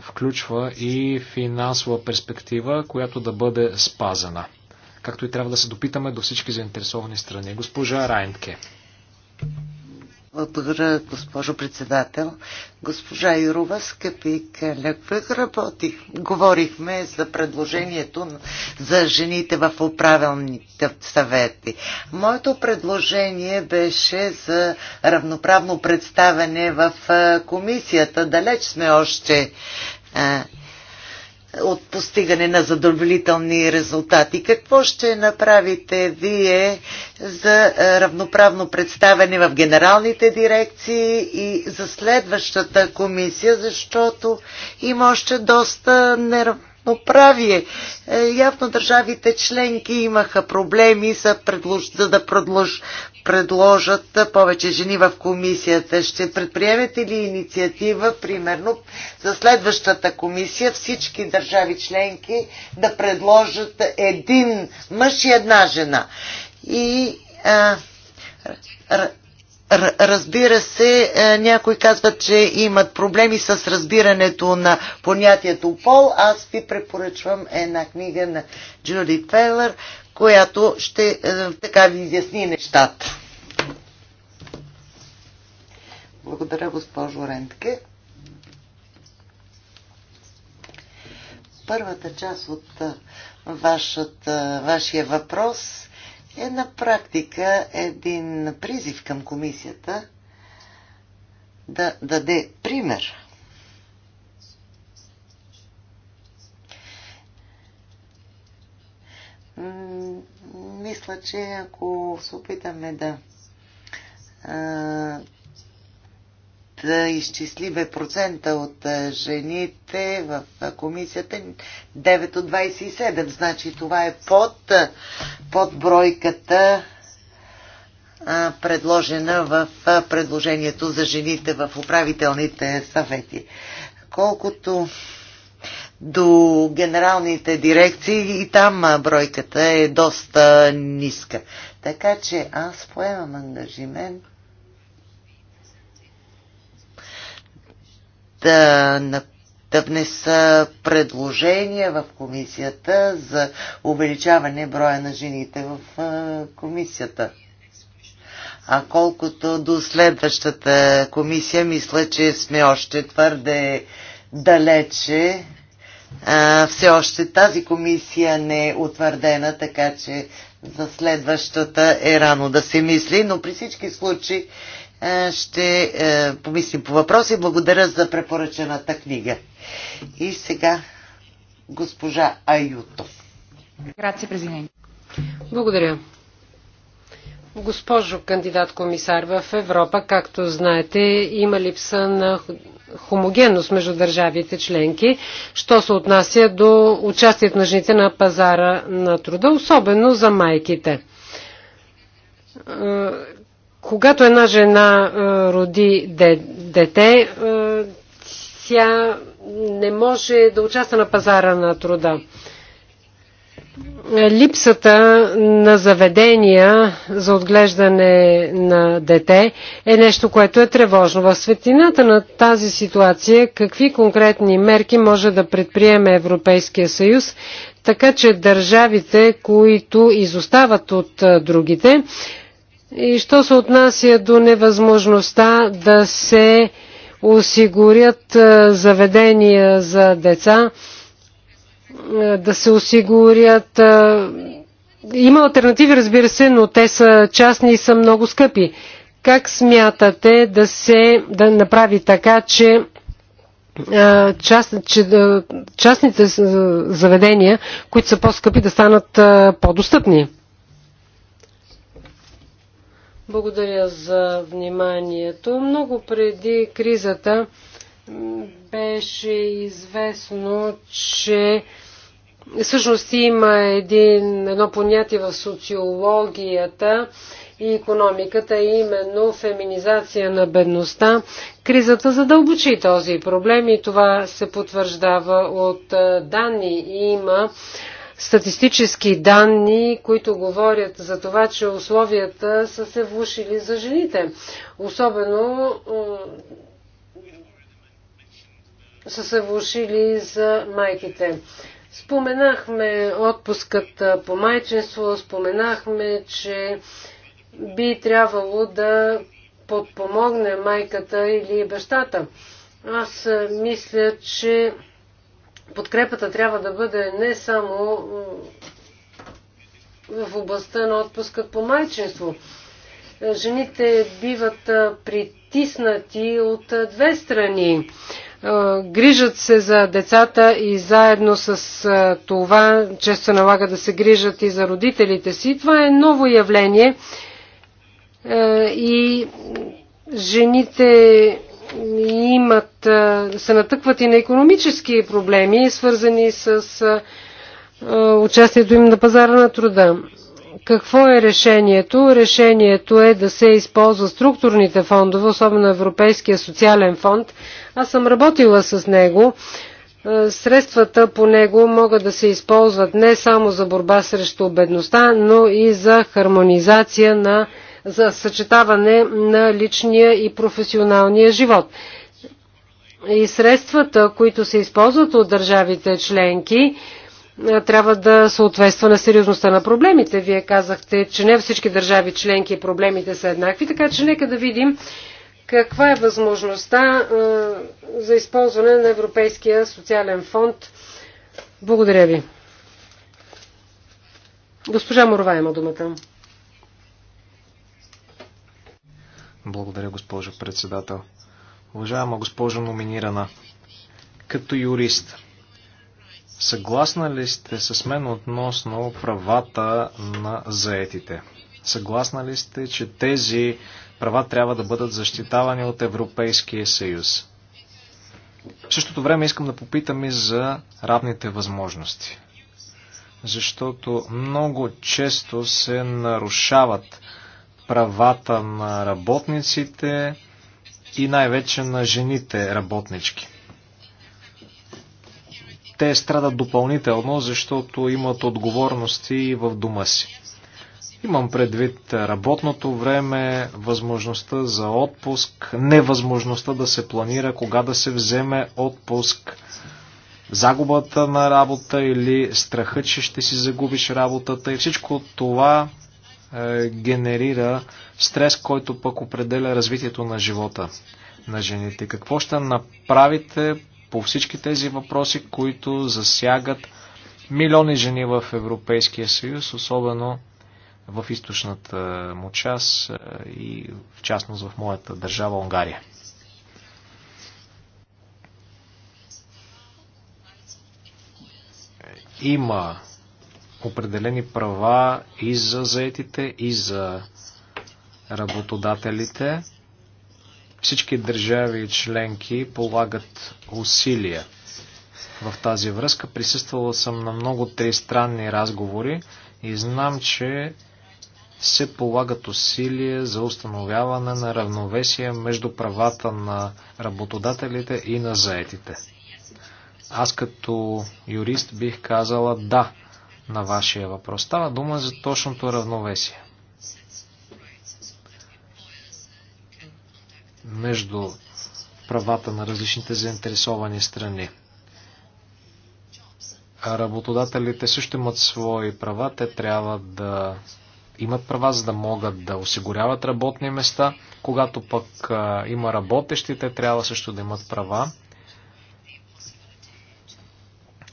включва и финансова перспектива, която да бъде спазена. Както и трябва да се допитаме до всички заинтересовани страни. Госпожа Райнке. Благодаря, госпожо председател. Госпожа Ирова, скъпи Каляквек, работих. Говорихме за предложението за жените в управилните съвети. Моето предложение беше за равноправно представяне в комисията. Далеч сме още от постигане на задоволителни резултати. Какво ще направите вие за е, равноправно представяне в генералните дирекции и за следващата комисия, защото има още доста неравноправие. Е, явно държавите членки имаха проблеми за, предлож... за да предложат повече жени в комисията. Ще предприемете ли инициатива, примерно, за следващата комисия всички държави членки да предложат един мъж и една жена? И а, Разбира се, някои казват, че имат проблеми с разбирането на понятието пол. Аз ви препоръчвам една книга на Джуди Фейлър, която ще е, така ви изясни нещата. Благодаря, госпожо Рентке. Първата част от е, вашата, е, вашия въпрос е на практика един призив към комисията да даде пример мисля, че ако се опитаме да да изчислиме процента от жените в комисията 9 от 27. Значи това е под, под бройката предложена в предложението за жените в управителните съвети. Колкото до генералните дирекции и там бройката е доста ниска. Така че аз поемам ангажимент да, да внеса предложения в комисията за увеличаване броя на жените в комисията. А колкото до следващата комисия, мисля, че сме още твърде далече а, все още тази комисия не е утвърдена, така че за следващата е рано да се мисли, но при всички случаи а, ще а, помислим по въпроси. Благодаря за препоръчената книга. И сега госпожа Аюто. Грация, президент. Благодаря. Госпожо кандидат комисар, в Европа, както знаете, има липса на хомогенност между държавите членки, що се отнася до участието на жените на пазара на труда, особено за майките. Е, когато една жена е, роди дете, е, тя не може да участва на пазара на труда липсата на заведения за отглеждане на дете е нещо, което е тревожно. В светлината на тази ситуация, какви конкретни мерки може да предприеме Европейския съюз, така че държавите, които изостават от другите, и що се отнася до невъзможността да се осигурят заведения за деца, е, да се осигурят. Е, има альтернативи, разбира се, но те са частни и са много скъпи. Как смятате да се да направи така, че, е, част, че частните заведения, които са по-скъпи, да станат по-достъпни? Благодаря за вниманието. Много преди кризата беше известно, че всъщност има един, едно понятие в социологията и економиката, именно феминизация на бедността. Кризата задълбочи този проблем и това се потвърждава от данни. Има статистически данни, които говорят за това, че условията са се влушили за жените. Особено са се влушили за майките. Споменахме отпускът по майчинство, споменахме, че би трябвало да подпомогне майката или бащата. Аз мисля, че подкрепата трябва да бъде не само в областта на отпускът по майчинство. Жените биват притиснати от две страни. Е, грижат се за децата и заедно с е, това често налага да се грижат и за родителите си. Това е ново явление е, и жените имат, се натъкват и на економически проблеми, свързани с участието им на пазара на труда. Какво е решението? Решението е да се използва структурните фондове, особено Европейския социален фонд. Аз съм работила с него. Е, средствата по него могат да се използват не само за борба срещу бедността, но и за хармонизация на за съчетаване на личния и професионалния живот. И средствата, които се използват от държавите членки, трябва да съответства на сериозността на проблемите. Вие казахте, че не всички държави членки проблемите са еднакви, така че нека да видим каква е възможността за използване на Европейския социален фонд. Благодаря ви. Госпожа Морова има думата. Благодаря, госпожо председател. Уважаема госпожо номинирана, като юрист, Съгласна ли сте с мен относно правата на заетите? Съгласна ли сте, че тези права трябва да бъдат защитавани от Европейския съюз? В същото време искам да попитам и за равните възможности. Защото много често се нарушават правата на работниците и най-вече на жените работнички те страдат допълнително, защото имат отговорности в дома си. Имам предвид работното време, възможността за отпуск, невъзможността да се планира кога да се вземе отпуск, загубата на работа или страха, че ще си загубиш работата и всичко това е, генерира стрес, който пък определя развитието на живота на жените. Какво ще направите по всички тези въпроси, които засягат милиони жени в Европейския съюз, особено в източната му част и в частност в моята държава Унгария. Има определени права и за заетите, и за работодателите. Всички държави и членки полагат усилия в тази връзка. Присъствала съм на много тристранни разговори и знам, че се полагат усилия за установяване на равновесие между правата на работодателите и на заетите. Аз като юрист бих казала да на вашия въпрос. Става дума за точното равновесие. между правата на различните заинтересовани страни. А работодателите също имат свои права. Те трябва да имат права, за да могат да осигуряват работни места. Когато пък има работещи, те трябва също да имат права.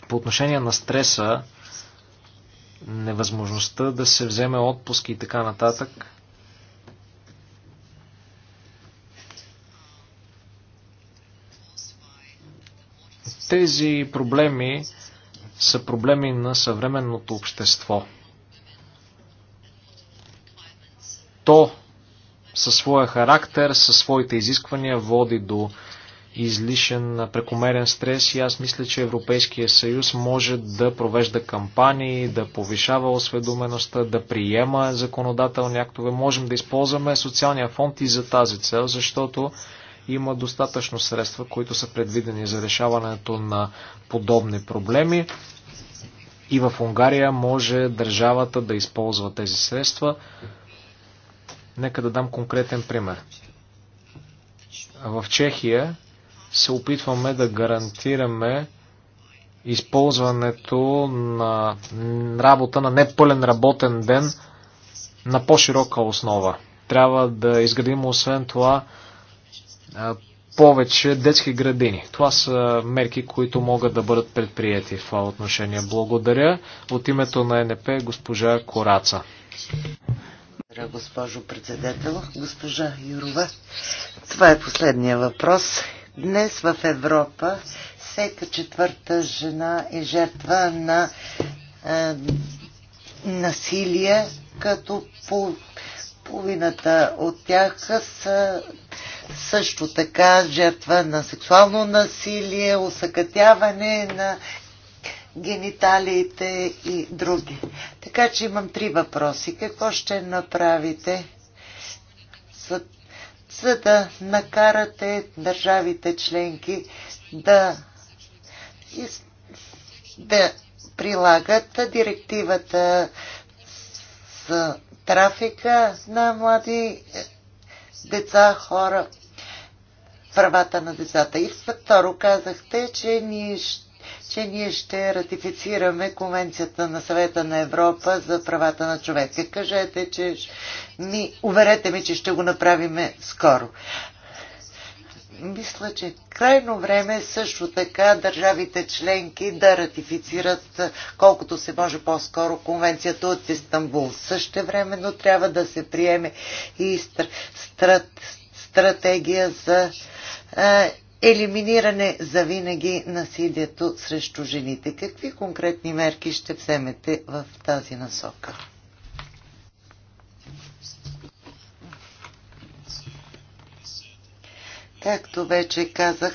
По отношение на стреса, невъзможността да се вземе отпуски и така нататък, Тези проблеми са проблеми на съвременното общество. То със своя характер, със своите изисквания води до излишен прекомерен стрес и аз мисля, че Европейския съюз може да провежда кампании, да повишава осведомеността, да приема законодателни актове. Можем да използваме социалния фонд и за тази цел, защото има достатъчно средства, които са предвидени за решаването на подобни проблеми. И в Унгария може държавата да използва тези средства. Нека да дам конкретен пример. В Чехия се опитваме да гарантираме използването на работа на непълен работен ден на по-широка основа. Трябва да изградим освен това повече детски градини. Това са мерки, които могат да бъдат предприяти в това отношение. Благодаря от името на НП госпожа Кораца. Благодаря, госпожо председател. Госпожа Юрова, това е последния въпрос. Днес в Европа всека четвърта жена е жертва на е, насилие, като по, половината от тях са също така жертва на сексуално насилие, усъкътяване на гениталиите и други. Така че имам три въпроси. Какво ще направите, за, за да накарате държавите членки да, да прилагат директивата с трафика на млади деца, хора правата на децата. И второ казахте, че ние ще че ние ще ратифицираме Конвенцията на съвета на Европа за правата на човека. Кажете, че ми, уверете ми, че ще го направиме скоро. Мисля, че крайно време е също така държавите членки да ратифицират колкото се може по-скоро конвенцията от Истанбул. Същевременно трябва да се приеме и стр стратегия за е, елиминиране за винаги насилието срещу жените. Какви конкретни мерки ще вземете в тази насока? Както вече казах,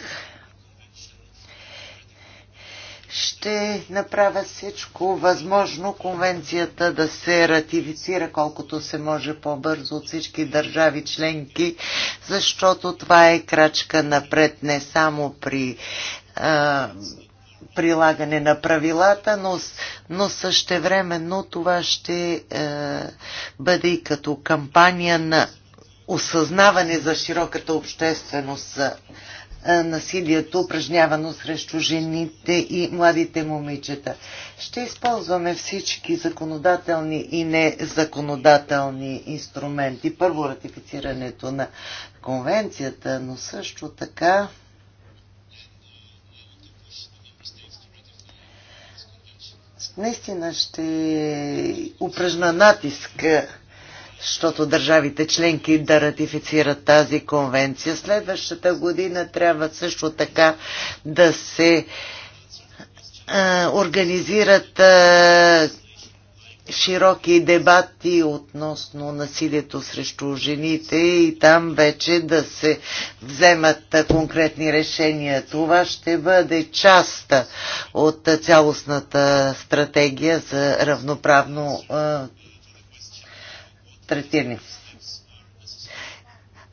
ще направя всичко възможно конвенцията да се ратифицира колкото се може по-бързо от всички държави членки, защото това е крачка напред не само при а, прилагане на правилата, но, но същевременно това ще а, бъде и като кампания на осъзнаване за широката общественост за насилието, упражнявано срещу жените и младите момичета. Ще използваме всички законодателни и незаконодателни инструменти. Първо ратифицирането на конвенцията, но също така наистина ще упражна натиск защото държавите членки да ратифицират тази конвенция. Следващата година трябва също така да се а, организират а, широки дебати относно насилието срещу жените и там вече да се вземат конкретни решения. Това ще бъде част от цялостната стратегия за равноправно третирани.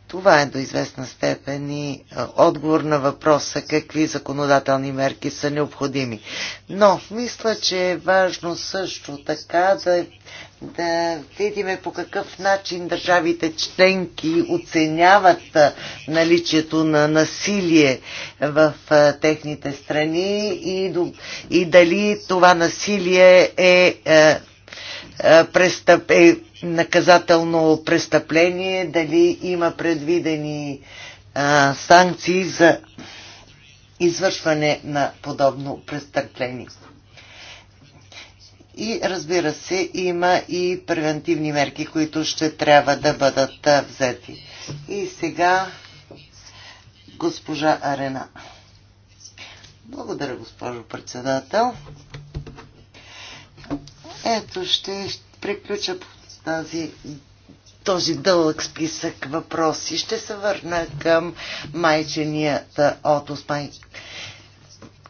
Това е до известна степен и отговор на въпроса какви законодателни мерки са необходими. Но мисля, че е важно също така да, да видим по какъв начин държавите членки оценяват наличието на насилие в техните страни и, и дали това насилие е, е, е, престъп, е наказателно престъпление, дали има предвидени а, санкции за извършване на подобно престъпление. И разбира се, има и превентивни мерки, които ще трябва да бъдат взети. И сега госпожа Арена. Благодаря, госпожо председател. Ето, ще приключа тази този дълъг списък въпроси. Ще се върна към майченията отпуск, май...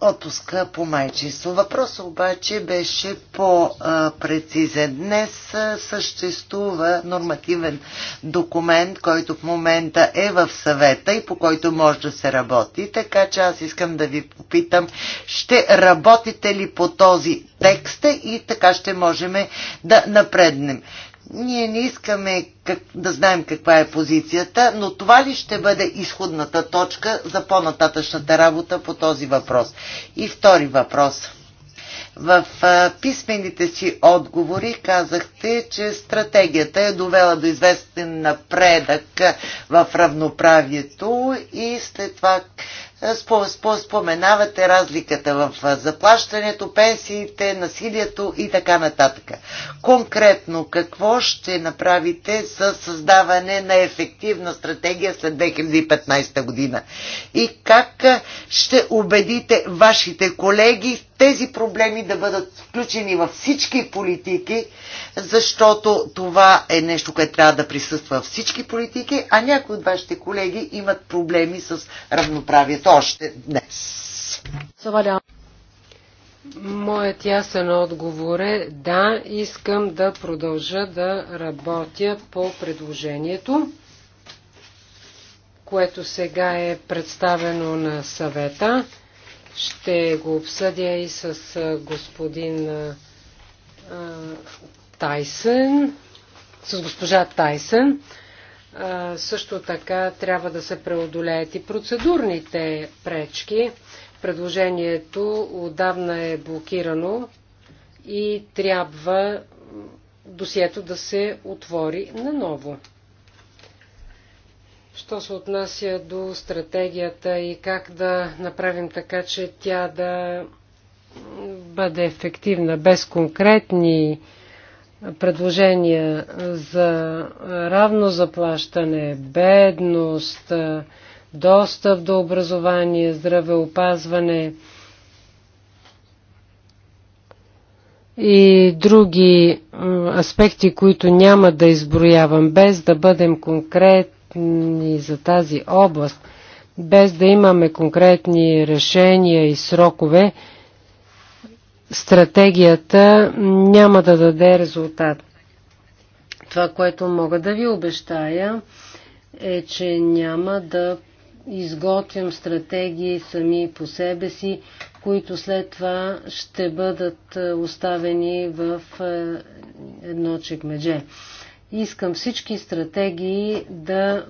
отпуска по майчество. Въпросът обаче беше по-прецизен. Днес съществува нормативен документ, който в момента е в съвета и по който може да се работи. Така че аз искам да ви попитам, ще работите ли по този текст и така ще можем да напреднем. Ние не искаме как, да знаем каква е позицията, но това ли ще бъде изходната точка за по-нататъчната работа по този въпрос? И втори въпрос. В а, писмените си отговори казахте, че стратегията е довела до известен напредък в равноправието и след това е, споменавате разликата в е, заплащането, пенсиите, насилието и така нататък. Конкретно, какво ще направите с създаване на ефективна стратегия след 2015 година? И как е, ще убедите вашите колеги тези проблеми да бъдат включени във всички политики, защото това е нещо, което трябва да присъства във всички политики, а някои от вашите колеги имат проблеми с равноправието още днес. Моят ясен отговор е да, искам да продължа да работя по предложението, което сега е представено на съвета. Ще го обсъдя и с господин Тайсън, с госпожа Тайсън. Също така трябва да се преодолеят и процедурните пречки. Предложението отдавна е блокирано и трябва досието да се отвори наново. Що се отнася до стратегията и как да направим така, че тя да бъде ефективна без конкретни предложения за равно заплащане, бедност, достъп до образование, здравеопазване и други аспекти, които няма да изброявам, без да бъдем конкретни ни за тази област, без да имаме конкретни решения и срокове, стратегията няма да даде резултат. Това, което мога да ви обещая, е, че няма да изготвям стратегии сами по себе си, които след това ще бъдат е, оставени в е, едно чекмедже. Искам всички стратегии да